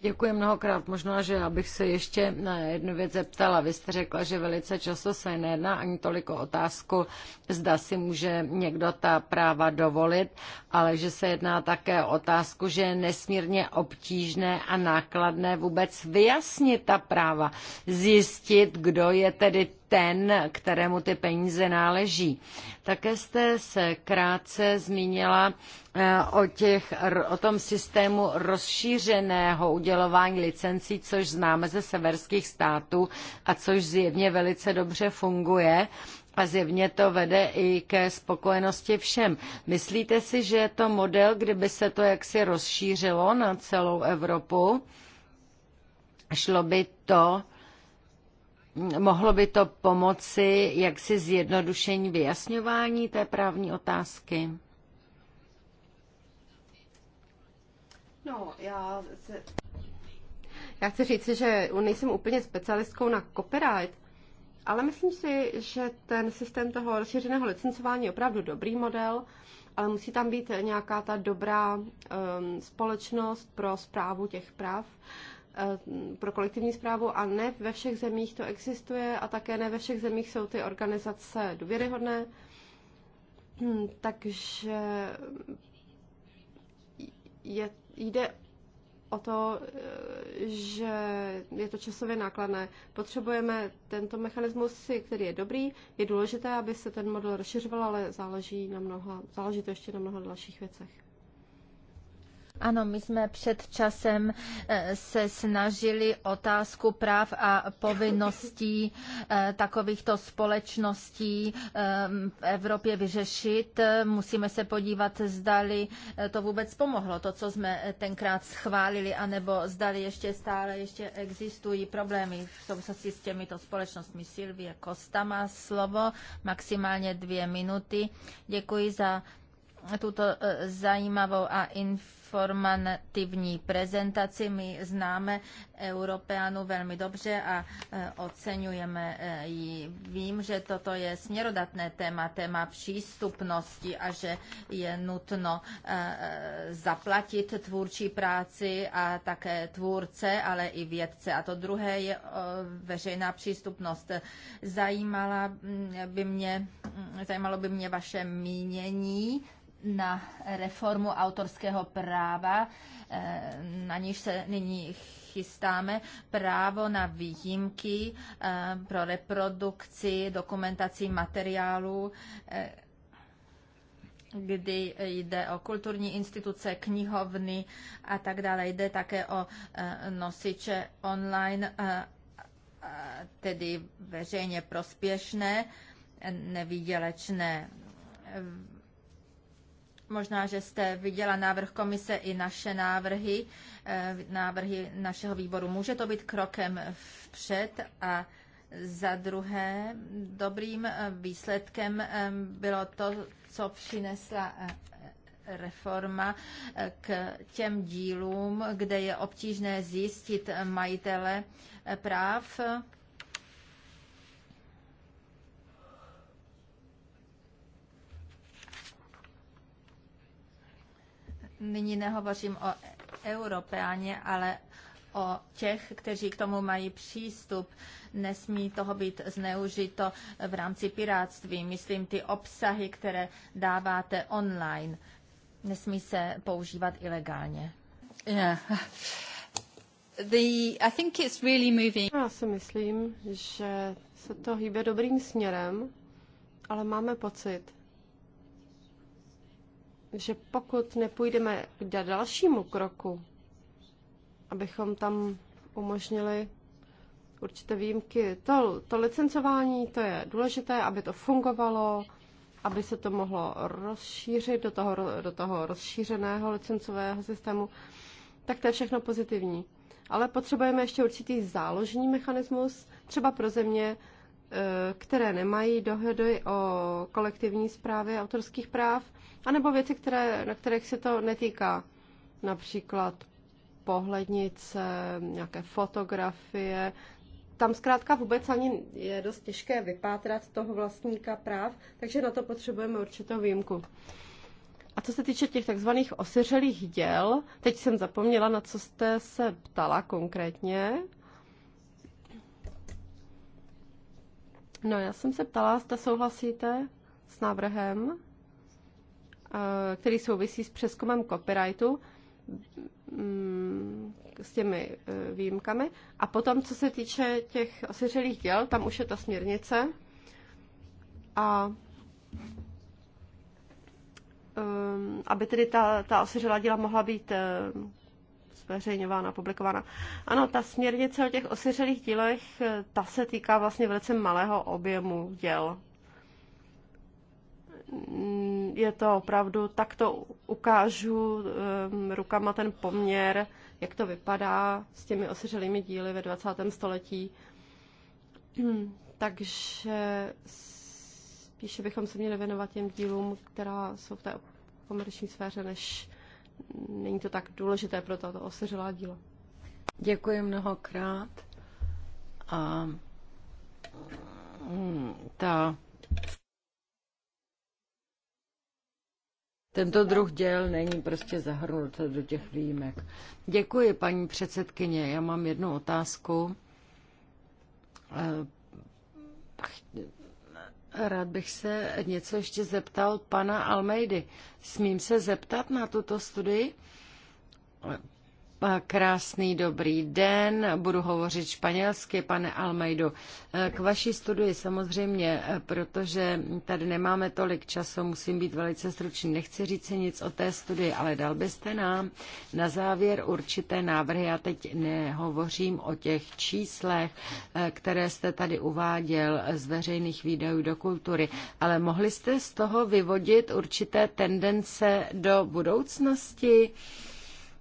Děkuji mnohokrát. Možná, že abych se ještě na jednu věc zeptala. Vy jste řekla, že velice často se nejedná ani toliko otázku, zda si může někdo ta práva dovolit, ale že se jedná také o otázku, že je nesmírně obtížné a nákladné vůbec vyjasnit ta práva, zjistit, kdo je tedy ten, kterému ty peníze náleží. Také jste se krátce zmínila eh, o, těch, o tom systému rozšířeného udělování licencí, což známe ze severských států a což zjevně velice dobře funguje a zjevně to vede i ke spokojenosti všem. Myslíte si, že je to model, kdyby se to jaksi rozšířilo na celou Evropu? Šlo by to mohlo by to pomoci jaksi zjednodušení vyjasňování té právní otázky? No, já se... Já chci říct, že nejsem úplně specialistkou na copyright, ale myslím si, že ten systém toho rozšířeného licencování je opravdu dobrý model, ale musí tam být nějaká ta dobrá um, společnost pro zprávu těch práv. Eh, pro kolektivní zprávu a ne ve všech zemích to existuje a také ne ve všech zemích jsou ty organizace důvěryhodné. Hmm, takže je, jde o to, eh, že je to časově nákladné. Potřebujeme tento mechanismus, který je dobrý. Je důležité, aby se ten model rozšiřoval, ale záleží, na mnoha, záleží to ještě na mnoha dalších věcech. Ano, my jsme před časem eh, se snažili otázku práv a povinností eh, takovýchto společností eh, v Evropě vyřešit. Musíme se podívat, zdali to vůbec pomohlo, to, co jsme tenkrát schválili, anebo zdali ještě stále ještě existují problémy v souvislosti s těmito společnostmi. Silvie Kosta má slovo, maximálně dvě minuty. Děkuji za tuto zajímavou a informativní performativní prezentaci. My známe Europeanu velmi dobře a e, oceňujeme e, ji. Vím, že toto je směrodatné téma, téma přístupnosti a že je nutno e, zaplatit tvůrčí práci a také tvůrce, ale i vědce. A to druhé je veřejná přístupnost. Zajímala by mě, zajímalo by mě vaše mínění na reformu autorského práva, eh, na níž se nyní chystáme, právo na výjimky eh, pro reprodukci, dokumentací materiálu, eh, kdy jde o kulturní instituce, knihovny a tak dále. Jde také o nosiče online, tedy veřejně prospěšné, nevýdělečné Možná, že jste viděla návrh komise i naše návrhy, eh, návrhy našeho výboru. Může to být krokem vpřed a za druhé dobrým eh, výsledkem eh, bylo to, co přinesla reforma k těm dílům, kde je obtížné zjistit majitele práv nyní nehovořím o Europeáně, ale o těch, kteří k tomu mají přístup. Nesmí toho být zneužito v rámci piráctví. Myslím ty obsahy, které dáváte online. Nesmí se používat ilegálně. Yeah. The, I think it's really moving. Já si myslím, že se to hýbe dobrým směrem, ale máme pocit, že pokud nepůjdeme k dalšímu kroku, abychom tam umožnili určité výjimky, to, to licencování, to je důležité, aby to fungovalo, aby se to mohlo rozšířit do toho, do toho rozšířeného licencového systému, tak to je všechno pozitivní. Ale potřebujeme ještě určitý záložní mechanismus, třeba pro země, e, které nemají dohody o kolektivní správě autorských práv, a nebo věci, které, na kterých se to netýká. Například pohlednice, nějaké fotografie. Tam zkrátka vůbec ani je dost těžké vypátrat toho vlastníka práv, takže na to potřebujeme určitou výjimku. A co se týče těch takzvaných osiřelých děl, teď jsem zapomněla, na co jste se ptala konkrétně. No, já jsem se ptala, zda souhlasíte s návrhem Eh, který souvisí s přeskumem copyrightu, mm, s těmi eh, výjimkami. A potom, co se týče těch osiřelých děl, tam už je ta směrnice. A eh, aby tedy ta, ta osiřelá díla mohla být zveřejňována, publikována. Ano, ta směrnice o těch osiřelých dílech, ta se týká vlastně velice malého objemu děl je to opravdu, tak to ukážu rukama ten poměr, jak to vypadá s těmi osiřelými díly ve 20. století. Takže spíše bychom se měli věnovat těm dílům, která jsou v té komerční sféře, než není to tak důležité pro tato osiřelá díla. Děkuji mnohokrát. A hmm, ta Tento druh děl není prostě zahrnut do těch výjimek. Děkuji, paní předsedkyně. Já mám jednu otázku. Eh, rád bych se něco ještě zeptal pana Almeidy. Smím se zeptat na tuto studii? Krásný dobrý den, budu hovořit španělsky, pane Almeido. K vaší studii samozřejmě, protože tady nemáme tolik času, musím být velice stručný. Nechci říct nic o té studii, ale dal byste nám na závěr určité návrhy. Já teď nehovořím o těch číslech, které jste tady uváděl z veřejných výdajů do kultury, ale mohli jste z toho vyvodit určité tendence do budoucnosti?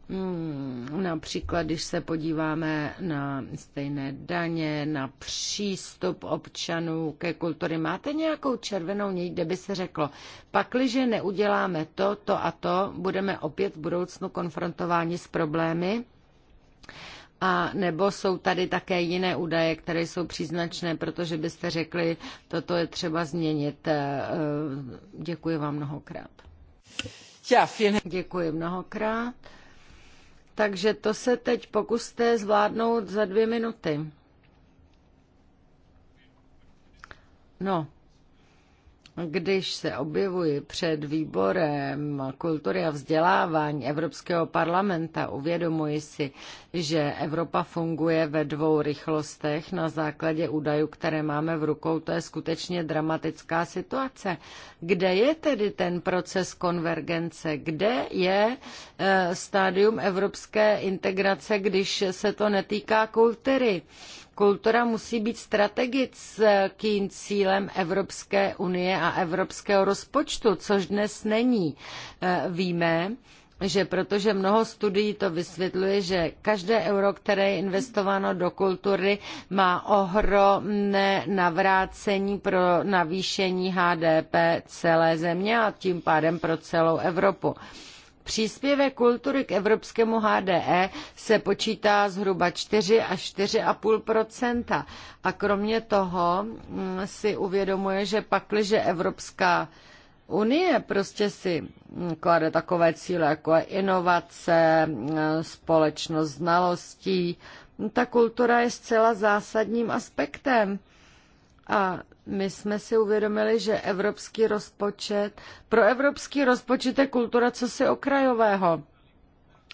Hmm, například, když se podíváme na stejné daně, na přístup občanů ke kultury, máte nějakou červenou nit, kde by se řeklo, pakliže neuděláme to, to a to, budeme opět v budoucnu konfrontováni s problémy? A nebo jsou tady také jiné údaje, které jsou příznačné, protože byste řekli, toto je třeba změnit. Eh, eh, děkuji vám mnohokrát. Děkuji mnohokrát. Takže to se teď pokuste zvládnout za dvě minuty. No, když se objevuji před výborem kultury a vzdělávání Evropského parlamenta, uvědomuji si, že Evropa funguje ve dvou rychlostech na základě údajů, které máme v rukou. To je skutečně dramatická situace. Kde je tedy ten proces konvergence? Kde je eh, stádium evropské integrace, když se to netýká kultury? Kultura musí být strategickým cílem Evropské unie a evropského rozpočtu, což dnes není. Eh, víme, že protože mnoho studií to vysvětluje, že každé euro, které je investováno do kultury, má ohromné navrácení pro navýšení HDP celé země a tím pádem pro celou Evropu. Příspěvek kultury k evropskému HDE se počítá zhruba 4 až 4,5 A kromě toho mm, si uvědomuje, že pakliže Evropská Unie prostě si hm, klade takové cíle, jako je inovace, hm, společnost znalostí. Ta kultura je zcela zásadním aspektem. A my jsme si uvědomili, že evropský rozpočet, pro evropský rozpočet je kultura co si okrajového.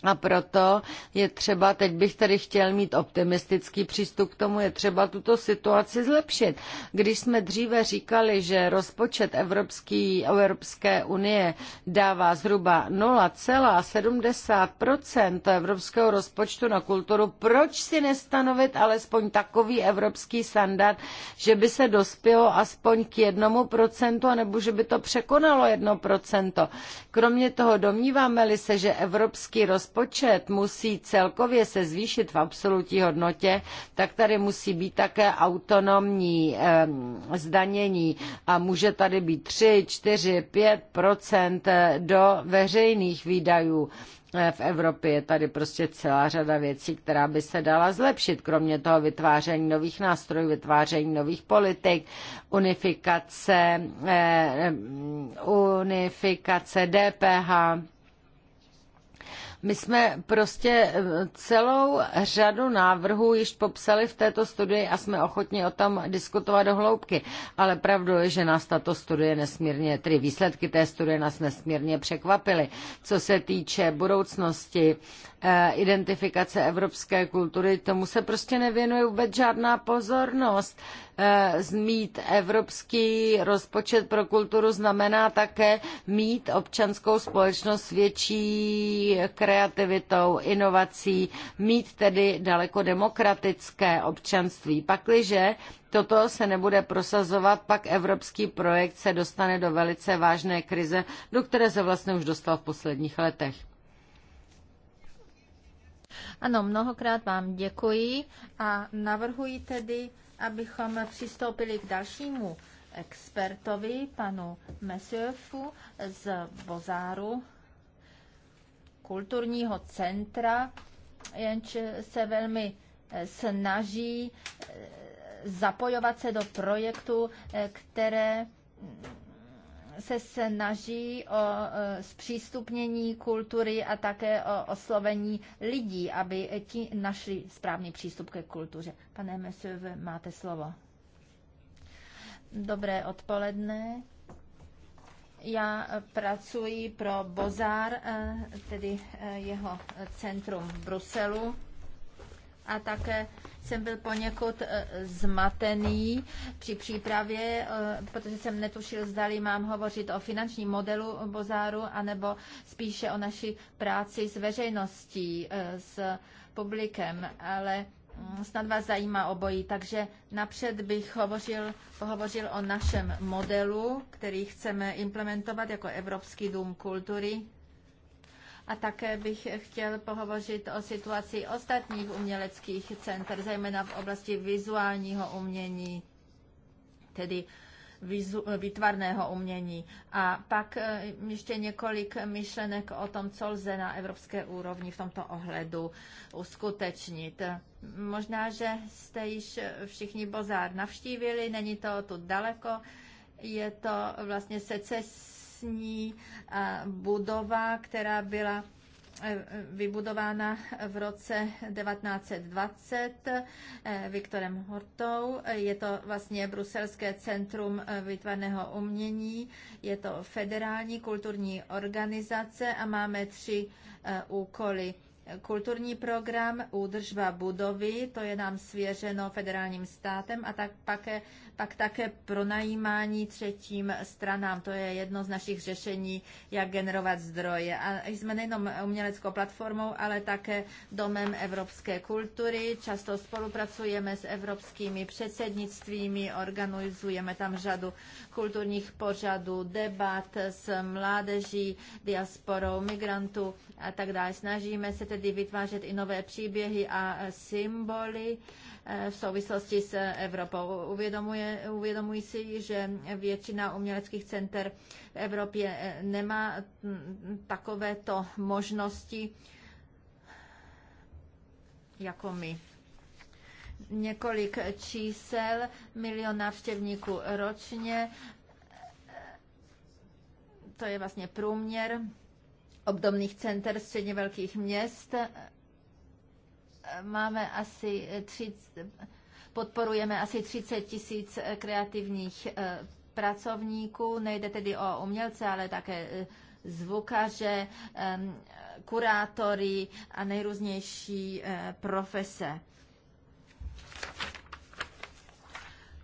A proto je třeba, teď bych tedy chtěl mít optimistický přístup k tomu, je třeba tuto situaci zlepšit. Když jsme dříve říkali, že rozpočet Evropský, Evropské unie dává zhruba 0,70 evropského rozpočtu na kulturu, proč si nestanovit alespoň takový evropský standard, že by se dospělo aspoň k jednomu procentu, anebo že by to překonalo jedno procento. Kromě toho domníváme-li se, že evropský rozpočet rozpočet musí celkově se zvýšit v absolutní hodnotě, tak tady musí být také autonomní zdanění a může tady být 3, 4, 5 do veřejných výdajů eh, v Evropě je tady prostě celá řada věcí, která by se dala zlepšit, kromě toho vytváření nových nástrojů, vytváření nových politik, unifikace, eh, unifikace DPH. My jsme prostě eh, celou řadu návrhů již popsali v této studii a jsme ochotni o tom diskutovat do hloubky. Ale pravdou je, že nás tato studie nesmírně, tedy výsledky té studie nás nesmírně překvapily. Co se týče budoucnosti Eh, identifikace evropské kultury, tomu se prostě nevěnuje vůbec žádná pozornost. Eh, mít evropský rozpočet pro kulturu znamená také mít občanskou společnost s větší kreativitou, inovací, mít tedy daleko demokratické občanství. Pakliže toto se nebude prosazovat, pak evropský projekt se dostane do velice vážné krize, do které se vlastně už dostal v posledních letech. Ano, mnohokrát vám děkuji a navrhuji tedy, abychom přistoupili k dalšímu expertovi, panu Messiofu z Bozáru, kulturního centra, jenž se velmi eh, snaží eh, zapojovat se do projektu, eh, které se snaží o e, zpřístupnění kultury a také o oslovení lidí, aby ti našli správný přístup ke kultuře. Pane Mesöv, máte slovo. Dobré odpoledne. Já pracuji pro Bozár, e, tedy e, jeho centrum v Bruselu a také jsem byl poněkud eh, zmatený při přípravě, eh, protože jsem netušil, zdali mám hovořit o finančním modelu Bozáru, anebo spíše o naší práci s veřejností, eh, s publikem, ale mm, snad vás zajímá obojí, takže napřed bych hovořil, pohovořil o našem modelu, který chceme implementovat jako Evropský dům kultury a také bych chtěl pohovořit o situaci ostatních uměleckých center, zejména v oblasti vizuálního umění, tedy vizu, výtvarného umění. A pak e, ještě několik myšlenek o tom, co lze na evropské úrovni v tomto ohledu uskutečnit. Možná, že jste již všichni bozár navštívili, není to tu daleko. Je to vlastně secese komplexní eh, budova, která byla eh, vybudována v roce 1920 eh, Viktorem Hortou. Je to vlastně Bruselské centrum výtvarného umění, je to federální kulturní organizace a máme tři úkoly kulturní program údržba budovy, to je nám svěřeno federálním státem a tak pak, pak také pronajímání třetím stranám, to je jedno z našich řešení, jak generovat zdroje. A jsme nejenom uměleckou platformou, ale také domem evropské kultury. Často spolupracujeme s evropskými předsednictvími, organizujeme tam řadu kulturních pořadů, debat s mládeží, diasporou, migrantů a tak dále. Snažíme se tedy vytvářet i nové příběhy a symboly eh, v souvislosti s Evropou. Uvědomuje, uvědomují si, že většina uměleckých center v Evropě eh, nemá mm, takovéto možnosti jako my několik čísel, milion návštěvníků ročně, eh, to je vlastně průměr obdobných center středně velkých měst. Máme asi 30, podporujeme asi 30 tisíc kreativních eh, pracovníků. Nejde tedy o umělce, ale také eh, zvukaře, kurátory a nejrůznější eh, profese.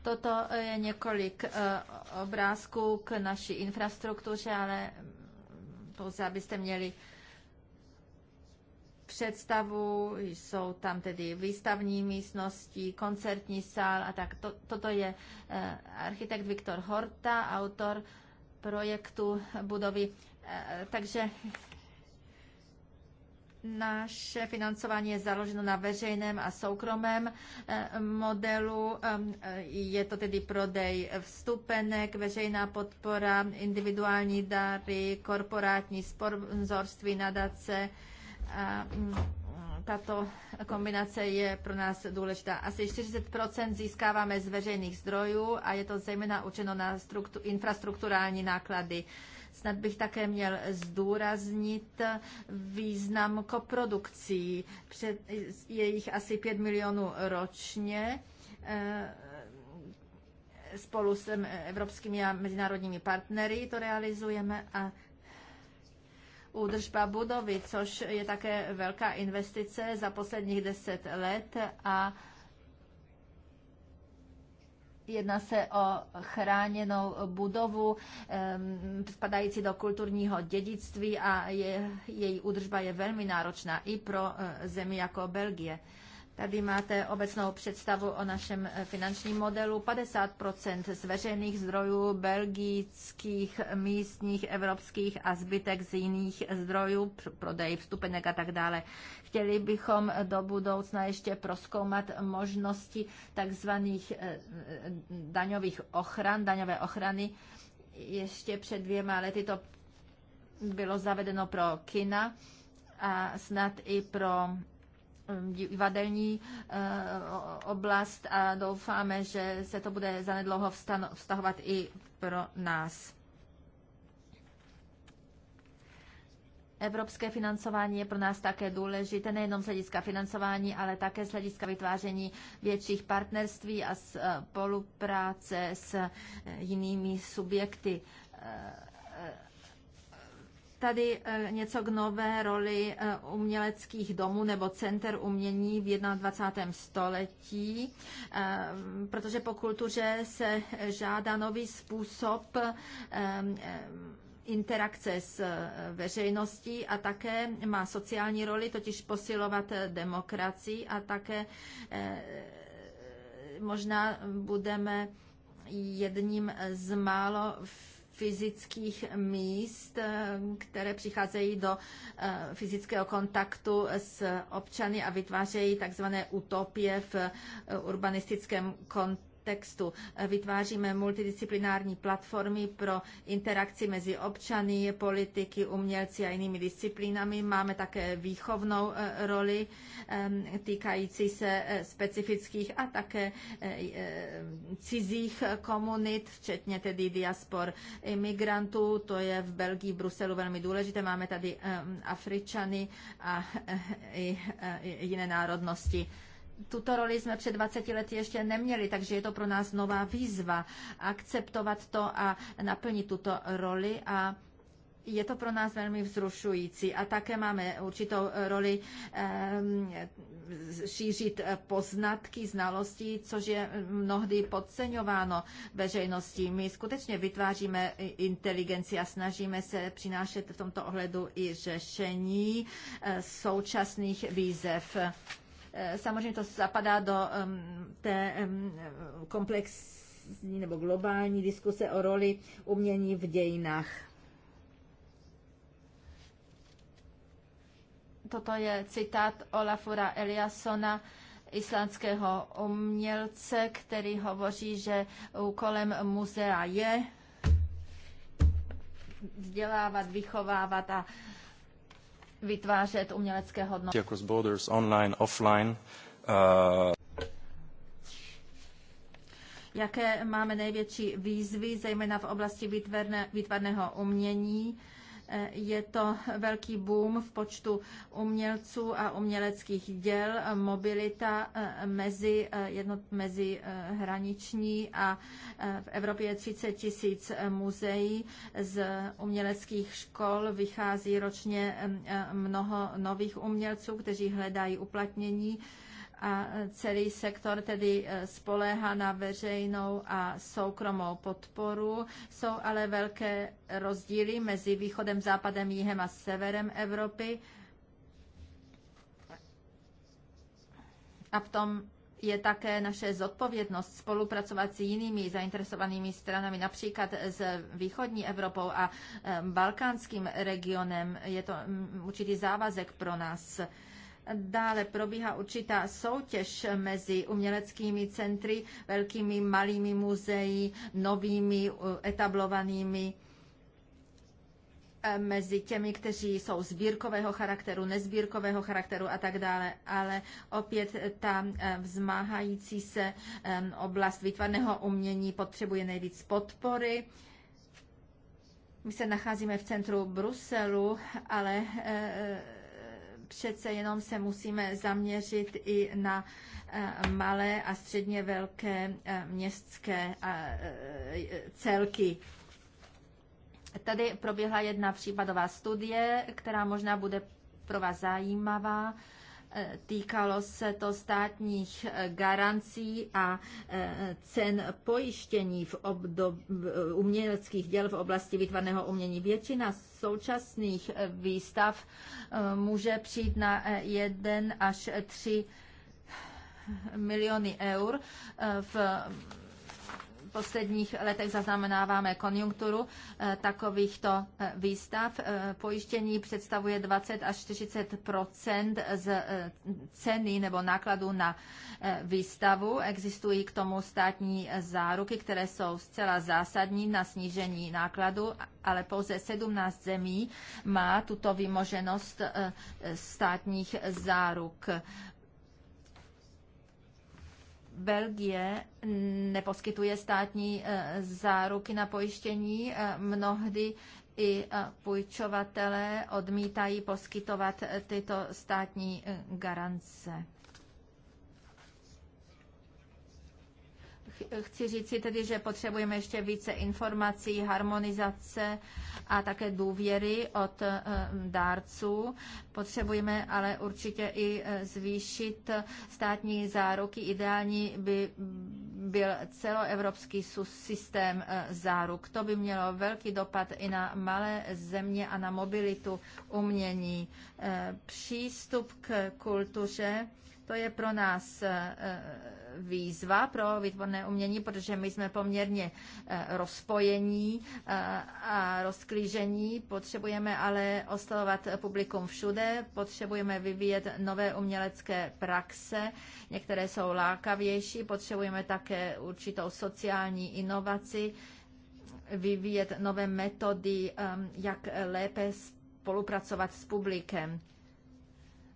Toto je několik obrázků k naší infrastruktuře, ale pouze abyste měli představu, jsou tam tedy výstavní místnosti, koncertní sál a tak. To, toto je eh, architekt Viktor Horta, autor projektu budovy. Eh, takže naše financování je založeno na veřejném a soukromém eh, modelu. Ehm, eh, je to tedy prodej vstupenek, veřejná podpora, individuální dary, korporátní sponzorství, nadace. Mm, tato kombinace je pro nás důležitá. Asi 40 získáváme z veřejných zdrojů a je to zejména určeno na infrastrukturální náklady Snad bych také měl zdůraznit význam koprodukcí. Před, je jich asi 5 milionů ročně eh, spolu s evropskými a mezinárodními partnery to realizujeme a údržba budovy, což je také velká investice za posledních deset let a Jedná se o chráněnou budovu spadající do kulturního dědictví a je, její údržba je velmi náročná i pro eh, zemi jako Belgie. Tady máte obecnou představu o našem eh, finančním modelu. 50 z veřejných zdrojů belgických, místních, evropských a zbytek z jiných zdrojů, prodej vstupenek a tak dále. Chtěli bychom eh, do budoucna ještě proskoumat možnosti takzvaných eh, daňových ochran, daňové ochrany. Ještě před dvěma lety to bylo zavedeno pro kina a snad i pro Mm, divadelní eh, oblast a doufáme, že se to bude zanedlouho vztahovat i pro nás. Evropské financování je pro nás také důležité, nejenom z hlediska financování, ale také z hlediska vytváření větších partnerství a eh, spolupráce s eh, jinými subjekty Tady eh, něco k nové roli eh, uměleckých domů nebo center umění v 21. století, eh, protože po kultuře se žádá nový způsob interakce s veřejností a také má sociální roli, totiž posilovat demokracii a také možná budeme jedním z málo fyzických míst, eh, které přicházejí do eh, fyzického kontaktu s občany a vytvářejí takzvané utopie v eh, urbanistickém kontextu kontextu. Eh, vytváříme multidisciplinární platformy pro interakci mezi občany, politiky, umělci a jinými disciplínami. Máme také výchovnou eh, roli týkající se eh, specifických a také cizích komunit, včetně tedy diaspor imigrantů. To je v Belgii, v Bruselu velmi důležité. Máme tady Afričany a i jiné národnosti tuto roli jsme před 20 lety ještě neměli, takže je to pro nás nová výzva akceptovat to a naplnit tuto roli a je to pro nás velmi vzrušující a také máme určitou roli ehm, šířit poznatky, znalosti, což je mnohdy podceňováno veřejností. My skutečně vytváříme inteligenci a snažíme se přinášet v tomto ohledu i řešení eh, současných výzev. Eh, samozřejmě to zapadá do té komplexní nebo globální diskuse o roli umění v dějinách. Toto je citát Olafura Eliassona, islandského umělce, který hovoří, že úkolem muzea je vzdělávat, vychovávat a vytvářet umělecké hodnoty. Jako z borders, online, offline. Uh... Jaké máme největší výzvy, zejména v oblasti výtvarné, výtvarného umění? Eh, je to velký boom v počtu umělců a uměleckých děl, mobilita eh, mezi, eh, jednot, mezi hraniční a v Evropě je 30 tisíc muzeí. Z uměleckých škol vychází ročně mnoho nových umělců, kteří hledají uplatnění a celý sektor tedy e, spoléhá na veřejnou a soukromou podporu. Jsou ale velké rozdíly mezi východem, západem, jihem a severem Evropy. A v tom je také naše zodpovědnost spolupracovat s jinými zainteresovanými stranami, například s východní Evropou a e, balkánským regionem. Je to určitý závazek pro nás. Dále probíhá určitá soutěž mezi uměleckými centry, velkými, malými muzeí, novými, etablovanými eh, mezi těmi, kteří jsou sbírkového charakteru, nezbírkového charakteru a tak dále, ale opět ta eh, vzmáhající se eh, oblast výtvarného umění potřebuje nejvíc podpory. My se nacházíme v centru Bruselu, ale přece jenom se musíme zaměřit i na eh, malé a středně velké eh, městské eh, celky. Tady proběhla jedna případová studie, která možná bude pro vás zajímavá. Eh, týkalo se to státních eh, garancí a eh, cen pojištění v obdob, uměleckých děl v oblasti výtvarného umění. Většina současných výstav může přijít na 1 až 3 miliony eur v posledních letech zaznamenáváme konjunkturu eh, takovýchto eh, výstav. Eh, pojištění představuje 20 až 40 z ceny nebo nákladu na výstavu. Existují k tomu státní záruky, které jsou zcela zásadní na snížení nákladu, ale pouze 17 zemí má tuto vymoženost státních záruk. Belgie neposkytuje státní eh, záruky na pojištění. Eh, mnohdy i eh, půjčovatelé odmítají poskytovat tyto státní garance. chci říci tedy, že potřebujeme ještě více informací, harmonizace a také důvěry od eh, dárců. Potřebujeme ale určitě i eh, zvýšit státní záruky. Ideální by byl celoevropský systém eh, záruk. To by mělo velký dopad i na malé země a na mobilitu umění. Přístup k kultuře to je pro nás eh, eh, výzva pro výtvorné umění, protože my jsme poměrně eh, rozpojení a rozklížení. Potřebujeme ale oslovovat publikum všude, potřebujeme vyvíjet nové umělecké praxe, některé jsou lákavější, potřebujeme také určitou sociální inovaci, vyvíjet nové metody, ehm, jak lépe spolupracovat s publikem.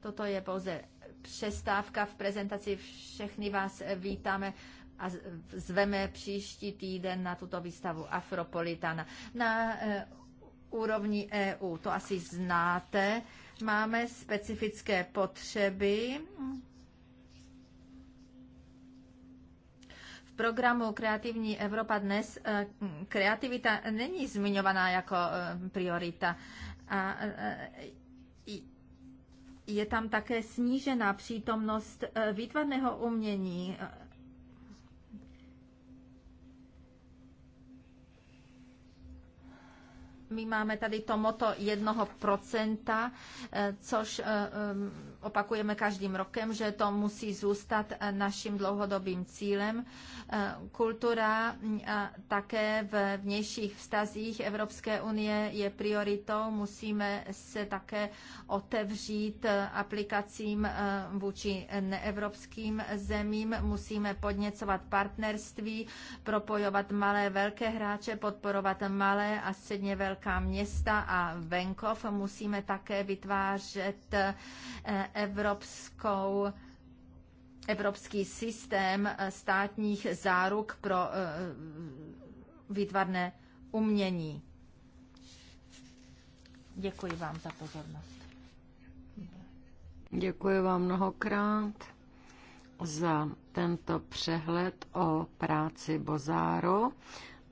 Toto je pouze přestávka v prezentaci. Všechny vás vítáme a zveme příští týden na tuto výstavu Afropolitana. Na eh, úrovni EU, to asi znáte, máme specifické potřeby. V programu Kreativní Evropa dnes eh, kreativita není zmiňovaná jako eh, priorita. A je tam také snížená přítomnost eh, výtvarného umění. My máme tady to moto jednoho procenta, eh, což eh, opakujeme každým rokem, že to musí zůstat eh, naším dlouhodobým cílem. Eh, kultura mm, také v vnějších vztazích Evropské unie je prioritou. Musíme se také otevřít eh, aplikacím vůči neevropským zemím. Musíme podněcovat partnerství, propojovat malé velké hráče, podporovat malé a středně velká města a venkov. Musíme také vytvářet evropskou evropský systém eh, státních záruk pro eh, výtvarné umění. Děkuji vám za pozornost. Děkuji vám mnohokrát za tento přehled o práci Bozáro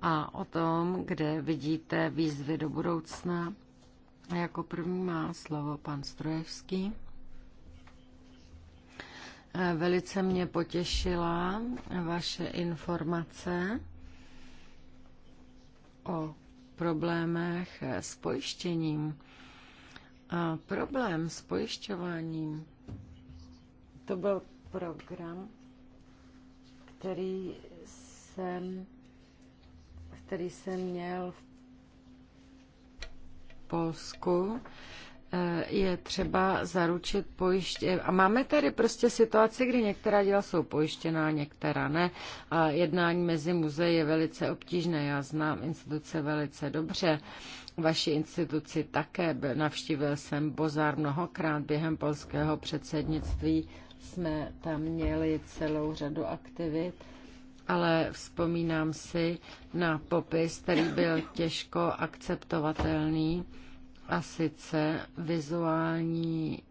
a o tom, kde vidíte výzvy do budoucna. A jako první má slovo pan Strojevský. Velice mě potěšila vaše informace o problémech s pojištěním. A problém s pojišťováním, to byl program, který jsem, který jsem měl v Polsku Eh, je třeba zaručit pojiště. A máme tady prostě situaci, kdy některá díla jsou pojištěná, některá ne. A jednání mezi muzeji je velice obtížné. Já znám instituce velice dobře. Vaši instituci také navštívil jsem Bozár mnohokrát během polského předsednictví. Jsme tam měli celou řadu aktivit ale vzpomínám si na popis, který byl těžko akceptovatelný a sice vizuální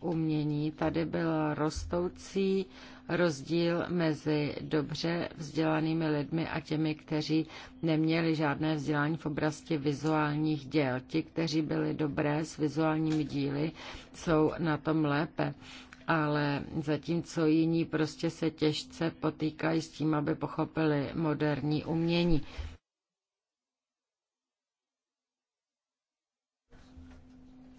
umění. Tady byl rostoucí rozdíl mezi dobře vzdělanými lidmi a těmi, kteří neměli žádné vzdělání v oblasti vizuálních děl. Ti, kteří byli dobré s vizuálními díly, jsou na tom lépe ale zatímco jiní prostě se těžce potýkají s tím, aby pochopili moderní umění.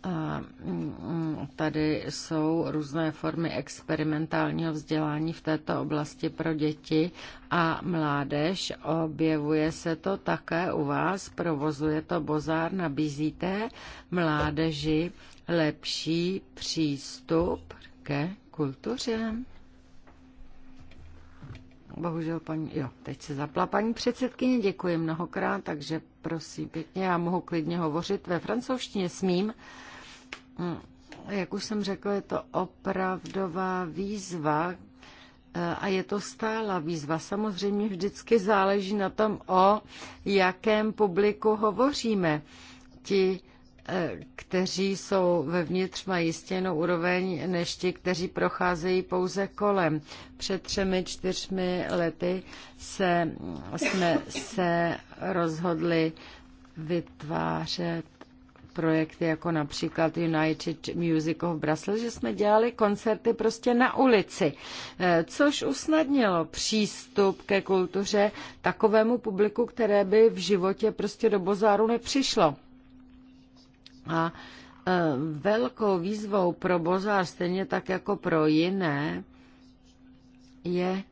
A mm, tady jsou různé formy experimentálního vzdělání v této oblasti pro děti a mládež. Objevuje se to také u vás, provozuje to Bozár, nabízíte mládeži lepší přístup ke kultuře. Bohužel, paní, jo, teď se zapla paní předsedkyně, děkuji mnohokrát, takže prosím pěkně, já mohu klidně hovořit ve francouzštině, smím jak už jsem řekl, je to opravdová výzva e, a je to stála výzva. Samozřejmě vždycky záleží na tom, o jakém publiku hovoříme. Ti, e, kteří jsou vevnitř, mají stěnou úroveň než ti, kteří procházejí pouze kolem. Před třemi, čtyřmi lety se, jsme se rozhodli vytvářet projekty jako například United Music of Brussels, že jsme dělali koncerty prostě na ulici, eh, což usnadnilo přístup ke kultuře takovému publiku, které by v životě prostě do bozáru nepřišlo. A eh, velkou výzvou pro bozár, stejně tak jako pro jiné, je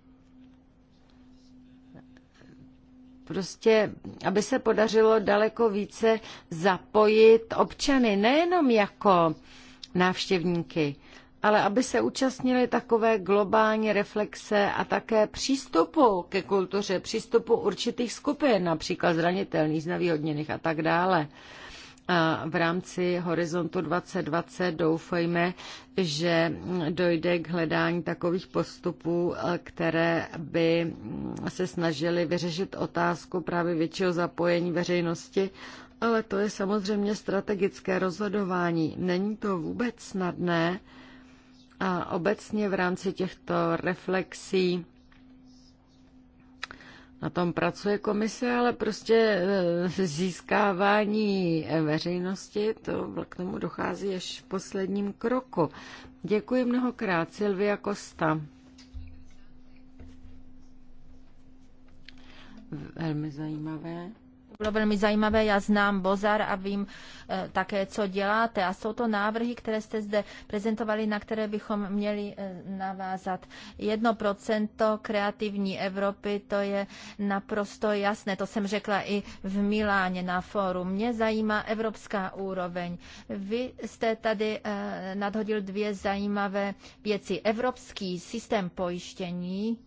prostě, aby se podařilo daleko více zapojit občany, nejenom jako návštěvníky, ale aby se účastnili takové globální reflexe a také přístupu ke kultuře, přístupu určitých skupin, například zranitelných, znevýhodněných a tak dále. A v rámci Horizontu 2020 doufejme, že dojde k hledání takových postupů, které by se snažily vyřešit otázku právě většího zapojení veřejnosti, ale to je samozřejmě strategické rozhodování. Není to vůbec snadné a obecně v rámci těchto reflexí na tom pracuje komise, ale prostě eh, získávání eh, veřejnosti, to k tomu dochází až v posledním kroku. Děkuji mnohokrát, Silvia Kosta. Velmi zajímavé bylo velmi zajímavé. Já znám Bozar a vím e, také, co děláte. A jsou to návrhy, které jste zde prezentovali, na které bychom měli e, navázat. Jedno procento kreativní Evropy, to je naprosto jasné. To jsem řekla i v Miláně na fóru. Mě zajímá evropská úroveň. Vy jste tady e, nadhodil dvě zajímavé věci. Evropský systém pojištění,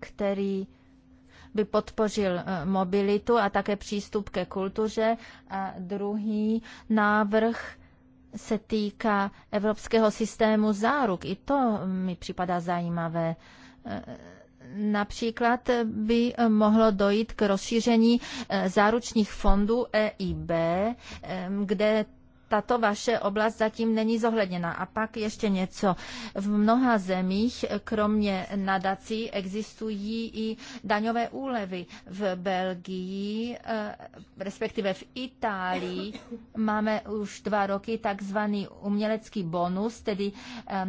který by podpořil eh, mobilitu a také přístup ke kultuře. A druhý návrh se týká evropského systému záruk. I to mi připadá zajímavé. Eh, například by mohlo dojít k rozšíření eh, záručních fondů EIB, kde tato vaše oblast zatím není zohledněna. A pak ještě něco. V mnoha zemích, kromě nadací, existují i daňové úlevy. V Belgii, eh, respektive v Itálii, máme už dva roky takzvaný umělecký bonus, tedy eh,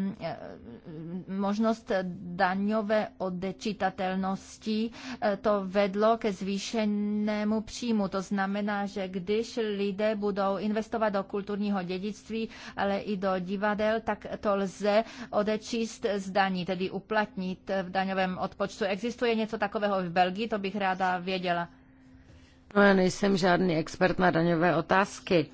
možnost daňové odečitatelnosti. Eh, to vedlo ke zvýšenému příjmu. To znamená, že když lidé budou investovat do kultury, kulturního dědictví, ale i do divadel, tak to lze odečíst z daní, tedy uplatnit v daňovém odpočtu. Existuje něco takového v Belgii, to bych ráda věděla. No, já nejsem žádný expert na daňové otázky.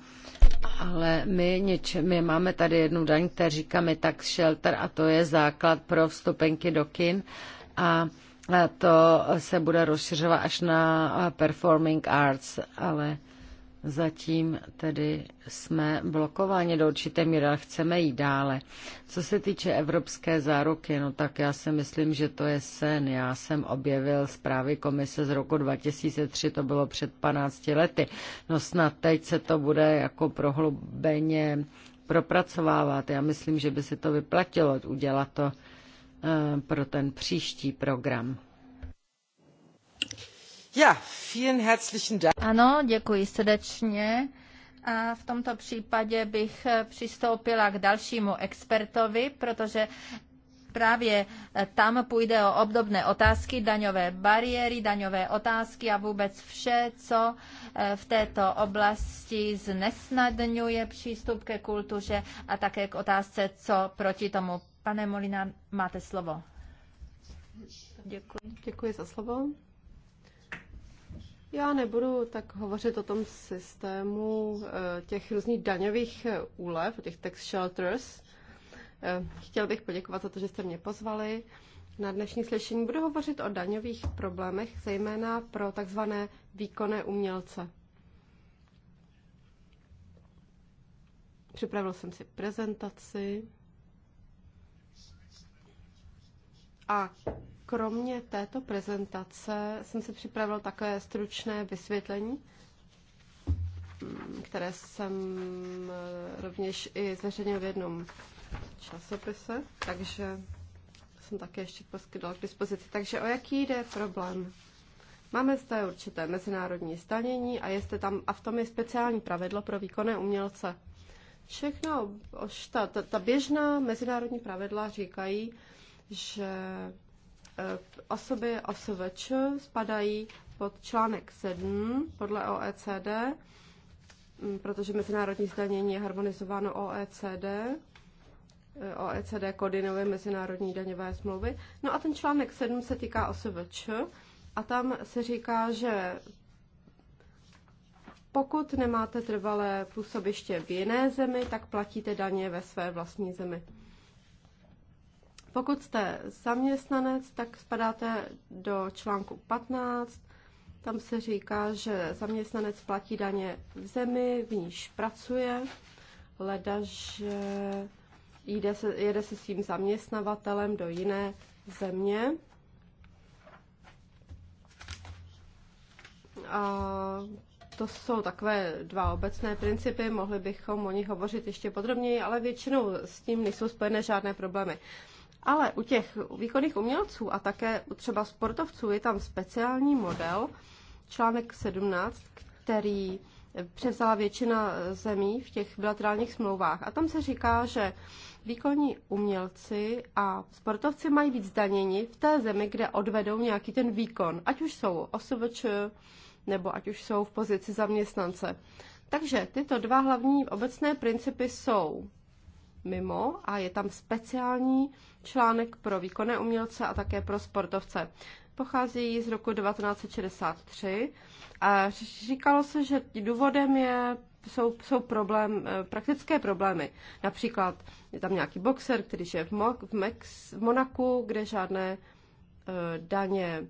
Ale my, něče, my máme tady jednu daň, která říkáme tax shelter a to je základ pro vstupenky do kin a to se bude rozšiřovat až na performing arts, ale Zatím tedy jsme blokováni do určité míry, ale chceme jít dále. Co se týče evropské záruky, no tak já si myslím, že to je sen. Já jsem objevil zprávy komise z roku 2003, to bylo před 15 lety. No snad teď se to bude jako prohlubeně propracovávat. Já myslím, že by se to vyplatilo udělat to eh, pro ten příští program. Ano, děkuji srdečně. A v tomto případě bych eh, přistoupila k dalšímu expertovi, protože právě eh, tam půjde o obdobné otázky, daňové bariéry, daňové otázky a vůbec vše, co eh, v této oblasti znesnadňuje přístup ke kultuře a také k otázce, co proti tomu. Pane Molina, máte slovo. Děkuji. Děkuji za slovo. Já nebudu tak hovořit o tom systému eh, těch různých daňových eh, úlev, těch tax shelters. Eh, chtěl bych poděkovat za to, že jste mě pozvali. Na dnešní slyšení budu hovořit o daňových problémech, zejména pro takzvané výkonné umělce. Připravil jsem si prezentaci a Kromě této prezentace jsem si připravil takové stručné vysvětlení, mm, které jsem eh, rovněž i zveřejnil v jednom časopise, takže jsem také ještě poskytl k dispozici. Takže o jaký jde problém? Máme zde určité mezinárodní stanění a, jste tam, a v tom je speciální pravidlo pro výkonné umělce. Všechno, ta, ta běžná mezinárodní pravidla říkají, že Eh, osoby OSVČ spadají pod článek 7 podle OECD, hm, protože mezinárodní zdanění je harmonizováno OECD. Eh, OECD koordinuje mezinárodní daňové smlouvy. No a ten článek 7 se týká OSVČ a tam se říká, že pokud nemáte trvalé působiště v jiné zemi, tak platíte daně ve své vlastní zemi. Pokud jste zaměstnanec, tak spadáte do článku 15. Tam se říká, že zaměstnanec platí daně v zemi, v níž pracuje, leda, že eh, jde se, jede se svým zaměstnavatelem do jiné země. A to jsou takové dva obecné principy, mohli bychom o nich hovořit ještě podrobněji, ale většinou s tím nejsou spojené žádné problémy. Ale u těch výkonných umělců a také u třeba sportovců je tam speciální model, článek 17, který převzala většina zemí v těch bilaterálních smlouvách. A tam se říká, že výkonní umělci a sportovci mají být zdaněni v té zemi, kde odvedou nějaký ten výkon, ať už jsou osoboč nebo ať už jsou v pozici zaměstnance. Takže tyto dva hlavní obecné principy jsou mimo a je tam speciální článek pro výkonné umělce a také pro sportovce. Pochází z roku 1963 a říkalo se, že důvodem je, jsou, jsou problém, eh, praktické problémy. Například je tam nějaký boxer, který je v, Mo, v, Mex, v Monaku, kde žádné uh, daně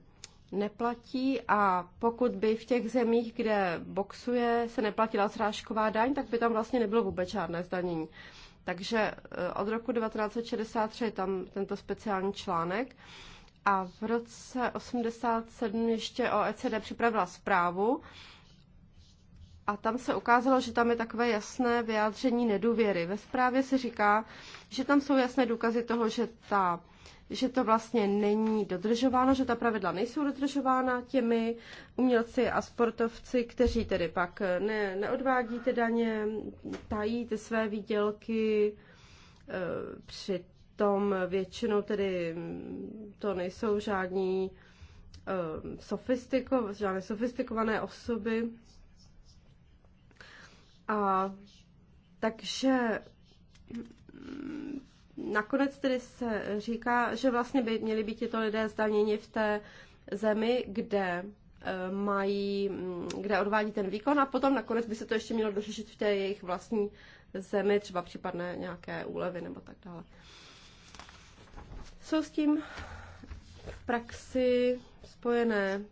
neplatí a pokud by v těch zemích, kde boxuje, se neplatila zrážková daň, tak by tam vlastně nebylo vůbec žádné zdanění. Takže eh, od roku 1963 je tam tento speciální článek. A v roce 87 ještě OECD připravila zprávu a tam se ukázalo, že tam je takové jasné vyjádření nedůvěry. Ve zprávě se říká, že tam jsou jasné důkazy toho, že ta že to vlastně není dodržováno, že ta pravidla nejsou dodržována těmi umělci a sportovci, kteří tedy pak eh, ne, neodvádí ty daně, tají ty své výdělky, eh, přitom většinou tedy mm, to nejsou žádní eh, sofistiko, žádné sofistikované osoby. A takže mm, Nakonec tedy se říká, že vlastně by měli být tyto lidé zdaněni v té zemi, kde eh, mají, mm, kde odvádí ten výkon a potom nakonec by se to ještě mělo dořešit v té jejich vlastní zemi, třeba případné nějaké úlevy nebo tak dále. Jsou s tím v praxi spojené.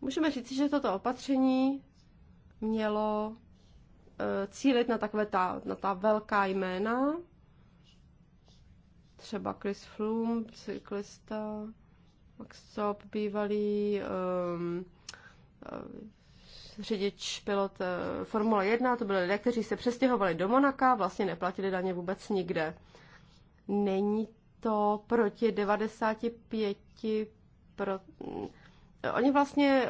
Můžeme říct, že toto opatření mělo eh, cílit na takové ta, na ta velká jména, třeba Chris Flum, cyklista, Max Zop, bývalý um, eh, řidič, pilot eh, Formule 1, to byli lidé, kteří se přestěhovali do Monaka, vlastně neplatili daně vůbec nikde. Není to proti 95 pro... Oni vlastně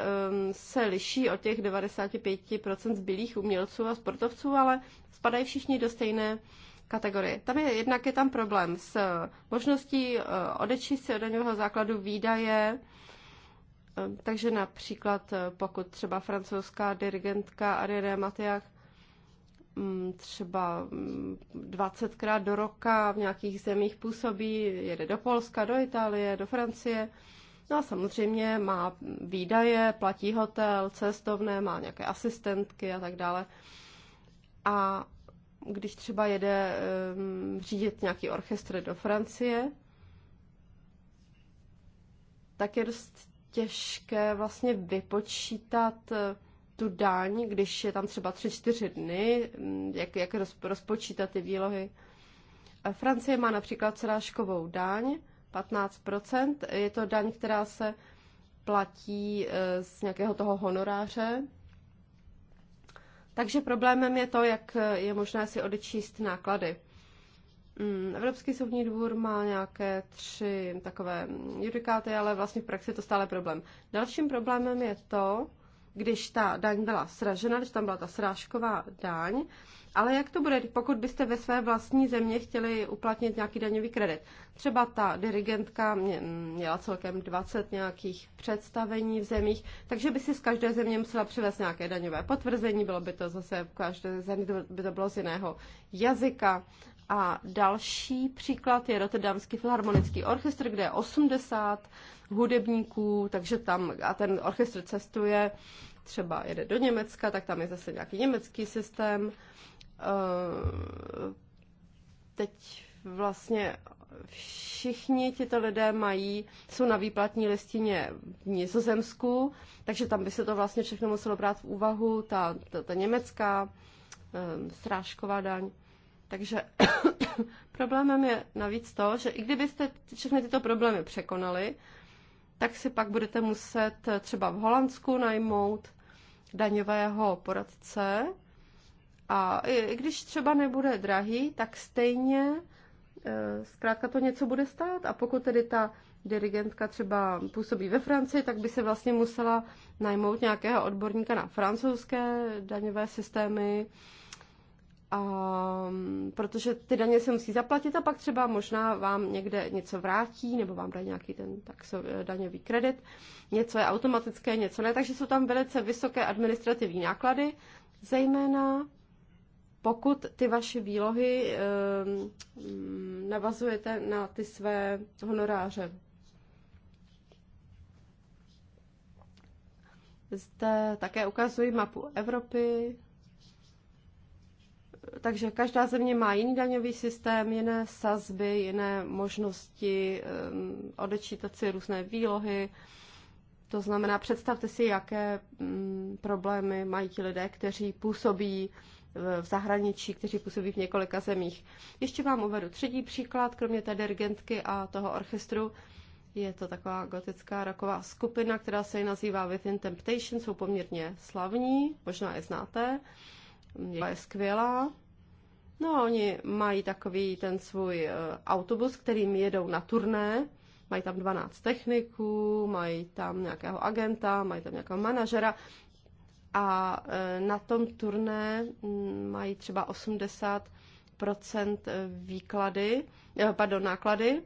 um, se liší od těch 95% zbylých umělců a sportovců, ale spadají všichni do stejné kategorie. Tam je jednak je tam problém s možností eh, odečíst si od daňového základu výdaje, eh, takže například eh, pokud třeba francouzská dirigentka Ariane Matiach mm, třeba 20krát mm, do roka v nějakých zemích působí, jede do Polska, do Itálie, do Francie. No a samozřejmě má výdaje, platí hotel, cestovné, má nějaké asistentky a tak dále. A když třeba jede um, řídit nějaký orchestr do Francie, tak je dost těžké vlastně vypočítat eh, tu daň, když je tam třeba tři čtyři dny, mm, jak, jak rozpočítat ty výlohy. Francie má například srážkovou daň, 15%. Je to daň, která se platí eh, z nějakého toho honoráře, takže problémem je to, jak je možné si odečíst náklady. Mm, Evropský soudní dvůr má nějaké tři takové judikáty, ale vlastně v praxi je to stále problém. Dalším problémem je to, když ta daň byla sražena, když tam byla ta srážková daň, ale jak to bude, pokud byste ve své vlastní země chtěli uplatnit nějaký daňový kredit? Třeba ta dirigentka měla celkem 20 nějakých představení v zemích, takže by si z každé země musela přivést nějaké daňové potvrzení, bylo by to zase v každé zemi, by to bylo z jiného jazyka. A další příklad je Rotterdamský filharmonický orchestr, kde je 80 hudebníků, takže tam a ten orchestr cestuje, třeba jede do Německa, tak tam je zase nějaký německý systém. Eh, teď vlastně všichni tito lidé mají, jsou na výplatní listině v Nizozemsku, takže tam by se to vlastně všechno muselo brát v úvahu, ta, ta, ta německá eh, strážková daň. Takže problémem je navíc to, že i kdybyste všechny tyto problémy překonali, tak si pak budete muset třeba v Holandsku najmout daňového poradce, a i, i když třeba nebude drahý, tak stejně e, zkrátka to něco bude stát. A pokud tedy ta dirigentka třeba působí ve Francii, tak by se vlastně musela najmout nějakého odborníka na francouzské daňové systémy, a, protože ty daně se musí zaplatit a pak třeba možná vám někde něco vrátí nebo vám dají nějaký ten taxo, e, daňový kredit. Něco je automatické, něco ne, takže jsou tam velice vysoké administrativní náklady, zejména pokud ty vaše výlohy ehm, navazujete na ty své honoráře. Zde také ukazují mapu Evropy, takže každá země má jiný daňový systém, jiné sazby, jiné možnosti ehm, odečítat si různé výlohy. To znamená, představte si, jaké mm, problémy mají ti lidé, kteří působí v zahraničí, kteří působí v několika zemích. Ještě vám uvedu třetí příklad, kromě té dirigentky a toho orchestru. Je to taková gotická raková skupina, která se nazývá Within Temptation, jsou poměrně slavní, možná je znáte. Je skvělá. No a oni mají takový ten svůj eh, autobus, kterým jedou na turné, mají tam 12 techniků, mají tam nějakého agenta, mají tam nějakého manažera a e, na tom turné mm, mají třeba 80 e, výklady, e, pardon, náklady.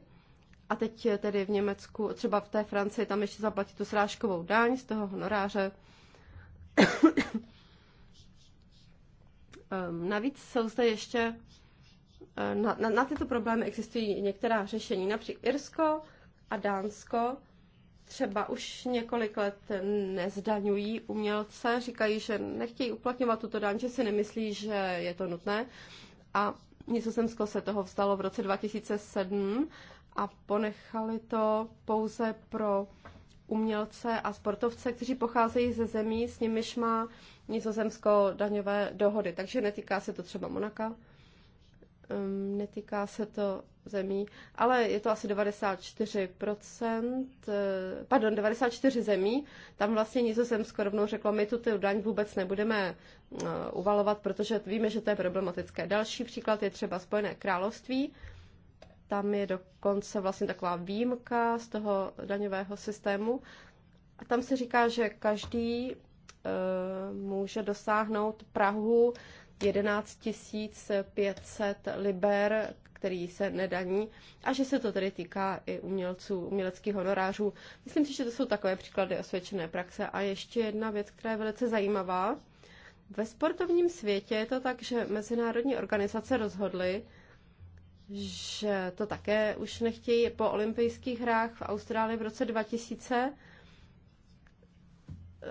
A teď tedy v Německu, třeba v té Francii, tam ještě zaplatí tu srážkovou daň z toho honoráře. Ehm, navíc jsou zde ještě, na, na, na tyto problémy existují některá řešení, například Irsko a Dánsko třeba už několik let nezdaňují umělce, říkají, že nechtějí uplatňovat tuto daň, že si nemyslí, že je to nutné. A Nizozemsko se toho vzdalo v roce 2007 a ponechali to pouze pro umělce a sportovce, kteří pocházejí ze zemí, s nimiž má Nizozemsko daňové dohody. Takže netýká se to třeba Monaka, um, netýká se to zemí, ale je to asi 94%, eh, pardon, 94 zemí. Tam vlastně Nizozemsko rovnou řeklo, my tu daň vůbec nebudeme eh, uvalovat, protože víme, že to je problematické. Další příklad je třeba Spojené království. Tam je dokonce vlastně taková výjimka z toho daňového systému. A tam se říká, že každý eh, může dosáhnout Prahu 11 500 liber který se nedaní a že se to tedy týká i umělců, uměleckých honorářů. Myslím si, že to jsou takové příklady osvědčené praxe. A ještě jedna věc, která je velice zajímavá. Ve sportovním světě je to tak, že mezinárodní organizace rozhodly, že to také už nechtějí po olympijských hrách v Austrálii v roce 2000 eh,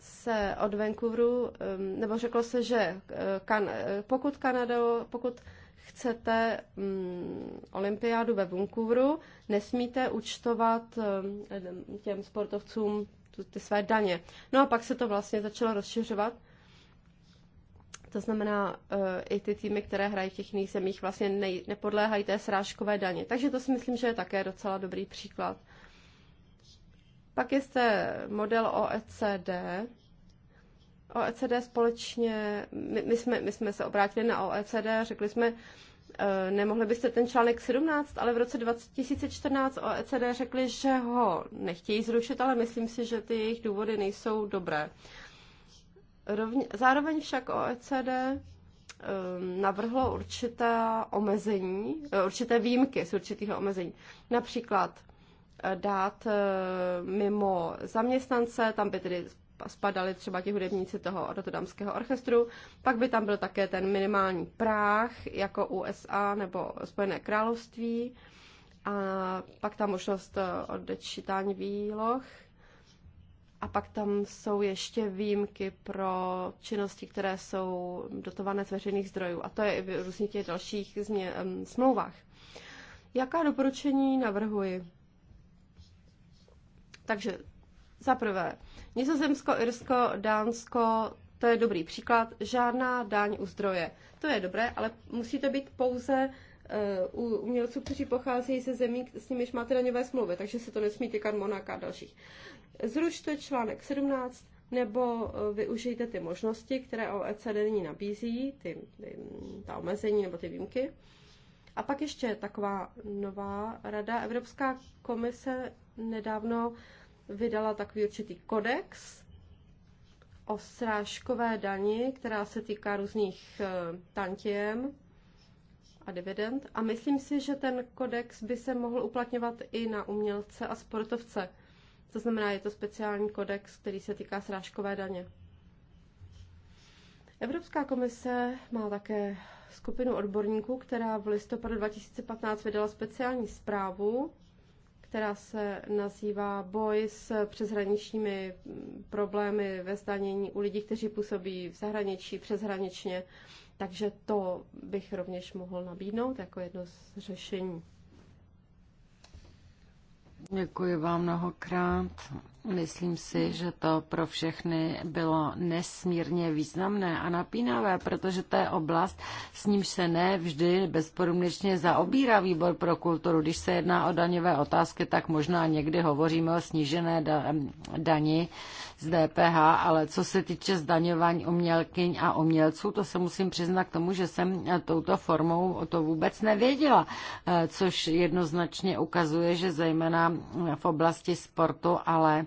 se od Vancouveru, eh, nebo řeklo se, že eh, kan, pokud, Kanado, pokud chcete mm, olympiádu ve Vancouveru, nesmíte účtovat eh, těm sportovcům ty své daně. No a pak se to vlastně začalo rozšiřovat. To znamená, eh, i ty týmy, které hrají v těch jiných zemích, vlastně nej, nepodléhají té srážkové daně. Takže to si myslím, že je také docela dobrý příklad. Pak je model OECD, OECD společně, my, my, jsme, my jsme se obrátili na OECD a řekli jsme, e, nemohli byste ten článek 17, ale v roce 2014 OECD řekli, že ho nechtějí zrušit, ale myslím si, že ty jejich důvody nejsou dobré. Rovně, zároveň však OECD e, navrhlo určité omezení, e, určité výjimky z určitých omezení. Například dát mimo zaměstnance, tam by tedy spadali třeba ti hudebníci toho rotterdamského orchestru. Pak by tam byl také ten minimální práh, jako USA nebo Spojené království. A pak ta možnost eh, odečítání výloh. A pak tam jsou ještě výjimky pro činnosti, které jsou dotované z veřejných zdrojů. A to je i v různých těch dalších změ, um, smlouvách. Jaká doporučení navrhuji? Takže za prvé, Nizozemsko, Irsko, Dánsko, to je dobrý příklad, žádná daň u zdroje. To je dobré, ale musí to být pouze eh, u umělců, kteří pocházejí ze zemí, s nimiž máte daňové smlouvy, takže se to nesmí týkat Monáka a dalších. Zrušte článek 17 nebo eh, využijte ty možnosti, které OECD nyní nabízí, ty, ty, ta omezení nebo ty výjimky. A pak ještě taková nová rada. Evropská komise nedávno vydala takový určitý kodex o srážkové dani, která se týká různých eh, tantiem a dividend. A myslím si, že ten kodex by se mohl uplatňovat i na umělce a sportovce. To znamená, je to speciální kodex, který se týká srážkové daně. Evropská komise má také skupinu odborníků, která v listopadu 2015 vydala speciální zprávu která se nazývá Boj s přeshraničními problémy ve zdanění u lidí, kteří působí v zahraničí přeshraničně. Takže to bych rovněž mohl nabídnout jako jedno z řešení. Děkuji vám mnohokrát. Myslím si, že to pro všechny bylo nesmírně významné a napínavé, protože to je oblast, s nímž se ne vždy bezporumnečně zaobírá výbor pro kulturu. Když se jedná o daňové otázky, tak možná někdy hovoříme o snížené dani z DPH, ale co se týče zdaňování umělkyň a umělců, to se musím přiznat k tomu, že jsem touto formou o to vůbec nevěděla, eh, což jednoznačně ukazuje, že zejména v oblasti sportu, ale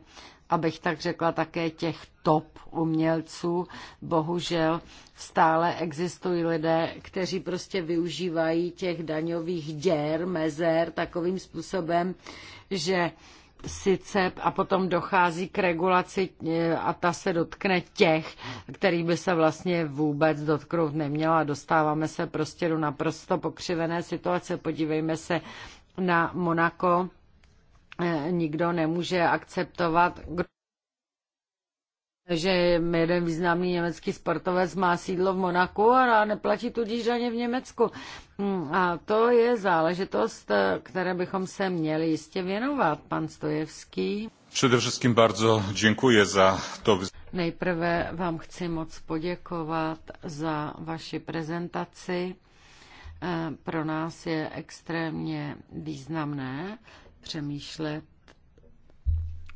abych tak řekla, také těch top umělců. Bohužel stále existují lidé, kteří prostě využívají těch daňových děr, mezer takovým způsobem, že sice a potom dochází k regulaci eh, a ta se dotkne těch, který by se vlastně vůbec dotknout neměla. Dostáváme se prostě do naprosto pokřivené situace. Podívejme se na Monako, Eh, nikdo nemůže akceptovat, že jeden významný německý sportovec má sídlo v Monaku a neplatí tudíž daně v Německu. Hmm, a to je záležitost, eh, které bychom se měli jistě věnovat, pan Stojevský. Především bardzo děkuji za to. Nejprve vám chci moc poděkovat za vaši prezentaci. Eh, pro nás je extrémně významné, přemýšlet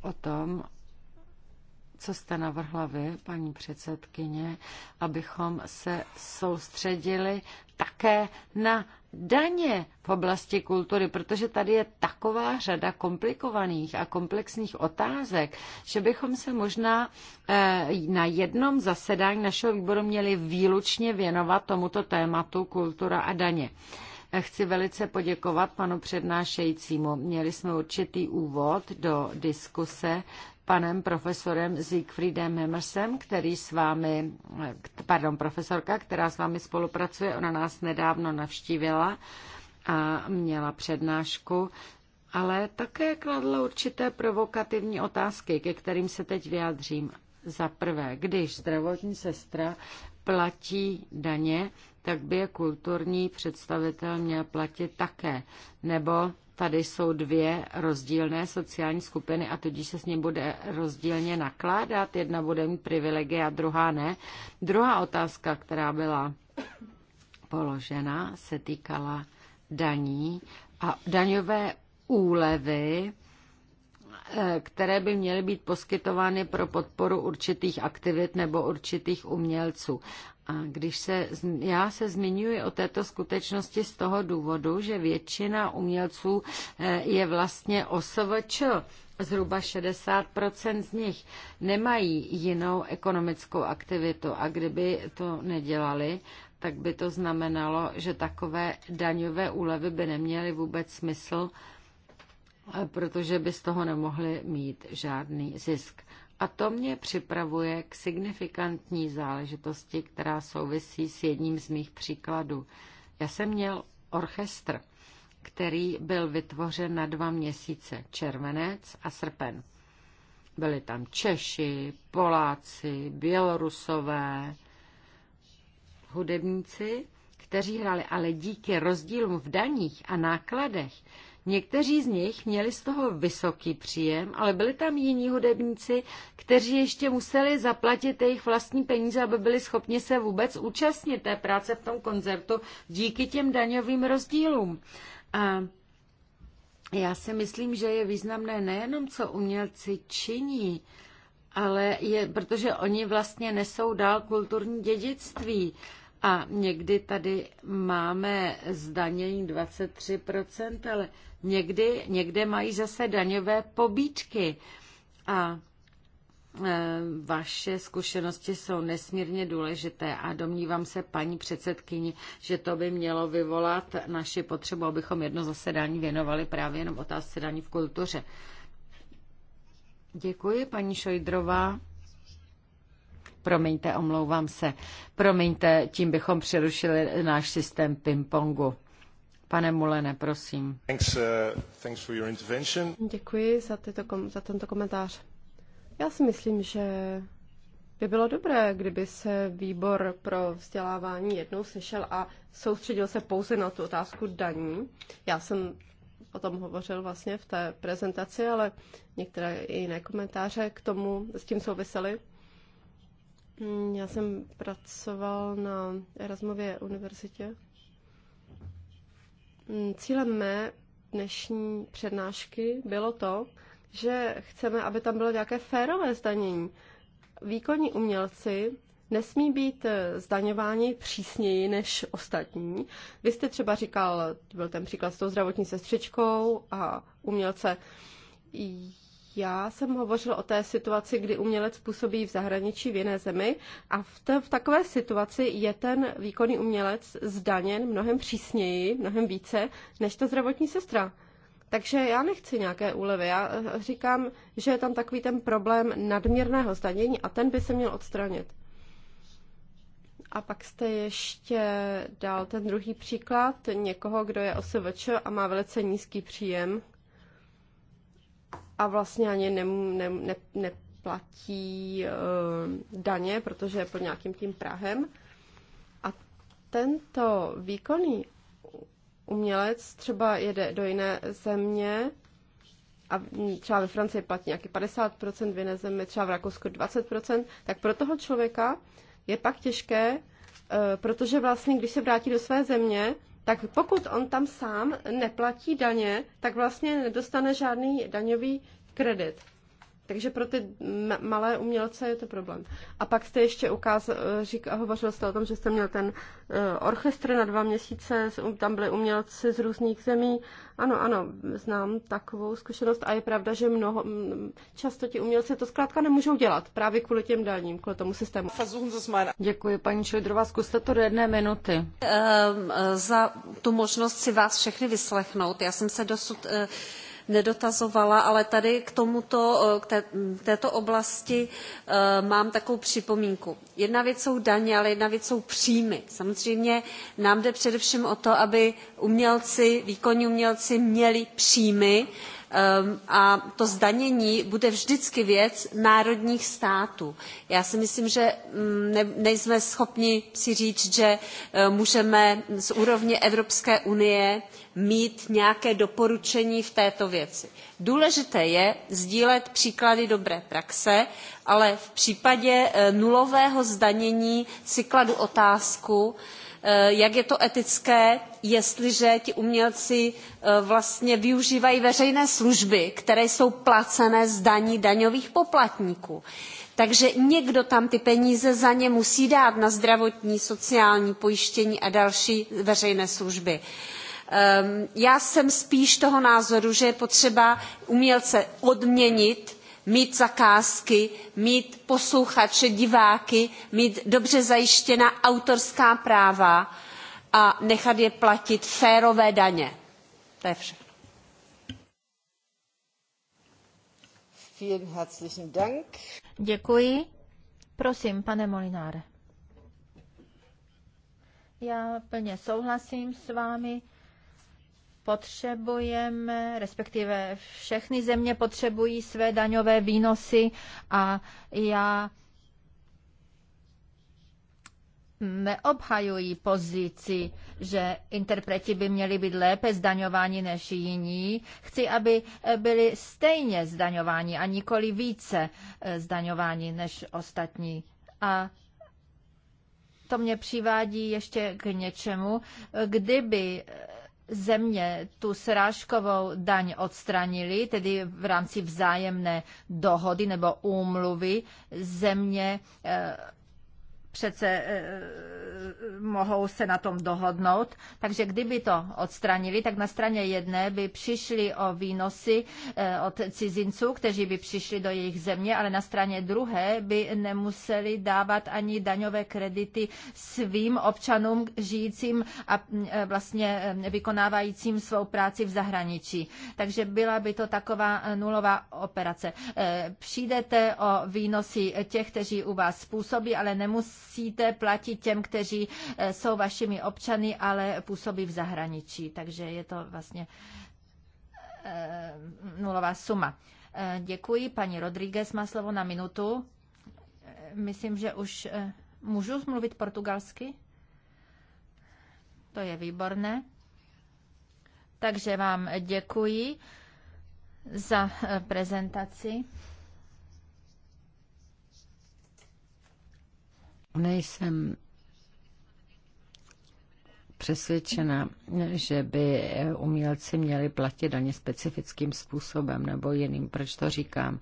o tom, co jste navrhla vy, paní předsedkyně, abychom se soustředili také na daně v oblasti kultury, protože tady je taková řada komplikovaných a komplexních otázek, že bychom se možná eh, na jednom zasedání našeho výboru měli výlučně věnovat tomuto tématu kultura a daně. Chci velice poděkovat panu přednášejícímu. Měli jsme určitý úvod do diskuse panem profesorem Siegfriedem Hemersem, který s vámi, pardon, profesorka, která s vámi spolupracuje, ona nás nedávno navštívila a měla přednášku, ale také kladla určité provokativní otázky, ke kterým se teď vyjádřím. Za prvé, když zdravotní sestra platí daně, tak by je kulturní představitel měl platit také. Nebo tady jsou dvě rozdílné sociální skupiny a tudíž se s ním bude rozdílně nakládat. Jedna bude mít privilegie a druhá ne. Druhá otázka, která byla položena, se týkala daní a daňové úlevy Eh, které by měly být poskytovány pro podporu určitých aktivit nebo určitých umělců. A když se, já se zmiňuji o této skutečnosti z toho důvodu, že většina umělců eh, je vlastně osvč. Zhruba 60% z nich nemají jinou ekonomickou aktivitu a kdyby to nedělali, tak by to znamenalo, že takové daňové úlevy by neměly vůbec smysl, protože by z toho nemohli mít žádný zisk. A to mě připravuje k signifikantní záležitosti, která souvisí s jedním z mých příkladů. Já jsem měl orchestr, který byl vytvořen na dva měsíce, červenec a srpen. Byli tam Češi, Poláci, Bělorusové, hudebníci, kteří hráli, ale díky rozdílům v daních a nákladech Někteří z nich měli z toho vysoký příjem, ale byli tam jiní hudebníci, kteří ještě museli zaplatit jejich vlastní peníze, aby byli schopni se vůbec účastnit té práce v tom koncertu díky těm daňovým rozdílům. A já si myslím, že je významné nejenom, co umělci činí, ale je, protože oni vlastně nesou dál kulturní dědictví. A někdy tady máme zdanění 23%, ale někdy, někde mají zase daňové pobíčky. A e, vaše zkušenosti jsou nesmírně důležité a domnívám se, paní předsedkyni, že to by mělo vyvolat naši potřebu, abychom jedno zasedání věnovali právě jenom otázce daní v kultuře. Děkuji, paní Šojdrová. Promiňte, omlouvám se. Promiňte, tím bychom přerušili náš systém ping-pongu. Pane Mulene, prosím. Thanks, uh, thanks for your intervention. Děkuji za, tyto, za tento komentář. Já si myslím, že by bylo dobré, kdyby se výbor pro vzdělávání jednou sešel a soustředil se pouze na tu otázku daní. Já jsem o tom hovořil vlastně v té prezentaci, ale některé i jiné komentáře k tomu s tím souvisely. Hm, já jsem pracoval na Erasmově univerzitě. Hm, cílem mé dnešní přednášky bylo to, že chceme, aby tam bylo nějaké férové zdanění. Výkonní umělci nesmí být eh, zdaňováni přísněji než ostatní. Vy jste třeba říkal, byl ten příklad s tou zdravotní sestřičkou a umělce. Já jsem hovořil o té situaci, kdy umělec působí v zahraničí v jiné zemi a v, te, v takové situaci je ten výkonný umělec zdaněn mnohem přísněji, mnohem více než ta zdravotní sestra. Takže já nechci nějaké úlevy. Já eh, říkám, že je tam takový ten problém nadměrného zdanění a ten by se měl odstranit. A pak jste ještě dal ten druhý příklad někoho, kdo je OSVČ a má velice nízký příjem a vlastně ani ne, ne, ne, neplatí uh, daně, protože je pod nějakým tím Prahem. A tento výkonný umělec třeba jede do jiné země a třeba ve Francii platí nějaký 50%, v jiné země, třeba v Rakousku 20%, tak pro toho člověka je pak těžké, eh, protože vlastně, když se vrátí do své země, tak pokud on tam sám neplatí daně, tak vlastně nedostane žádný daňový kredit. Takže pro ty malé umělce je to problém. A pak jste ještě ukázal, říkal, hovořil jste o tom, že jste měl ten eh, orchestr na dva měsíce, tam byli umělci z různých zemí. Ano, ano, znám takovou zkušenost a je pravda, že mnoho, často ti umělci to zkrátka nemůžou dělat právě kvůli těm daním, kvůli tomu systému. Děkuji, paní Šojdrová, zkuste to do jedné minuty. Ehm, eh, za tu možnost si vás všechny vyslechnout. Já jsem se dosud eh, nedotazovala, ale tady k, tomuto, eh, k této oblasti eh, mám takovou připomínku. Jedna věc jsou daně, ale jedna věc jsou příjmy. Samozřejmě nám jde především o to, aby umělci, výkonní umělci měli příjmy, eh, a to zdanění bude vždycky věc národních států. Já si myslím, že mm, nejsme schopni si říct, že můžeme z úrovně Evropské unie mít nějaké doporučení v této věci. Důležité je sdílet příklady dobré praxe, ale v případě eh, nulového zdanění si kladu otázku, eh, jak je to etické, jestliže ti umělci eh, vlastně využívají veřejné služby, které jsou placené z daní daňových poplatníků. Takže někdo tam ty peníze za ně musí dát na zdravotní, sociální pojištění a další veřejné služby. Uh, Ehm, já jsem spíš toho názoru, že je potřeba umělce odměnit, mít zakázky, mít posluchače, diváky, mít dobře zajištěná autorská práva a nechat je platit férové daně. To je vše. Děkuji. Prosím, pane Molináre. Já plně souhlasím s vámi potřebujeme, respektive všechny země potřebují své daňové výnosy a já neobhajují pozici, že interpreti by měli být lépe zdaňováni než jiní. Chci, aby byli stejně zdaňováni a nikoli více eh, zdaňováni než ostatní. A to mě přivádí ještě k něčemu. Kdyby eh, země tu srážkovou daň odstranili, tedy v rámci vzájemné dohody nebo úmluvy země eh, přece eh, mohou se na tom dohodnout. Takže kdyby to odstranili, tak na straně jedné by přišli o výnosy eh, od cizinců, kteří by přišli do jejich země, ale na straně druhé by nemuseli dávat ani daňové kredity svým občanům žijícím a eh, vlastně vykonávajícím svou práci v zahraničí. Takže byla by to taková nulová operace. Přijdete o výnosy těch, kteří u vás způsobí, ale nemusí musíte platit těm, kteří eh, jsou vašimi občany, ale působí v zahraničí. Takže je to vlastně eh, nulová suma. Eh, děkuji. Paní Rodríguez má slovo na minutu. Myslím, že už můžu mluvit portugalsky. To je výborné. Takže vám děkuji za prezentaci. nejsem přesvědčena, že by umělci měli platit daně specifickým způsobem nebo jiným. Proč to říkám?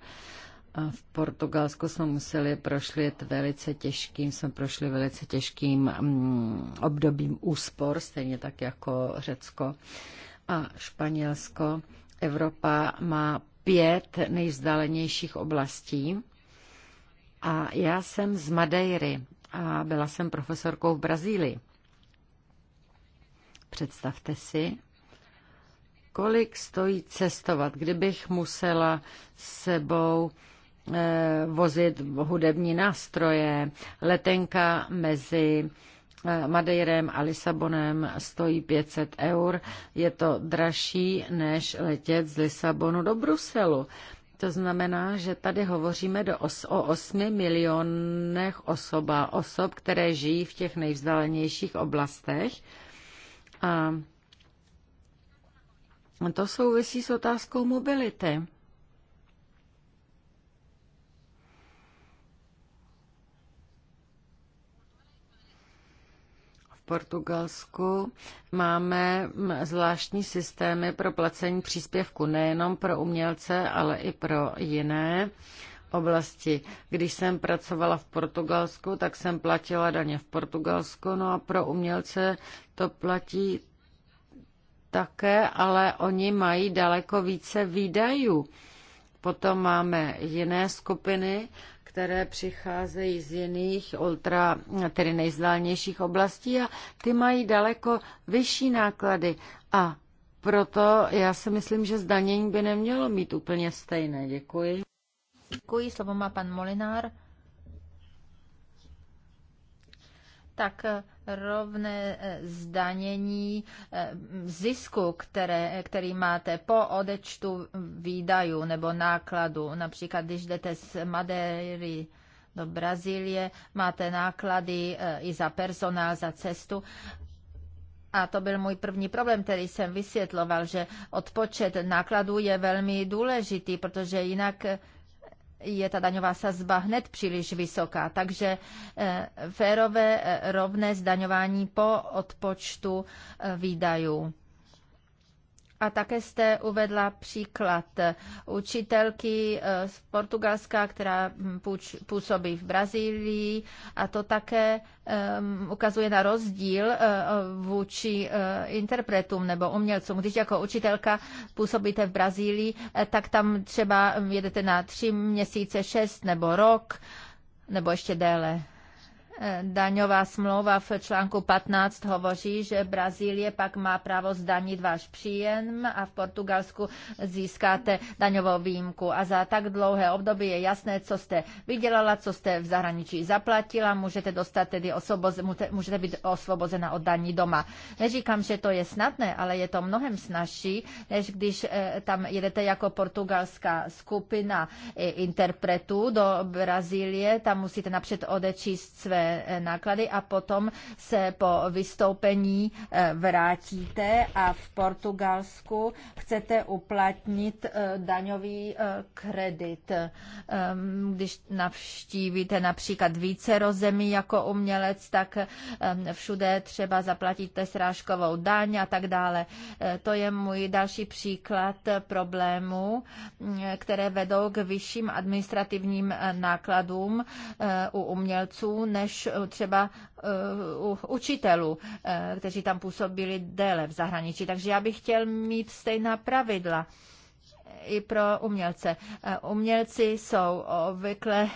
V Portugalsku jsme museli prošlit velice těžkým, jsme prošli velice těžkým mm, obdobím úspor, stejně tak jako Řecko a Španělsko. Evropa má pět nejvzdálenějších oblastí a já jsem z Madejry, a byla jsem profesorkou v Brazílii. Představte si, kolik stojí cestovat, kdybych musela sebou eh, vozit hudební nástroje. Letenka mezi eh, Madeirem a Lisabonem stojí 500 eur. Je to dražší, než letět z Lisabonu do Bruselu. To znamená, že tady hovoříme do os, o 8 milionech osoba, osob, které žijí v těch nejvzdálenějších oblastech. A to souvisí s otázkou mobility. Portugalsku máme zvláštní systémy pro placení příspěvku nejenom pro umělce, ale i pro jiné oblasti. Když jsem pracovala v Portugalsku, tak jsem platila daně v Portugalsku, no a pro umělce to platí také, ale oni mají daleko více výdajů. Potom máme jiné skupiny, které přicházejí z jiných ultra, tedy nejzdálnějších oblastí a ty mají daleko vyšší náklady a proto já si myslím, že zdanění by nemělo mít úplně stejné. Děkuji. Děkuji, slovo má pan Molinár. Tak rovné eh, zdanění eh, zisku, které, který máte po odečtu výdajů nebo nákladu. Například, když jdete z Madeiry do Brazílie, máte náklady eh, i za personál, za cestu. A to byl můj první problém, který jsem vysvětloval, že odpočet nákladů je velmi důležitý, protože jinak je ta daňová sazba hned příliš vysoká. Takže eh, férové eh, rovné zdaňování po odpočtu eh, výdajů. A také jste uvedla příklad učitelky eh, z Portugalska, která hm, působí v Brazílii a to také ehm, ukazuje na rozdíl eh, vůči eh, interpretům nebo umělcům. Když jako učitelka působíte v Brazílii, tak tam třeba jedete na tři měsíce, šest nebo rok nebo ještě déle. Daňová smlouva v článku 15 hovoří, že Brazílie pak má právo zdanit váš příjem a v Portugalsku získáte daňovou výjimku. A za tak dlouhé období je jasné, co jste vydělala, co jste v zahraničí zaplatila, můžete dostat tedy osvoboze, můžete být osvobozena od daní doma. Neříkám, že to je snadné, ale je to mnohem snažší, než když eh, tam jedete jako portugalská skupina interpretů do Brazílie, tam musíte napřed odečíst své náklady a potom se po vystoupení eh, vrátíte a v Portugalsku chcete uplatnit eh, daňový eh, kredit. Ehm, když navštívíte například více rozemí jako umělec, tak ehm, všude třeba zaplatíte srážkovou daň a tak dále. To je můj další příklad problémů, mm, které vedou k vyšším administrativním nákladům u umělců, než Eh, třeba eh, u učitelů, eh, kteří tam působili déle v zahraničí. Takže já bych chtěl mít stejná pravidla i pro umělce. Umělci jsou obvykle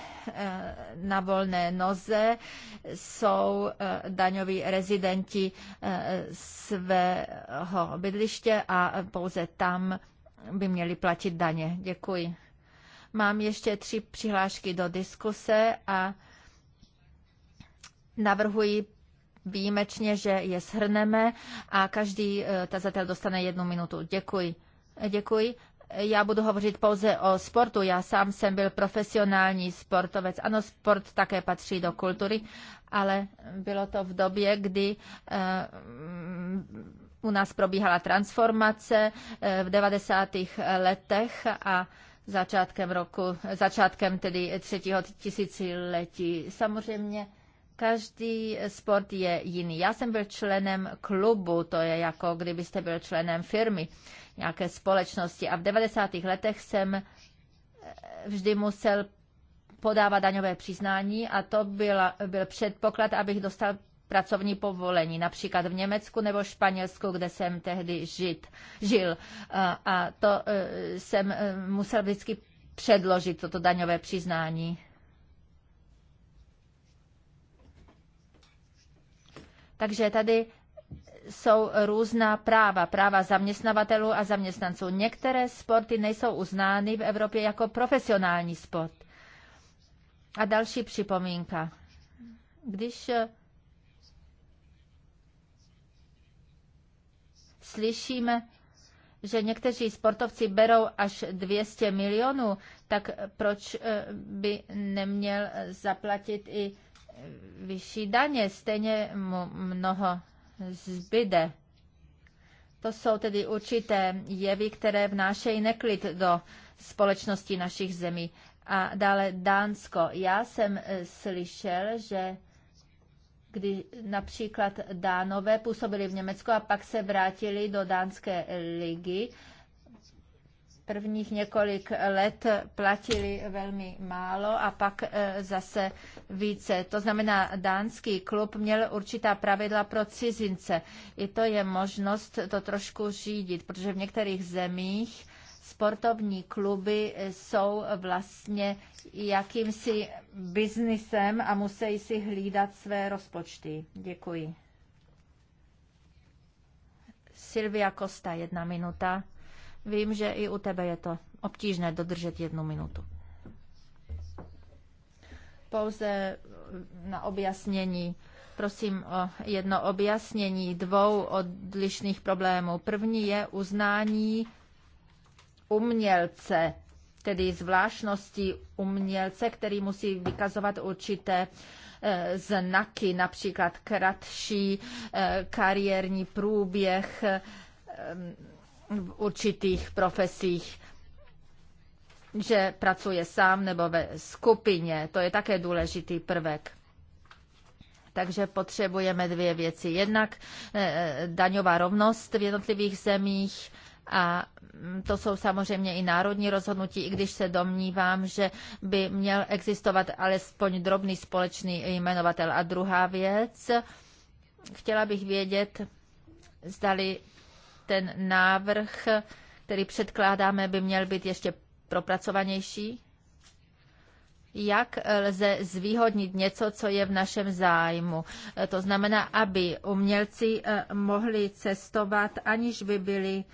na volné noze, jsou daňoví rezidenti svého bydliště a pouze tam by měli platit daně. Děkuji. Mám ještě tři přihlášky do diskuse a Navrhuji výjimečně, že je shrneme a každý eh, tazatel dostane jednu minutu. Děkuji. Děkuji. Já budu hovořit pouze o sportu. Já sám jsem byl profesionální sportovec. Ano, sport také patří do kultury, ale bylo to v době, kdy eh, u nás probíhala transformace eh, v 90. letech a začátkem roku, začátkem tedy třetího tisíciletí. Samozřejmě Každý sport je jiný. Já jsem byl členem klubu, to je jako kdybyste byl členem firmy, nějaké společnosti. A v 90. letech jsem eh, vždy musel podávat daňové přiznání a to byl, byl předpoklad, abych dostal pracovní povolení, například v Německu nebo Španělsku, kde jsem tehdy žit, žil. A, a to eh, jsem eh, musel vždycky předložit, toto daňové přiznání. Takže tady jsou různá práva, práva zaměstnavatelů a zaměstnanců. Některé sporty nejsou uznány v Evropě jako profesionální sport. A další připomínka. Když eh, slyšíme, že někteří sportovci berou až 200 milionů, tak proč eh, by neměl zaplatit i vyšší daně, stejně mu mnoho zbyde. To jsou tedy určité jevy, které vnášejí neklid do společnosti našich zemí. A dále Dánsko. Já jsem e, slyšel, že kdy například Dánové působili v Německu a pak se vrátili do dánské ligy, prvních několik let platili velmi málo a pak e, zase více. To znamená, dánský klub měl určitá pravidla pro cizince. I to je možnost to trošku řídit, protože v některých zemích sportovní kluby jsou vlastně jakýmsi biznisem a musí si hlídat své rozpočty. Děkuji. Silvia Costa, jedna minuta. Vím, že i u tebe je to obtížné dodržet jednu minutu. Pouze na objasnění. Prosím o jedno objasnění dvou odlišných problémů. První je uznání umělce, tedy zvláštnosti umělce, který musí vykazovat určité eh, znaky, například kratší eh, kariérní průběh, eh, v určitých profesích, že pracuje sám nebo ve skupině. To je také důležitý prvek. Takže potřebujeme dvě věci. Jednak eh, daňová rovnost v jednotlivých zemích a to jsou samozřejmě i národní rozhodnutí, i když se domnívám, že by měl existovat alespoň drobný společný jmenovatel. A druhá věc, chtěla bych vědět, zdali ten návrh, který předkládáme, by měl být ještě propracovanější? jak lze zvýhodnit něco, co je v našem zájmu. To znamená, aby umělci eh, mohli cestovat, aniž by byli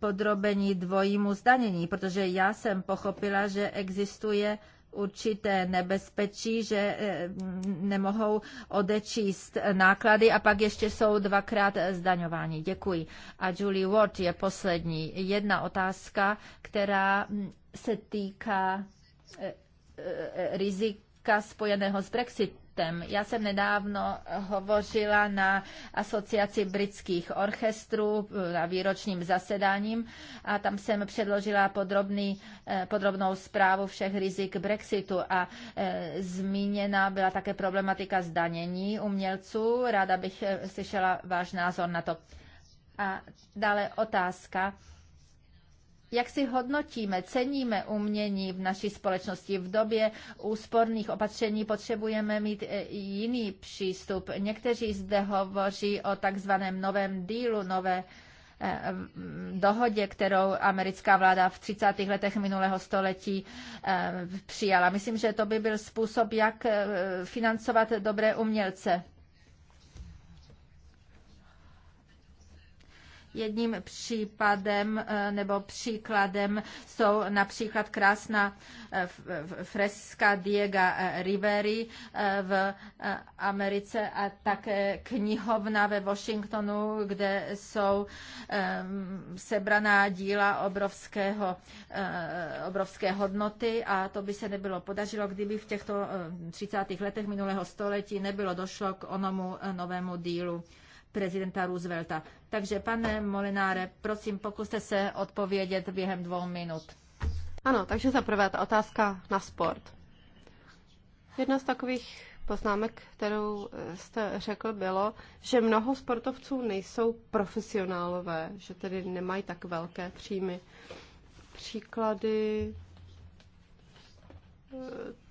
podrobeni dvojímu zdanění, protože já jsem pochopila, že existuje určité nebezpečí, že eh, nemohou odečíst náklady a pak ještě jsou dvakrát zdaňováni. Děkuji. A Julie Ward je poslední. Jedna otázka, která hm, se týká eh, eh, rizika spojeného s Brexitem koncertem. Já jsem nedávno hovořila na asociaci britských orchestrů eh, na výročním zasedáním a tam jsem předložila podrobný, eh, podrobnou zprávu všech rizik Brexitu a eh, zmíněna byla také problematika zdanění umělců. Ráda bych slyšela váš názor na to. A dále otázka jak si hodnotíme, ceníme umění v naší společnosti? V době úsporných opatření potřebujeme mít e, jiný přístup. Někteří zde hovoří o takzvaném novém dílu, nové e, dohodě, kterou americká vláda v 30. letech minulého století e, přijala. Myslím, že to by byl způsob, jak financovat dobré umělce. Jedním případem eh, nebo příkladem jsou například krásná eh, freska Diego eh, Rivery v Americe a také knihovna ve Washingtonu, kde jsou ehm, sebraná díla obrovského, obrovské hodnoty a to by se nebylo podařilo, kdyby v těchto 30. letech minulého století nebylo došlo k onomu novému dílu prezidenta Roosevelta. Takže pane Molináre, prosím, pokuste se odpovědět během dvou minut. Ano, takže za prvé ta otázka na sport. Jedna z takových poznámek, kterou jste řekl, bylo, že mnoho sportovců nejsou profesionálové, že tedy nemají tak velké příjmy. Příklady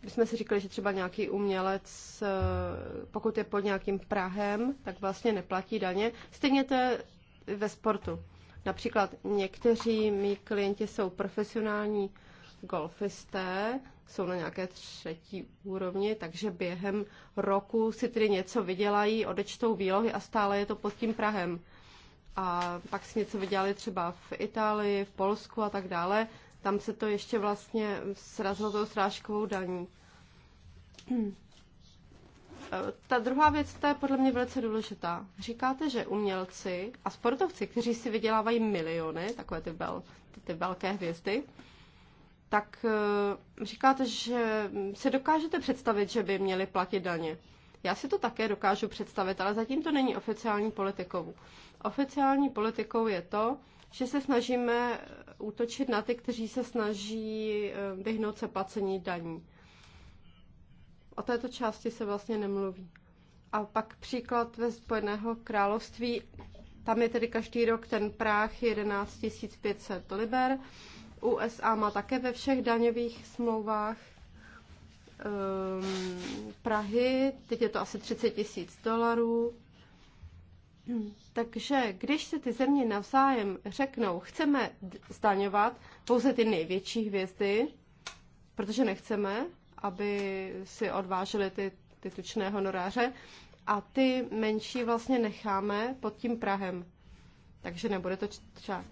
my eh, jsme si říkali, že třeba nějaký umělec, eh, pokud je pod nějakým Prahem, tak vlastně neplatí daně. Stejně to je ve sportu. Například někteří mý klienti jsou profesionální golfisté, jsou na nějaké třetí úrovni, takže během roku si tedy něco vydělají, odečtou výlohy a stále je to pod tím Prahem. A pak si něco vydělali třeba v Itálii, v Polsku a tak dále. Tam se to ještě vlastně srazilo tou srážkovou daní. Ta druhá věc, ta je podle mě velice důležitá. Říkáte, že umělci a sportovci, kteří si vydělávají miliony, takové ty, bel, ty, ty velké hvězdy, tak eh, říkáte, že si dokážete představit, že by měli platit daně. Já si to také dokážu představit, ale zatím to není oficiální politikou. Oficiální politikou je to, že se snažíme útočit na ty, kteří se snaží eh, vyhnout se placení daní. O této části se vlastně nemluví. A pak příklad ve Spojeného království. Tam je tedy každý rok ten práh 11 500 liber. USA má také ve všech daňových smlouvách um, Prahy, teď je to asi 30 tisíc dolarů. Takže když se ty země navzájem řeknou, chceme zdaňovat pouze ty největší hvězdy, protože nechceme, aby si odvážili ty, ty tučné honoráře, a ty menší vlastně necháme pod tím Prahem. Takže nebude to třeba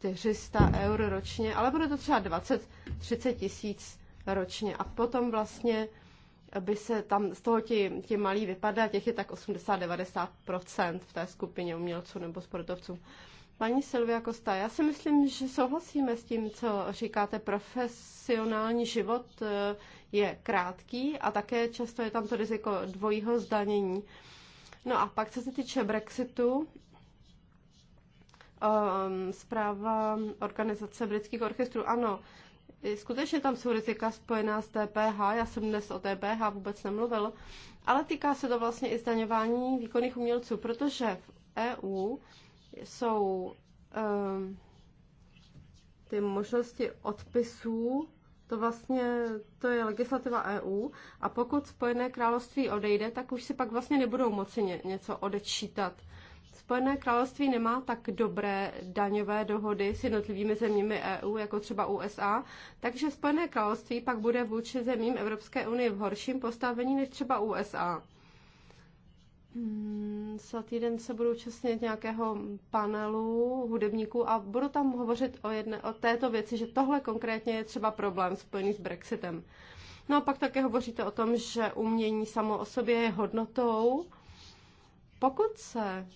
400 eur ročně, ale bude to třeba 20-30 tisíc ročně. A potom vlastně by se tam z toho ti, ti malí vypadá, těch je tak 80-90% v té skupině umělců nebo sportovců. Paní Silvia Kosta, já si myslím, že souhlasíme s tím, co říkáte. Profesionální život eh, je krátký a také často je tam to riziko dvojího zdanění. No a pak, co se týče Brexitu, um, zpráva organizace britských orchestrů, ano, Skutečně tam jsou rizika spojená s TPH, já jsem dnes o TPH vůbec nemluvil, ale týká se to vlastně i zdaňování výkonných umělců, protože v EU jsou um, ty možnosti odpisů, to vlastně to je legislativa EU a pokud Spojené království odejde, tak už si pak vlastně nebudou moci ně, něco odečítat. Spojené království nemá tak dobré daňové dohody s jednotlivými zeměmi EU, jako třeba USA, takže Spojené království pak bude vůči zemím Evropské unie v horším postavení než třeba USA. Hmm, týden se budu účastnit nějakého panelu hudebníků a budu tam hovořit o, jedne, o této věci, že tohle konkrétně je třeba problém spojený s Brexitem. No a pak také hovoříte o tom, že umění samo o sobě je hodnotou. Pokud se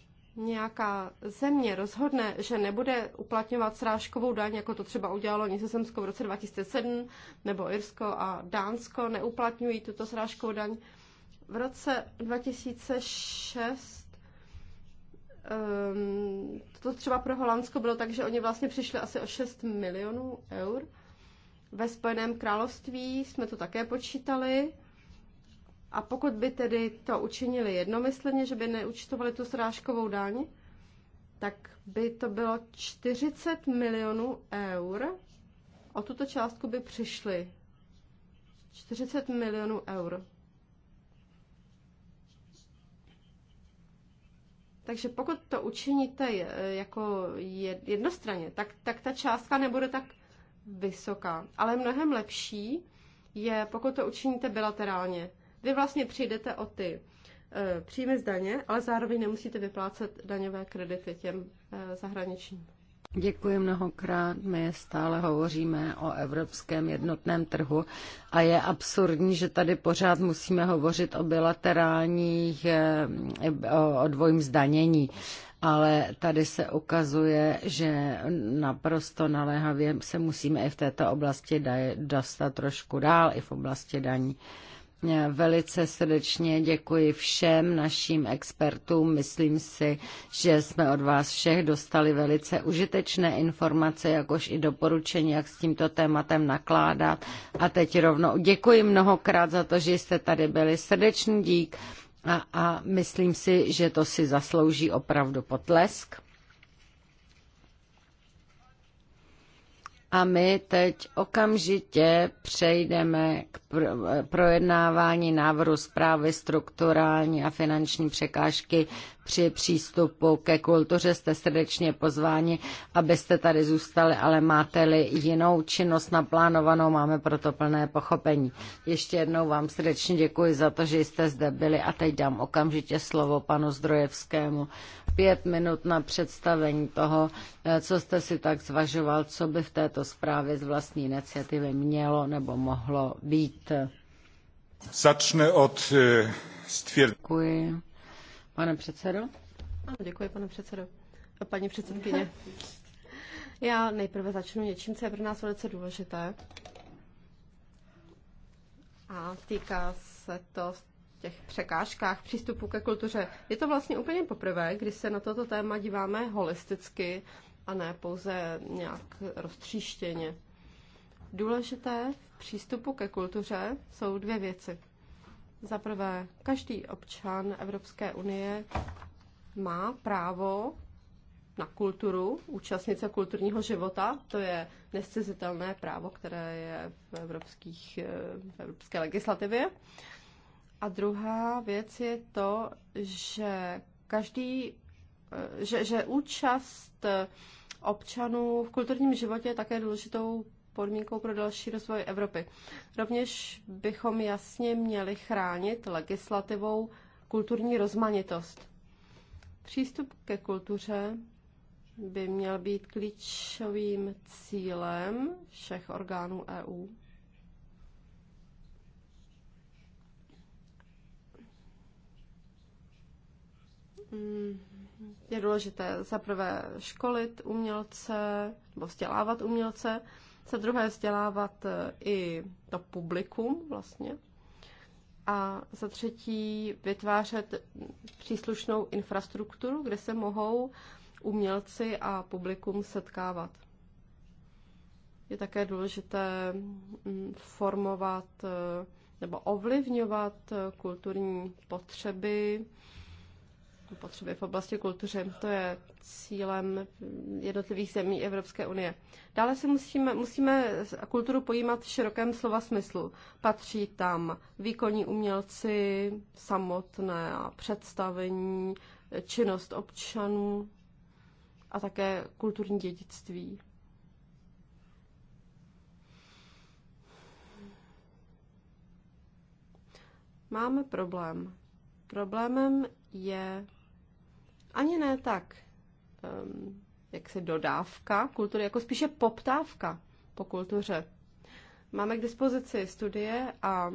nějaká země rozhodne, že nebude uplatňovat srážkovou daň, jako to třeba udělalo Nizozemsko v roce 2007, nebo Irsko a Dánsko neuplatňují tuto srážkovou daň, v roce 2006 um, ehm, to třeba pro Holandsko bylo tak, že oni vlastně přišli asi o 6 milionů eur. Ve Spojeném království jsme to také počítali, a pokud by tedy to učinili jednomyslně, že by neučtovali tu srážkovou daň, tak by to bylo 40 milionů eur. O tuto částku by přišli 40 milionů eur. Takže pokud to učiníte jako jednostranně, tak, tak ta částka nebude tak vysoká. Ale mnohem lepší je, pokud to učiníte bilaterálně. Vy vlastně přijdete o ty e, příjmy z daně, ale zároveň nemusíte vyplácet daňové kredity těm e, zahraničním. Děkuji mnohokrát. My stále hovoříme o evropském jednotném trhu a je absurdní, že tady pořád musíme hovořit o bilaterálních, eh, o dvojím zdanění. Ale tady se ukazuje, že naprosto naléhavě se musíme i v této oblasti dostat trošku dál, i v oblasti daní. Velice srdečně děkuji všem našim expertům. Myslím si, že jsme od vás všech dostali velice užitečné informace, jakož i doporučení, jak s tímto tématem nakládat. A teď rovnou děkuji mnohokrát za to, že jste tady byli. Srdečný dík a, a myslím si, že to si zaslouží opravdu potlesk. A my teď okamžitě přejdeme k eh, projednávání návrhu zprávy strukturální a finanční překážky při přístupu ke kultuře. Jste srdečně pozváni, abyste tady zůstali, ale máte-li jinou činnost naplánovanou, máme proto plné pochopení. Ještě jednou vám srdečně děkuji za to, že jste zde byli a teď dám okamžitě slovo panu Zdrojevskému. Pět minut na představení toho, eh, co jste si tak zvažoval, co by v této zprávě z vlastní iniciativy mělo nebo mohlo být. Začne od eh, stvěr... Děkuji. Pane předsedo. Ano, děkuji, pane předsedo. Paní předsedkyně. Já nejprve začnu něčím, co je pro nás velice důležité. A týká se to v těch překážkách přístupu ke kultuře. Je to vlastně úplně poprvé, kdy se na toto téma díváme holisticky a ne pouze nějak roztříštěně. Důležité v přístupu ke kultuře jsou dvě věci. Za prvé, každý občan Evropské unie má právo na kulturu, účastnit se kulturního života. To je nescizitelné právo, které je v, evropských, eh, v evropské legislativě. A druhá věc je to, že každý, eh, že, že účast občanů v kulturním životě je také důležitou podmínkou pro další rozvoj Evropy. Rovněž bychom jasně měli chránit legislativou kulturní rozmanitost. Přístup ke kultuře by měl být klíčovým cílem všech orgánů EU. Mm, je důležité zaprvé školit umělce nebo vzdělávat umělce, za druhé vzdělávat e, i to publikum vlastně a za třetí vytvářet příslušnou infrastrukturu, kde se mohou umělci a publikum setkávat. Je také důležité mm, formovat e, nebo ovlivňovat e, kulturní potřeby potřeby v oblasti kultury. To je cílem jednotlivých zemí Evropské unie. Dále si musíme, musíme kulturu pojímat v širokém slova smyslu. Patří tam výkonní umělci, samotné a představení, činnost občanů a také kulturní dědictví. Máme problém. Problémem je ani ne tak um, jak se dodávka kultury, jako spíše poptávka po kultuře. Máme k dispozici studie, a,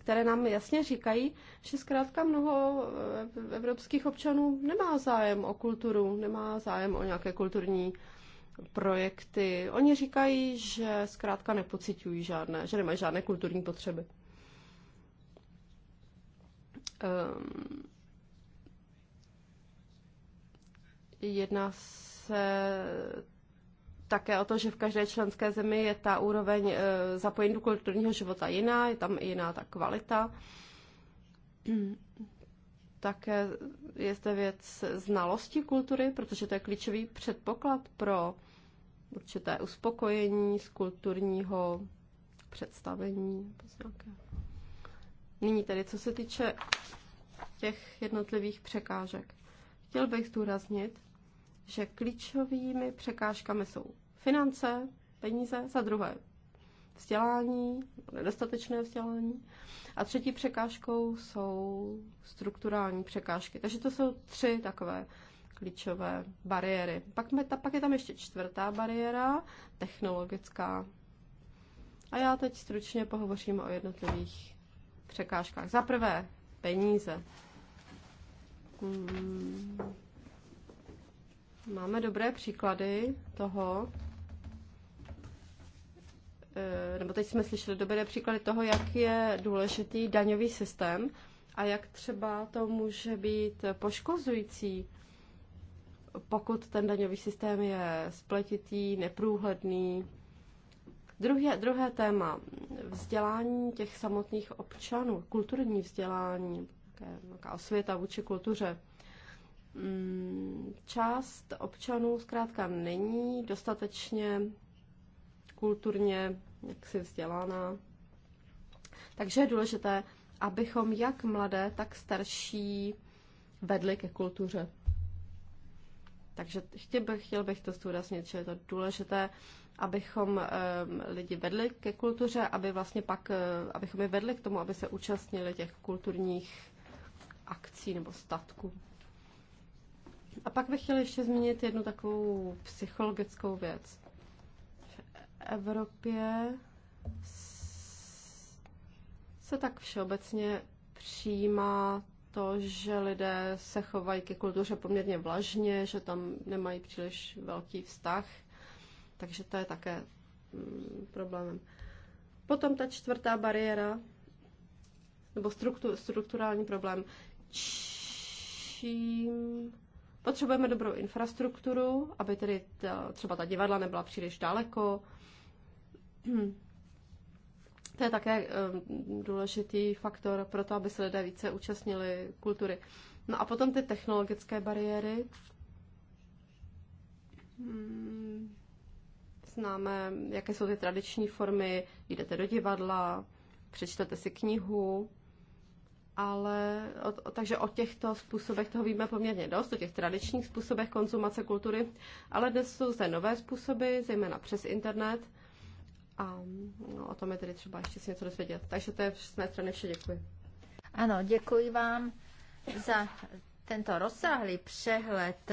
které nám jasně říkají, že zkrátka mnoho eh, evropských občanů nemá zájem o kulturu, nemá zájem o nějaké kulturní projekty. Oni říkají, že zkrátka nepocitují žádné, že nemají žádné kulturní potřeby. Um, Jedná se také o to, že v každé členské zemi je ta úroveň eh, zapojení do kulturního života jiná, je tam i jiná ta kvalita. Také je zde věc znalosti kultury, protože to je klíčový předpoklad pro určité uspokojení z kulturního představení. Nyní tedy, co se týče těch jednotlivých překážek. Chtěl bych zdůraznit, že klíčovými překážkami jsou finance, peníze, za druhé vzdělání, nedostatečné vzdělání a třetí překážkou jsou strukturální překážky. Takže to jsou tři takové klíčové bariéry. Pak, ta, pak je tam ještě čtvrtá bariéra, technologická. A já teď stručně pohovořím o jednotlivých překážkách. Za prvé, peníze. Hmm Máme dobré příklady toho, eh, nebo teď jsme slyšeli dobré příklady toho, jak je důležitý daňový systém a jak třeba to může být poškozující, pokud ten daňový systém je spletitý, neprůhledný. Druhé, druhé téma, vzdělání těch samotných občanů, kulturní vzdělání, nějaká osvěta vůči kultuře. Mm, část občanů zkrátka není dostatečně kulturně jaksi vzdělaná. Takže je důležité, abychom jak mladé, tak starší vedli ke kultuře. Takže chtěl bych, chtěl bych to zdůraznit, že je to důležité, abychom lidi vedli ke kultuře, aby vlastně pak, e, abychom je vedli k tomu, aby se účastnili těch kulturních akcí nebo statků. A pak bych chtěla ještě zmínit jednu takovou psychologickou věc. V Evropě se tak všeobecně přijímá to, že lidé se chovají ke kultuře poměrně vlažně, že tam nemají příliš velký vztah, takže to je také mm, problémem. Potom ta čtvrtá bariéra, nebo struktu, strukturální problém. Čím Potřebujeme dobrou infrastrukturu, aby tedy ta, třeba ta divadla nebyla příliš daleko. To je také eh, důležitý faktor pro to, aby se lidé více účastnili kultury. No a potom ty technologické bariéry. Hmm, známe, jaké jsou ty tradiční formy. Jdete do divadla, přečtete si knihu, ale o, takže o těchto způsobech toho víme poměrně dost, o těch tradičních způsobech konzumace kultury, ale dnes jsou zde nové způsoby, zejména přes internet a no, o tom je tedy třeba ještě si něco dozvědět. Takže to je z mé strany vše, děkuji. Ano, děkuji vám za tento rozsáhlý přehled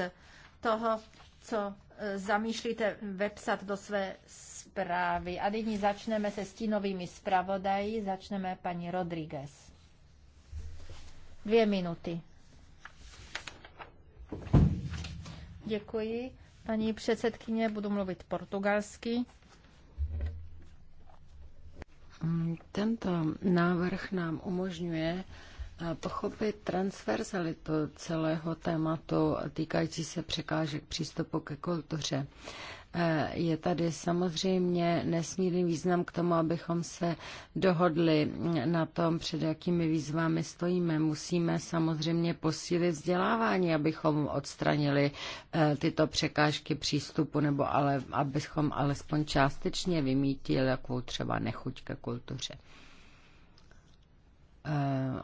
toho, co e, zamýšlíte vepsat do své zprávy. A nyní začneme se stínovými zpravodají. začneme paní Rodriguez. Dvě minuty. Děkuji. Paní předsedkyně, budu mluvit portugalsky. Tento návrh nám umožňuje eh, pochopit transverzalitu celého tématu týkající se překážek přístupu ke kultuře. Eh, je tady samozřejmě nesmírný význam k tomu, abychom se dohodli na tom, před jakými výzvami stojíme. Musíme samozřejmě posílit vzdělávání, abychom odstranili eh, tyto překážky přístupu, nebo ale, abychom alespoň částečně vymítili jakou třeba nechuť ke kultuře. Eh,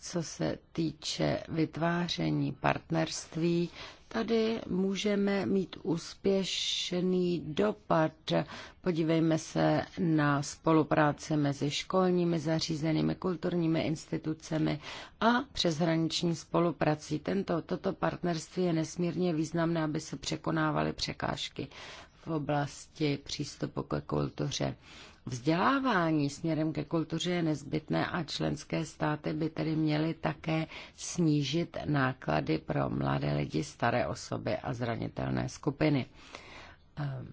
co se týče vytváření partnerství, Tady můžeme mít úspěšný dopad. Podívejme se na spolupráci mezi školními zařízenými kulturními institucemi a přeshraniční spoluprací. Tento, toto partnerství je nesmírně významné, aby se překonávaly překážky v oblasti přístupu ke kultuře. Vzdělávání směrem ke kultuře je nezbytné a členské státy by tedy měly také snížit náklady pro mladé lidi, staré osoby a zranitelné skupiny. Ehm,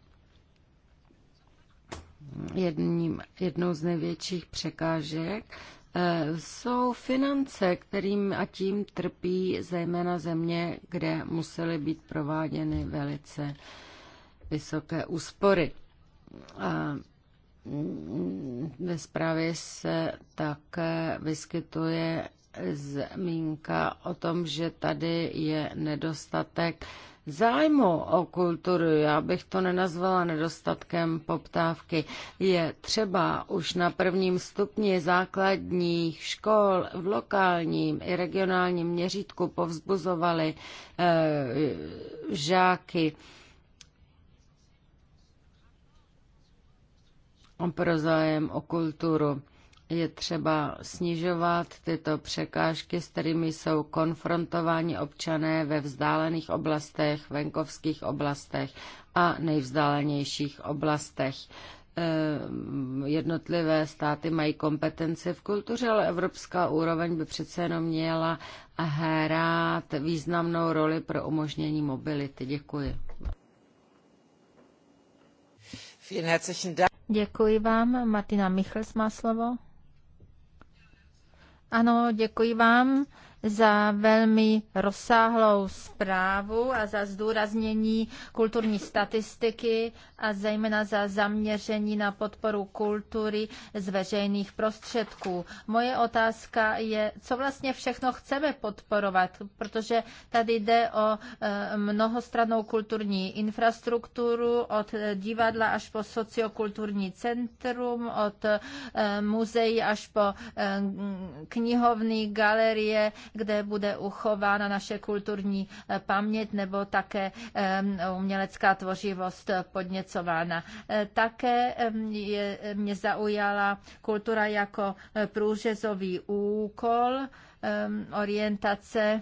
jedním, jednou z největších překážek ehm, jsou finance, kterým a tím trpí zejména země, kde musely být prováděny velice vysoké úspory. A ehm, ve zprávě se také vyskytuje zmínka o tom, že tady je nedostatek zájmu o kulturu. Já bych to nenazvala nedostatkem poptávky. Je třeba už na prvním stupni základních škol v lokálním i regionálním měřítku povzbuzovali e, žáky pro zájem o kulturu. Je třeba snižovat tyto překážky, s kterými jsou konfrontováni občané ve vzdálených oblastech, venkovských oblastech a nejvzdálenějších oblastech eh, jednotlivé státy mají kompetence v kultuře, ale evropská úroveň by přece jenom měla hrát významnou roli pro umožnění mobility. Děkuji. Děkuji vám. Martina Michels má slovo. Ano, děkuji vám za velmi rozsáhlou zprávu a za zdůraznění kulturní statistiky a zejména za zaměření na podporu kultury z veřejných prostředků. Moje otázka je, co vlastně všechno chceme podporovat, protože tady jde o eh, mnohostranou kulturní infrastrukturu od divadla až po sociokulturní centrum, od eh, muzeí až po eh, knihovny, galerie, kde bude uchována naše kulturní eh, paměť nebo také umělecká tvořivost podněcována. Eh, také je, mě zaujala kultura jako eh, průřezový úkol orientace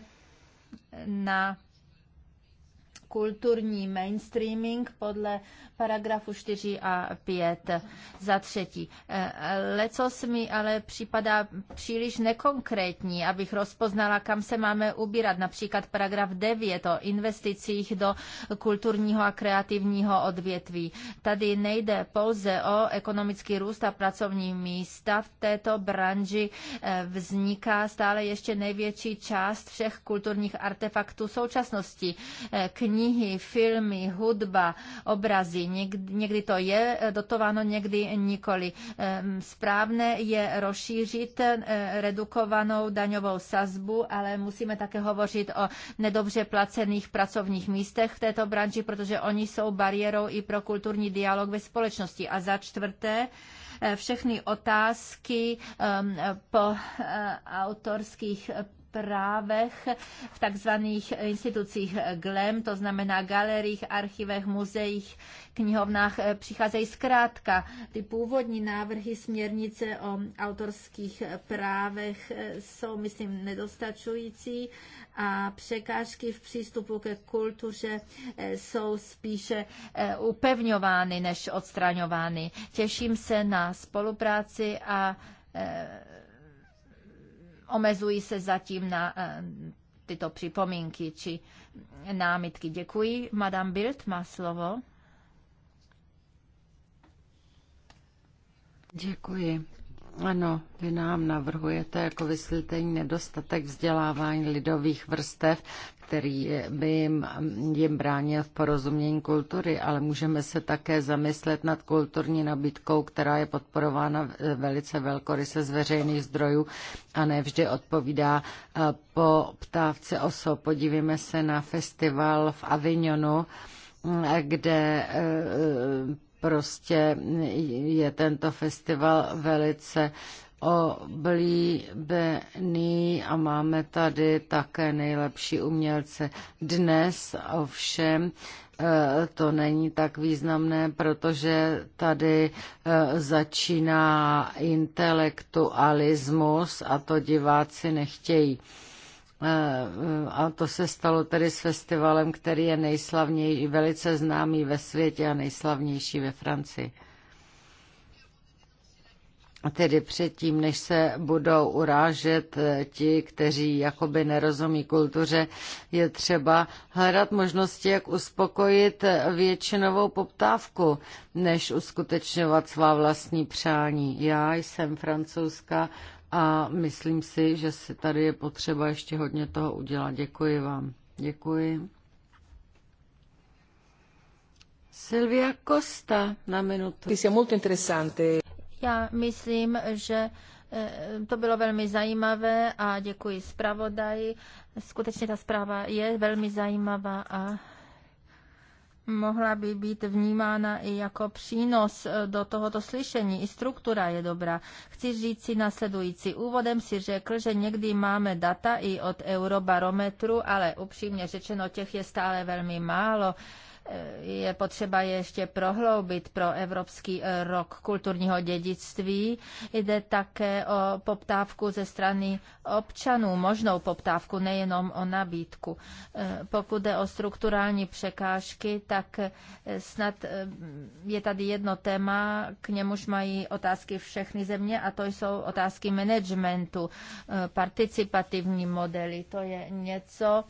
na kulturní mainstreaming podle paragrafu 4 a 5. Za třetí, eh, lecos mi ale připadá příliš nekonkrétní, abych rozpoznala, kam se máme ubírat. Například paragraf 9 o investicích do kulturního a kreativního odvětví. Tady nejde pouze o ekonomický růst a pracovní místa. V této branži eh, vzniká stále ještě největší část všech kulturních artefaktů současnosti. Eh, Kni knihy, filmy, hudba, obrazy. Někdy to je eh, dotováno, někdy nikoli. Ehm, správné je rozšířit eh, redukovanou daňovou sazbu, ale musíme také hovořit o nedobře placených pracovních místech v této branži, protože oni jsou bariérou i pro kulturní dialog ve společnosti. A za čtvrté, eh, všechny otázky ehm, po autorských právech v takzvaných institucích GLEM, to znamená galeriích, archivech, muzeích, knihovnách, eh, přicházejí zkrátka. Ty původní návrhy směrnice o autorských právech eh, jsou, myslím, nedostačující a překážky v přístupu ke kultuře eh, jsou spíše upevňovány než odstraňovány. Těším se na spolupráci a Omezují se zatím na eh, tyto připomínky či námitky. Děkuji. Madame Bild má slovo. Děkuji. Ano, vy nám navrhujete jako vysvětlení nedostatek vzdělávání lidových vrstev který by jim, jim bránil v porozumění kultury, ale můžeme se také zamyslet nad kulturní nabídkou, která je podporována velice velkoryse z veřejných zdrojů a nevždy odpovídá eh, po ptávce osob. Podívejme se na festival v Avignonu, eh, kde eh, prostě je tento festival velice oblíbený a máme tady také nejlepší umělce. Dnes ovšem eh, to není tak významné, protože tady eh, začíná intelektualismus a to diváci nechtějí. Eh, a to se stalo tedy s festivalem, který je nejslavnější, velice známý ve světě a nejslavnější ve Francii tedy předtím, než se budou urážet eh, ti, kteří jakoby nerozumí kultuře, je třeba hledat možnosti, jak uspokojit eh, většinovou poptávku, než uskutečňovat svá vlastní přání. Já jsem francouzská a myslím si, že si tady je potřeba ještě hodně toho udělat. Děkuji vám. Děkuji. Silvia Costa na minutu. Ty jsi molto interessante. Já myslím, že eh, to bylo velmi zajímavé a děkuji zpravodaji. Skutečně ta zpráva je velmi zajímavá a mohla by být vnímána i jako přínos eh, do tohoto slyšení. I struktura je dobrá. Chci říct si nasledující. Úvodem si řekl, že někdy máme data i od Eurobarometru, ale upřímně řečeno těch je stále velmi málo je potřeba ještě prohloubit pro Evropský eh, rok kulturního dědictví. Jde také o poptávku ze strany občanů, možnou poptávku, nejenom o nabídku. Eh, pokud jde o strukturální překážky, tak eh, snad je tady jedno téma, k němuž mají otázky všechny země a to jsou otázky managementu, participativní modely. To je něco,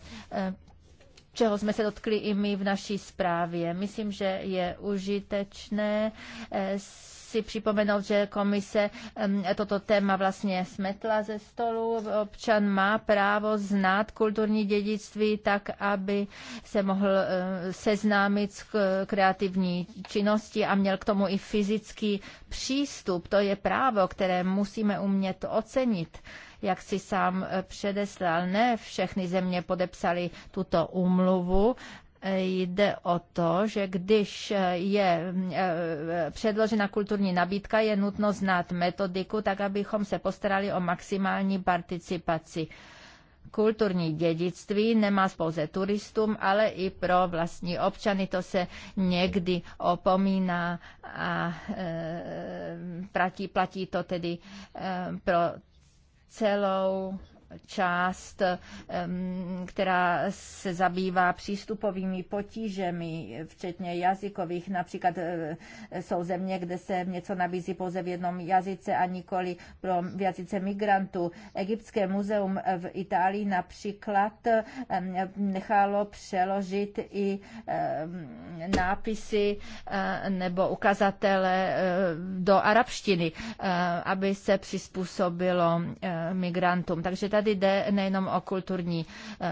čeho jsme se dotkli i my v naší zprávě. Myslím, že je užitečné eh, si připomenout, že komise toto téma vlastně smetla ze stolu. Občan má právo znát kulturní dědictví tak, aby se mohl eh, seznámit s kreativní činností a měl k tomu i fyzický přístup. To je právo, které musíme umět ocenit jak si sám eh, předeslal, ne všechny země podepsali tuto úmluvu, eh, jde o to, že když eh, je předložena kulturní nabídka, je nutno znát metodiku, tak abychom se postarali o maximální participaci. Kulturní dědictví nemá pouze turistům, ale i pro vlastní občany. To se někdy opomíná a e, platí, platí to tedy e, pro celou část, která se zabývá přístupovými potížemi, včetně jazykových. Například eh, jsou země, kde se něco nabízí pouze v jednom jazyce a nikoli pro jazyce migrantů. Egyptské muzeum v Itálii například nechalo přeložit i nápisy eh, nebo ukazatele eh, do arabštiny, aby se přizpůsobilo migrantům. Takže tady Tady jde nejenom o kulturní eh,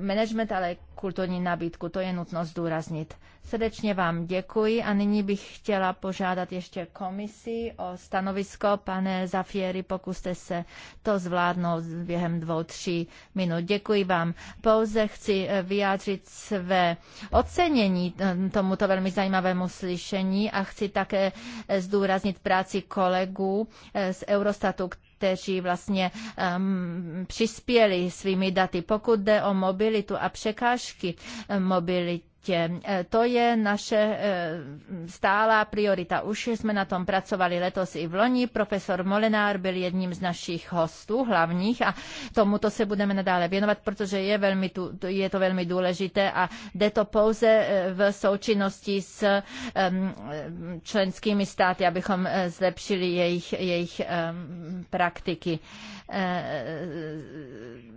management, ale kulturní nabídku. To je nutno zdůraznit. Srdečně vám děkuji a nyní bych chtěla požádat ještě komisi o stanovisko. Pane Zafieri, pokuste se to zvládnout během dvou, tří minut. Děkuji vám. Pouze chci eh, vyjádřit své ocenění eh, tomuto velmi zajímavému slyšení a chci také zdůraznit práci kolegů z Eurostatu, kteří vlastně um, přispěli svými daty. Pokud jde o mobilitu a překážky mobility, sítě. E, to je naše e, stálá priorita. Už jsme na tom pracovali letos i v loni. Profesor Molinár byl jedním z našich hostů hlavních a tomuto se budeme nadále věnovat, protože je, velmi tu, je to velmi důležité a jde to pouze e, v součinnosti s členskými státy, abychom zlepšili jejich, jejich praktiky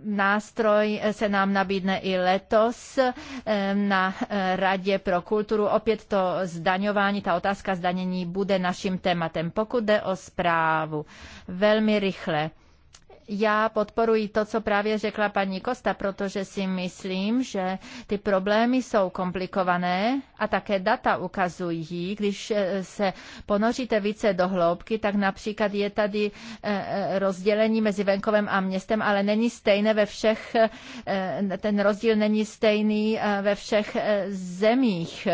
nástroj se nám nabídne i letos na eh, Radě pro kulturu. Opět to zdaňování, ta otázka zdanění bude naším tématem. Pokud jde o zprávu, velmi rychle. Já podporuji to, co právě řekla paní Kosta, protože si myslím, že ty problémy jsou komplikované a také data ukazují, když eh, se ponoříte více do hloubky, tak například je tady eh, eh, rozdělení mezi venkovem a městem, ale není stejné ve všech, ten rozdíl není stejný ve všech zemích.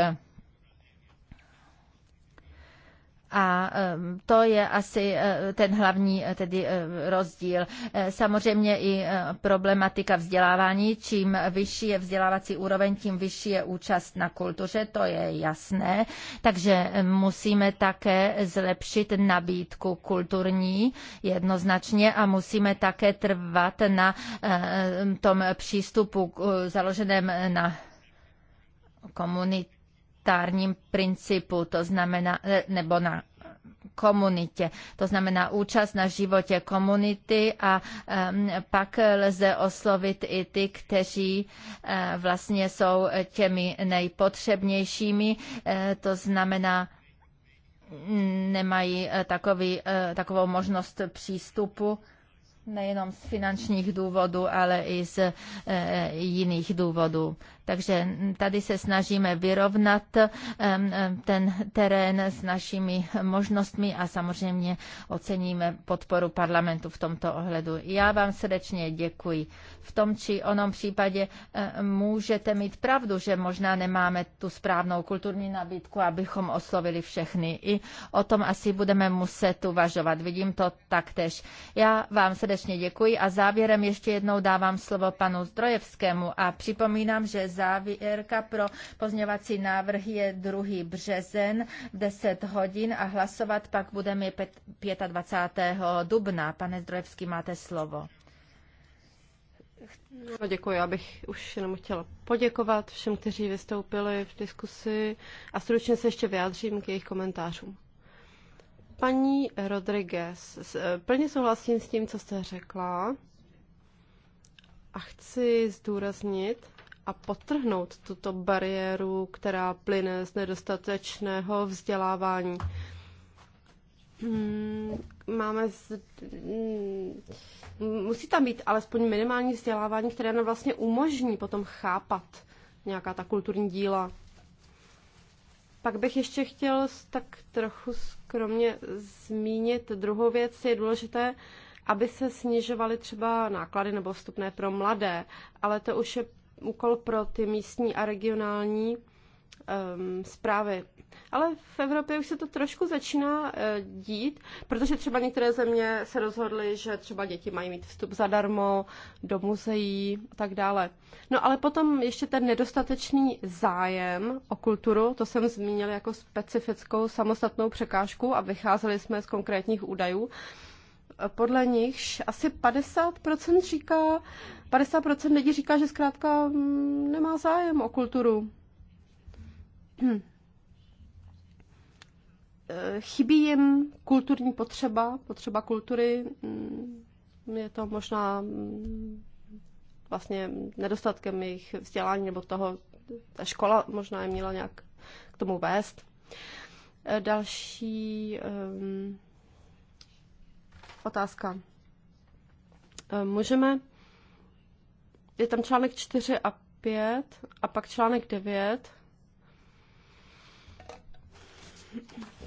A ehm, to je asi eh, ten hlavní eh, tedy eh, rozdíl. Samozřejmě i problematika vzdělávání. Čím vyšší je vzdělávací úroveň, tím vyšší je účast na kultuře, to je jasné. Takže ehm, musíme také zlepšit nabídku kulturní jednoznačně a musíme také trvat na tom přístupu založeném na komunitě komunitárním principu, to znamená, eh, nebo na komunitě. To znamená účast na životě komunity a um, pak lze oslovit i ty, kteří uh, vlastně jsou těmi nejpotřebnějšími. Uh, to znamená nemají takový, uh, takovou možnost přístupu nejenom z finančních důvodů, ale i z jiných důvodů. Takže tady se snažíme vyrovnat ten terén s našimi možnostmi a samozřejmě oceníme podporu parlamentu v tomto ohledu. Já vám srdečně děkuji. V tom či onom případě eh, můžete mít pravdu, že možná nemáme tu správnou kulturní nabídku, abychom oslovili všechny. I o tom asi budeme muset uvažovat. Vidím to taktéž. Já vám srdečně děkuji a závěrem ještě jednou dávám slovo panu Zdrojevskému a připomínám, že závěrka pro pozňovací návrh je 2. březen v 10 hodin a hlasovat pak budeme 25. dubna. Pane Zdrojevský, máte slovo. No, děkuji, já bych už jenom chtěla poděkovat všem, kteří vystoupili v diskusi a stručně se ještě vyjádřím k jejich komentářům. Paní Rodriguez, plně souhlasím s tím, co jste řekla a chci zdůraznit, a potrhnout tuto bariéru, která plyne z nedostatečného vzdělávání. Hmm, máme z... Hmm, musí tam být alespoň minimální vzdělávání, které nám vlastně umožní potom chápat nějaká ta kulturní díla. Pak bych ještě chtěl tak trochu skromně zmínit druhou věc. Je důležité, aby se snižovaly třeba náklady nebo vstupné pro mladé, ale to už je úkol pro ty místní a regionální um, zprávy. Ale v Evropě už se to trošku začíná uh, dít, protože třeba některé země se rozhodly, že třeba děti mají mít vstup zadarmo do muzeí a tak dále. No ale potom ještě ten nedostatečný zájem o kulturu, to jsem zmínil jako specifickou samostatnou překážku a vycházeli jsme z konkrétních údajů. Uh, podle nichž asi 50% říká, 50% lidí říká, že zkrátka mm, nemá zájem o kulturu. Hm. Eh, chybí jim kulturní potřeba, potřeba kultury, hm, je to možná hm, vlastně nedostatkem jejich vzdělání nebo toho, ta škola možná je měla nějak k tomu vést. Eh, další um, otázka. Eh, můžeme, je tam článek 4 a 5 a pak článek 9.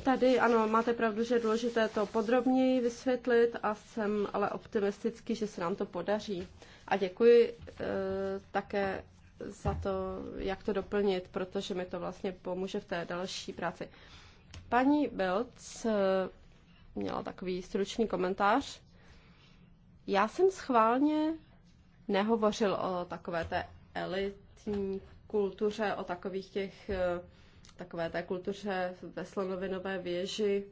Tady ano, máte pravdu, že je důležité to podrobněji vysvětlit a jsem ale optimistický, že se nám to podaří. A děkuji e, také za to, jak to doplnit, protože mi to vlastně pomůže v té další práci. Paní Belc eh, měla takový stručný komentář. Já jsem schválně nehovořil o takové té elitní kultuře, o takových těch, eh, takové té kultuře ve slonovinové věži.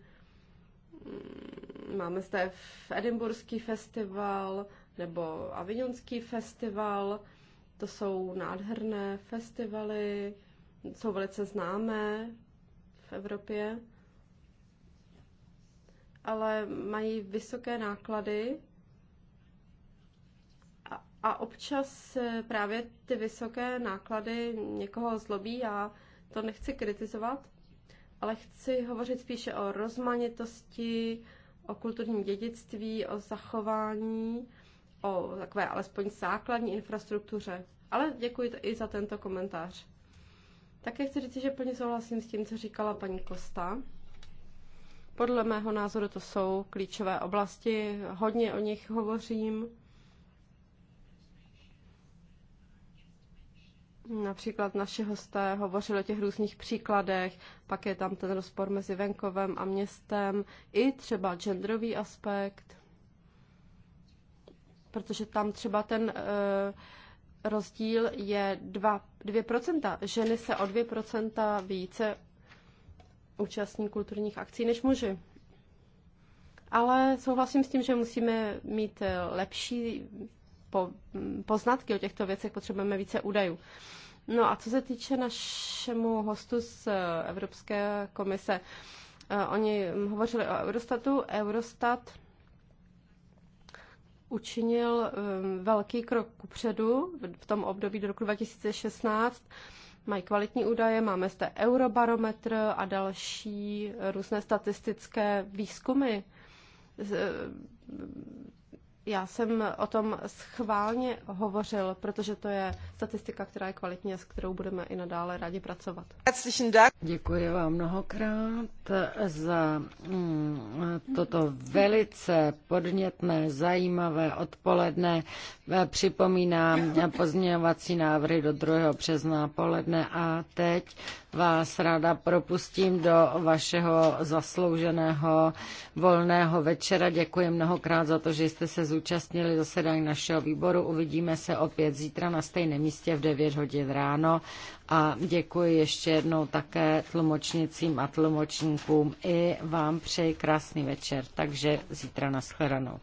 Mm, máme zde v Edimburský festival nebo Avignonský festival. To jsou nádherné festivaly, jsou velice známé v Evropě ale mají vysoké náklady a, a občas eh, právě ty vysoké náklady někoho zlobí. Já to nechci kritizovat, ale chci hovořit spíše o rozmanitosti, o kulturním dědictví, o zachování, o takové alespoň základní infrastruktuře. Ale děkuji i za tento komentář. Také chci říct, že plně souhlasím s tím, co říkala paní Kosta. Podle mého názoru to jsou klíčové oblasti, hodně o nich hovořím. Například naši hosté hovořili o těch různých příkladech, pak je tam ten rozpor mezi venkovem a městem, i třeba genderový aspekt, protože tam třeba ten uh, rozdíl je 2, 2%. Ženy se o 2% více účastní kulturních akcí než muži. Ale souhlasím s tím, že musíme mít eh, lepší po, mm, poznatky o těchto věcech, potřebujeme více údajů. No a co se týče našemu hostu z eh, Evropské komise, eh, oni hovořili o Eurostatu. Eurostat učinil velký krok kupředu v tom období do roku 2016 mají kvalitní údaje, máme zde eurobarometr a další různé statistické výzkumy já jsem o tom schválně hovořil, protože to je statistika, která je kvalitní a s kterou budeme i nadále rádi pracovat. Děkuji vám mnohokrát za mm, toto velice podnětné, zajímavé odpoledne. Připomínám pozměňovací návrhy do 2. března poledne a teď vás ráda propustím do vašeho zaslouženého volného večera. Děkuji mnohokrát za to, že jste se zúčastnili zasedání našeho výboru. Uvidíme se opět zítra na stejném místě v 9 hodin ráno a děkuji ještě jednou také tlumočnicím a tlumočníkům i vám přeji krásný večer. Takže zítra shledanou.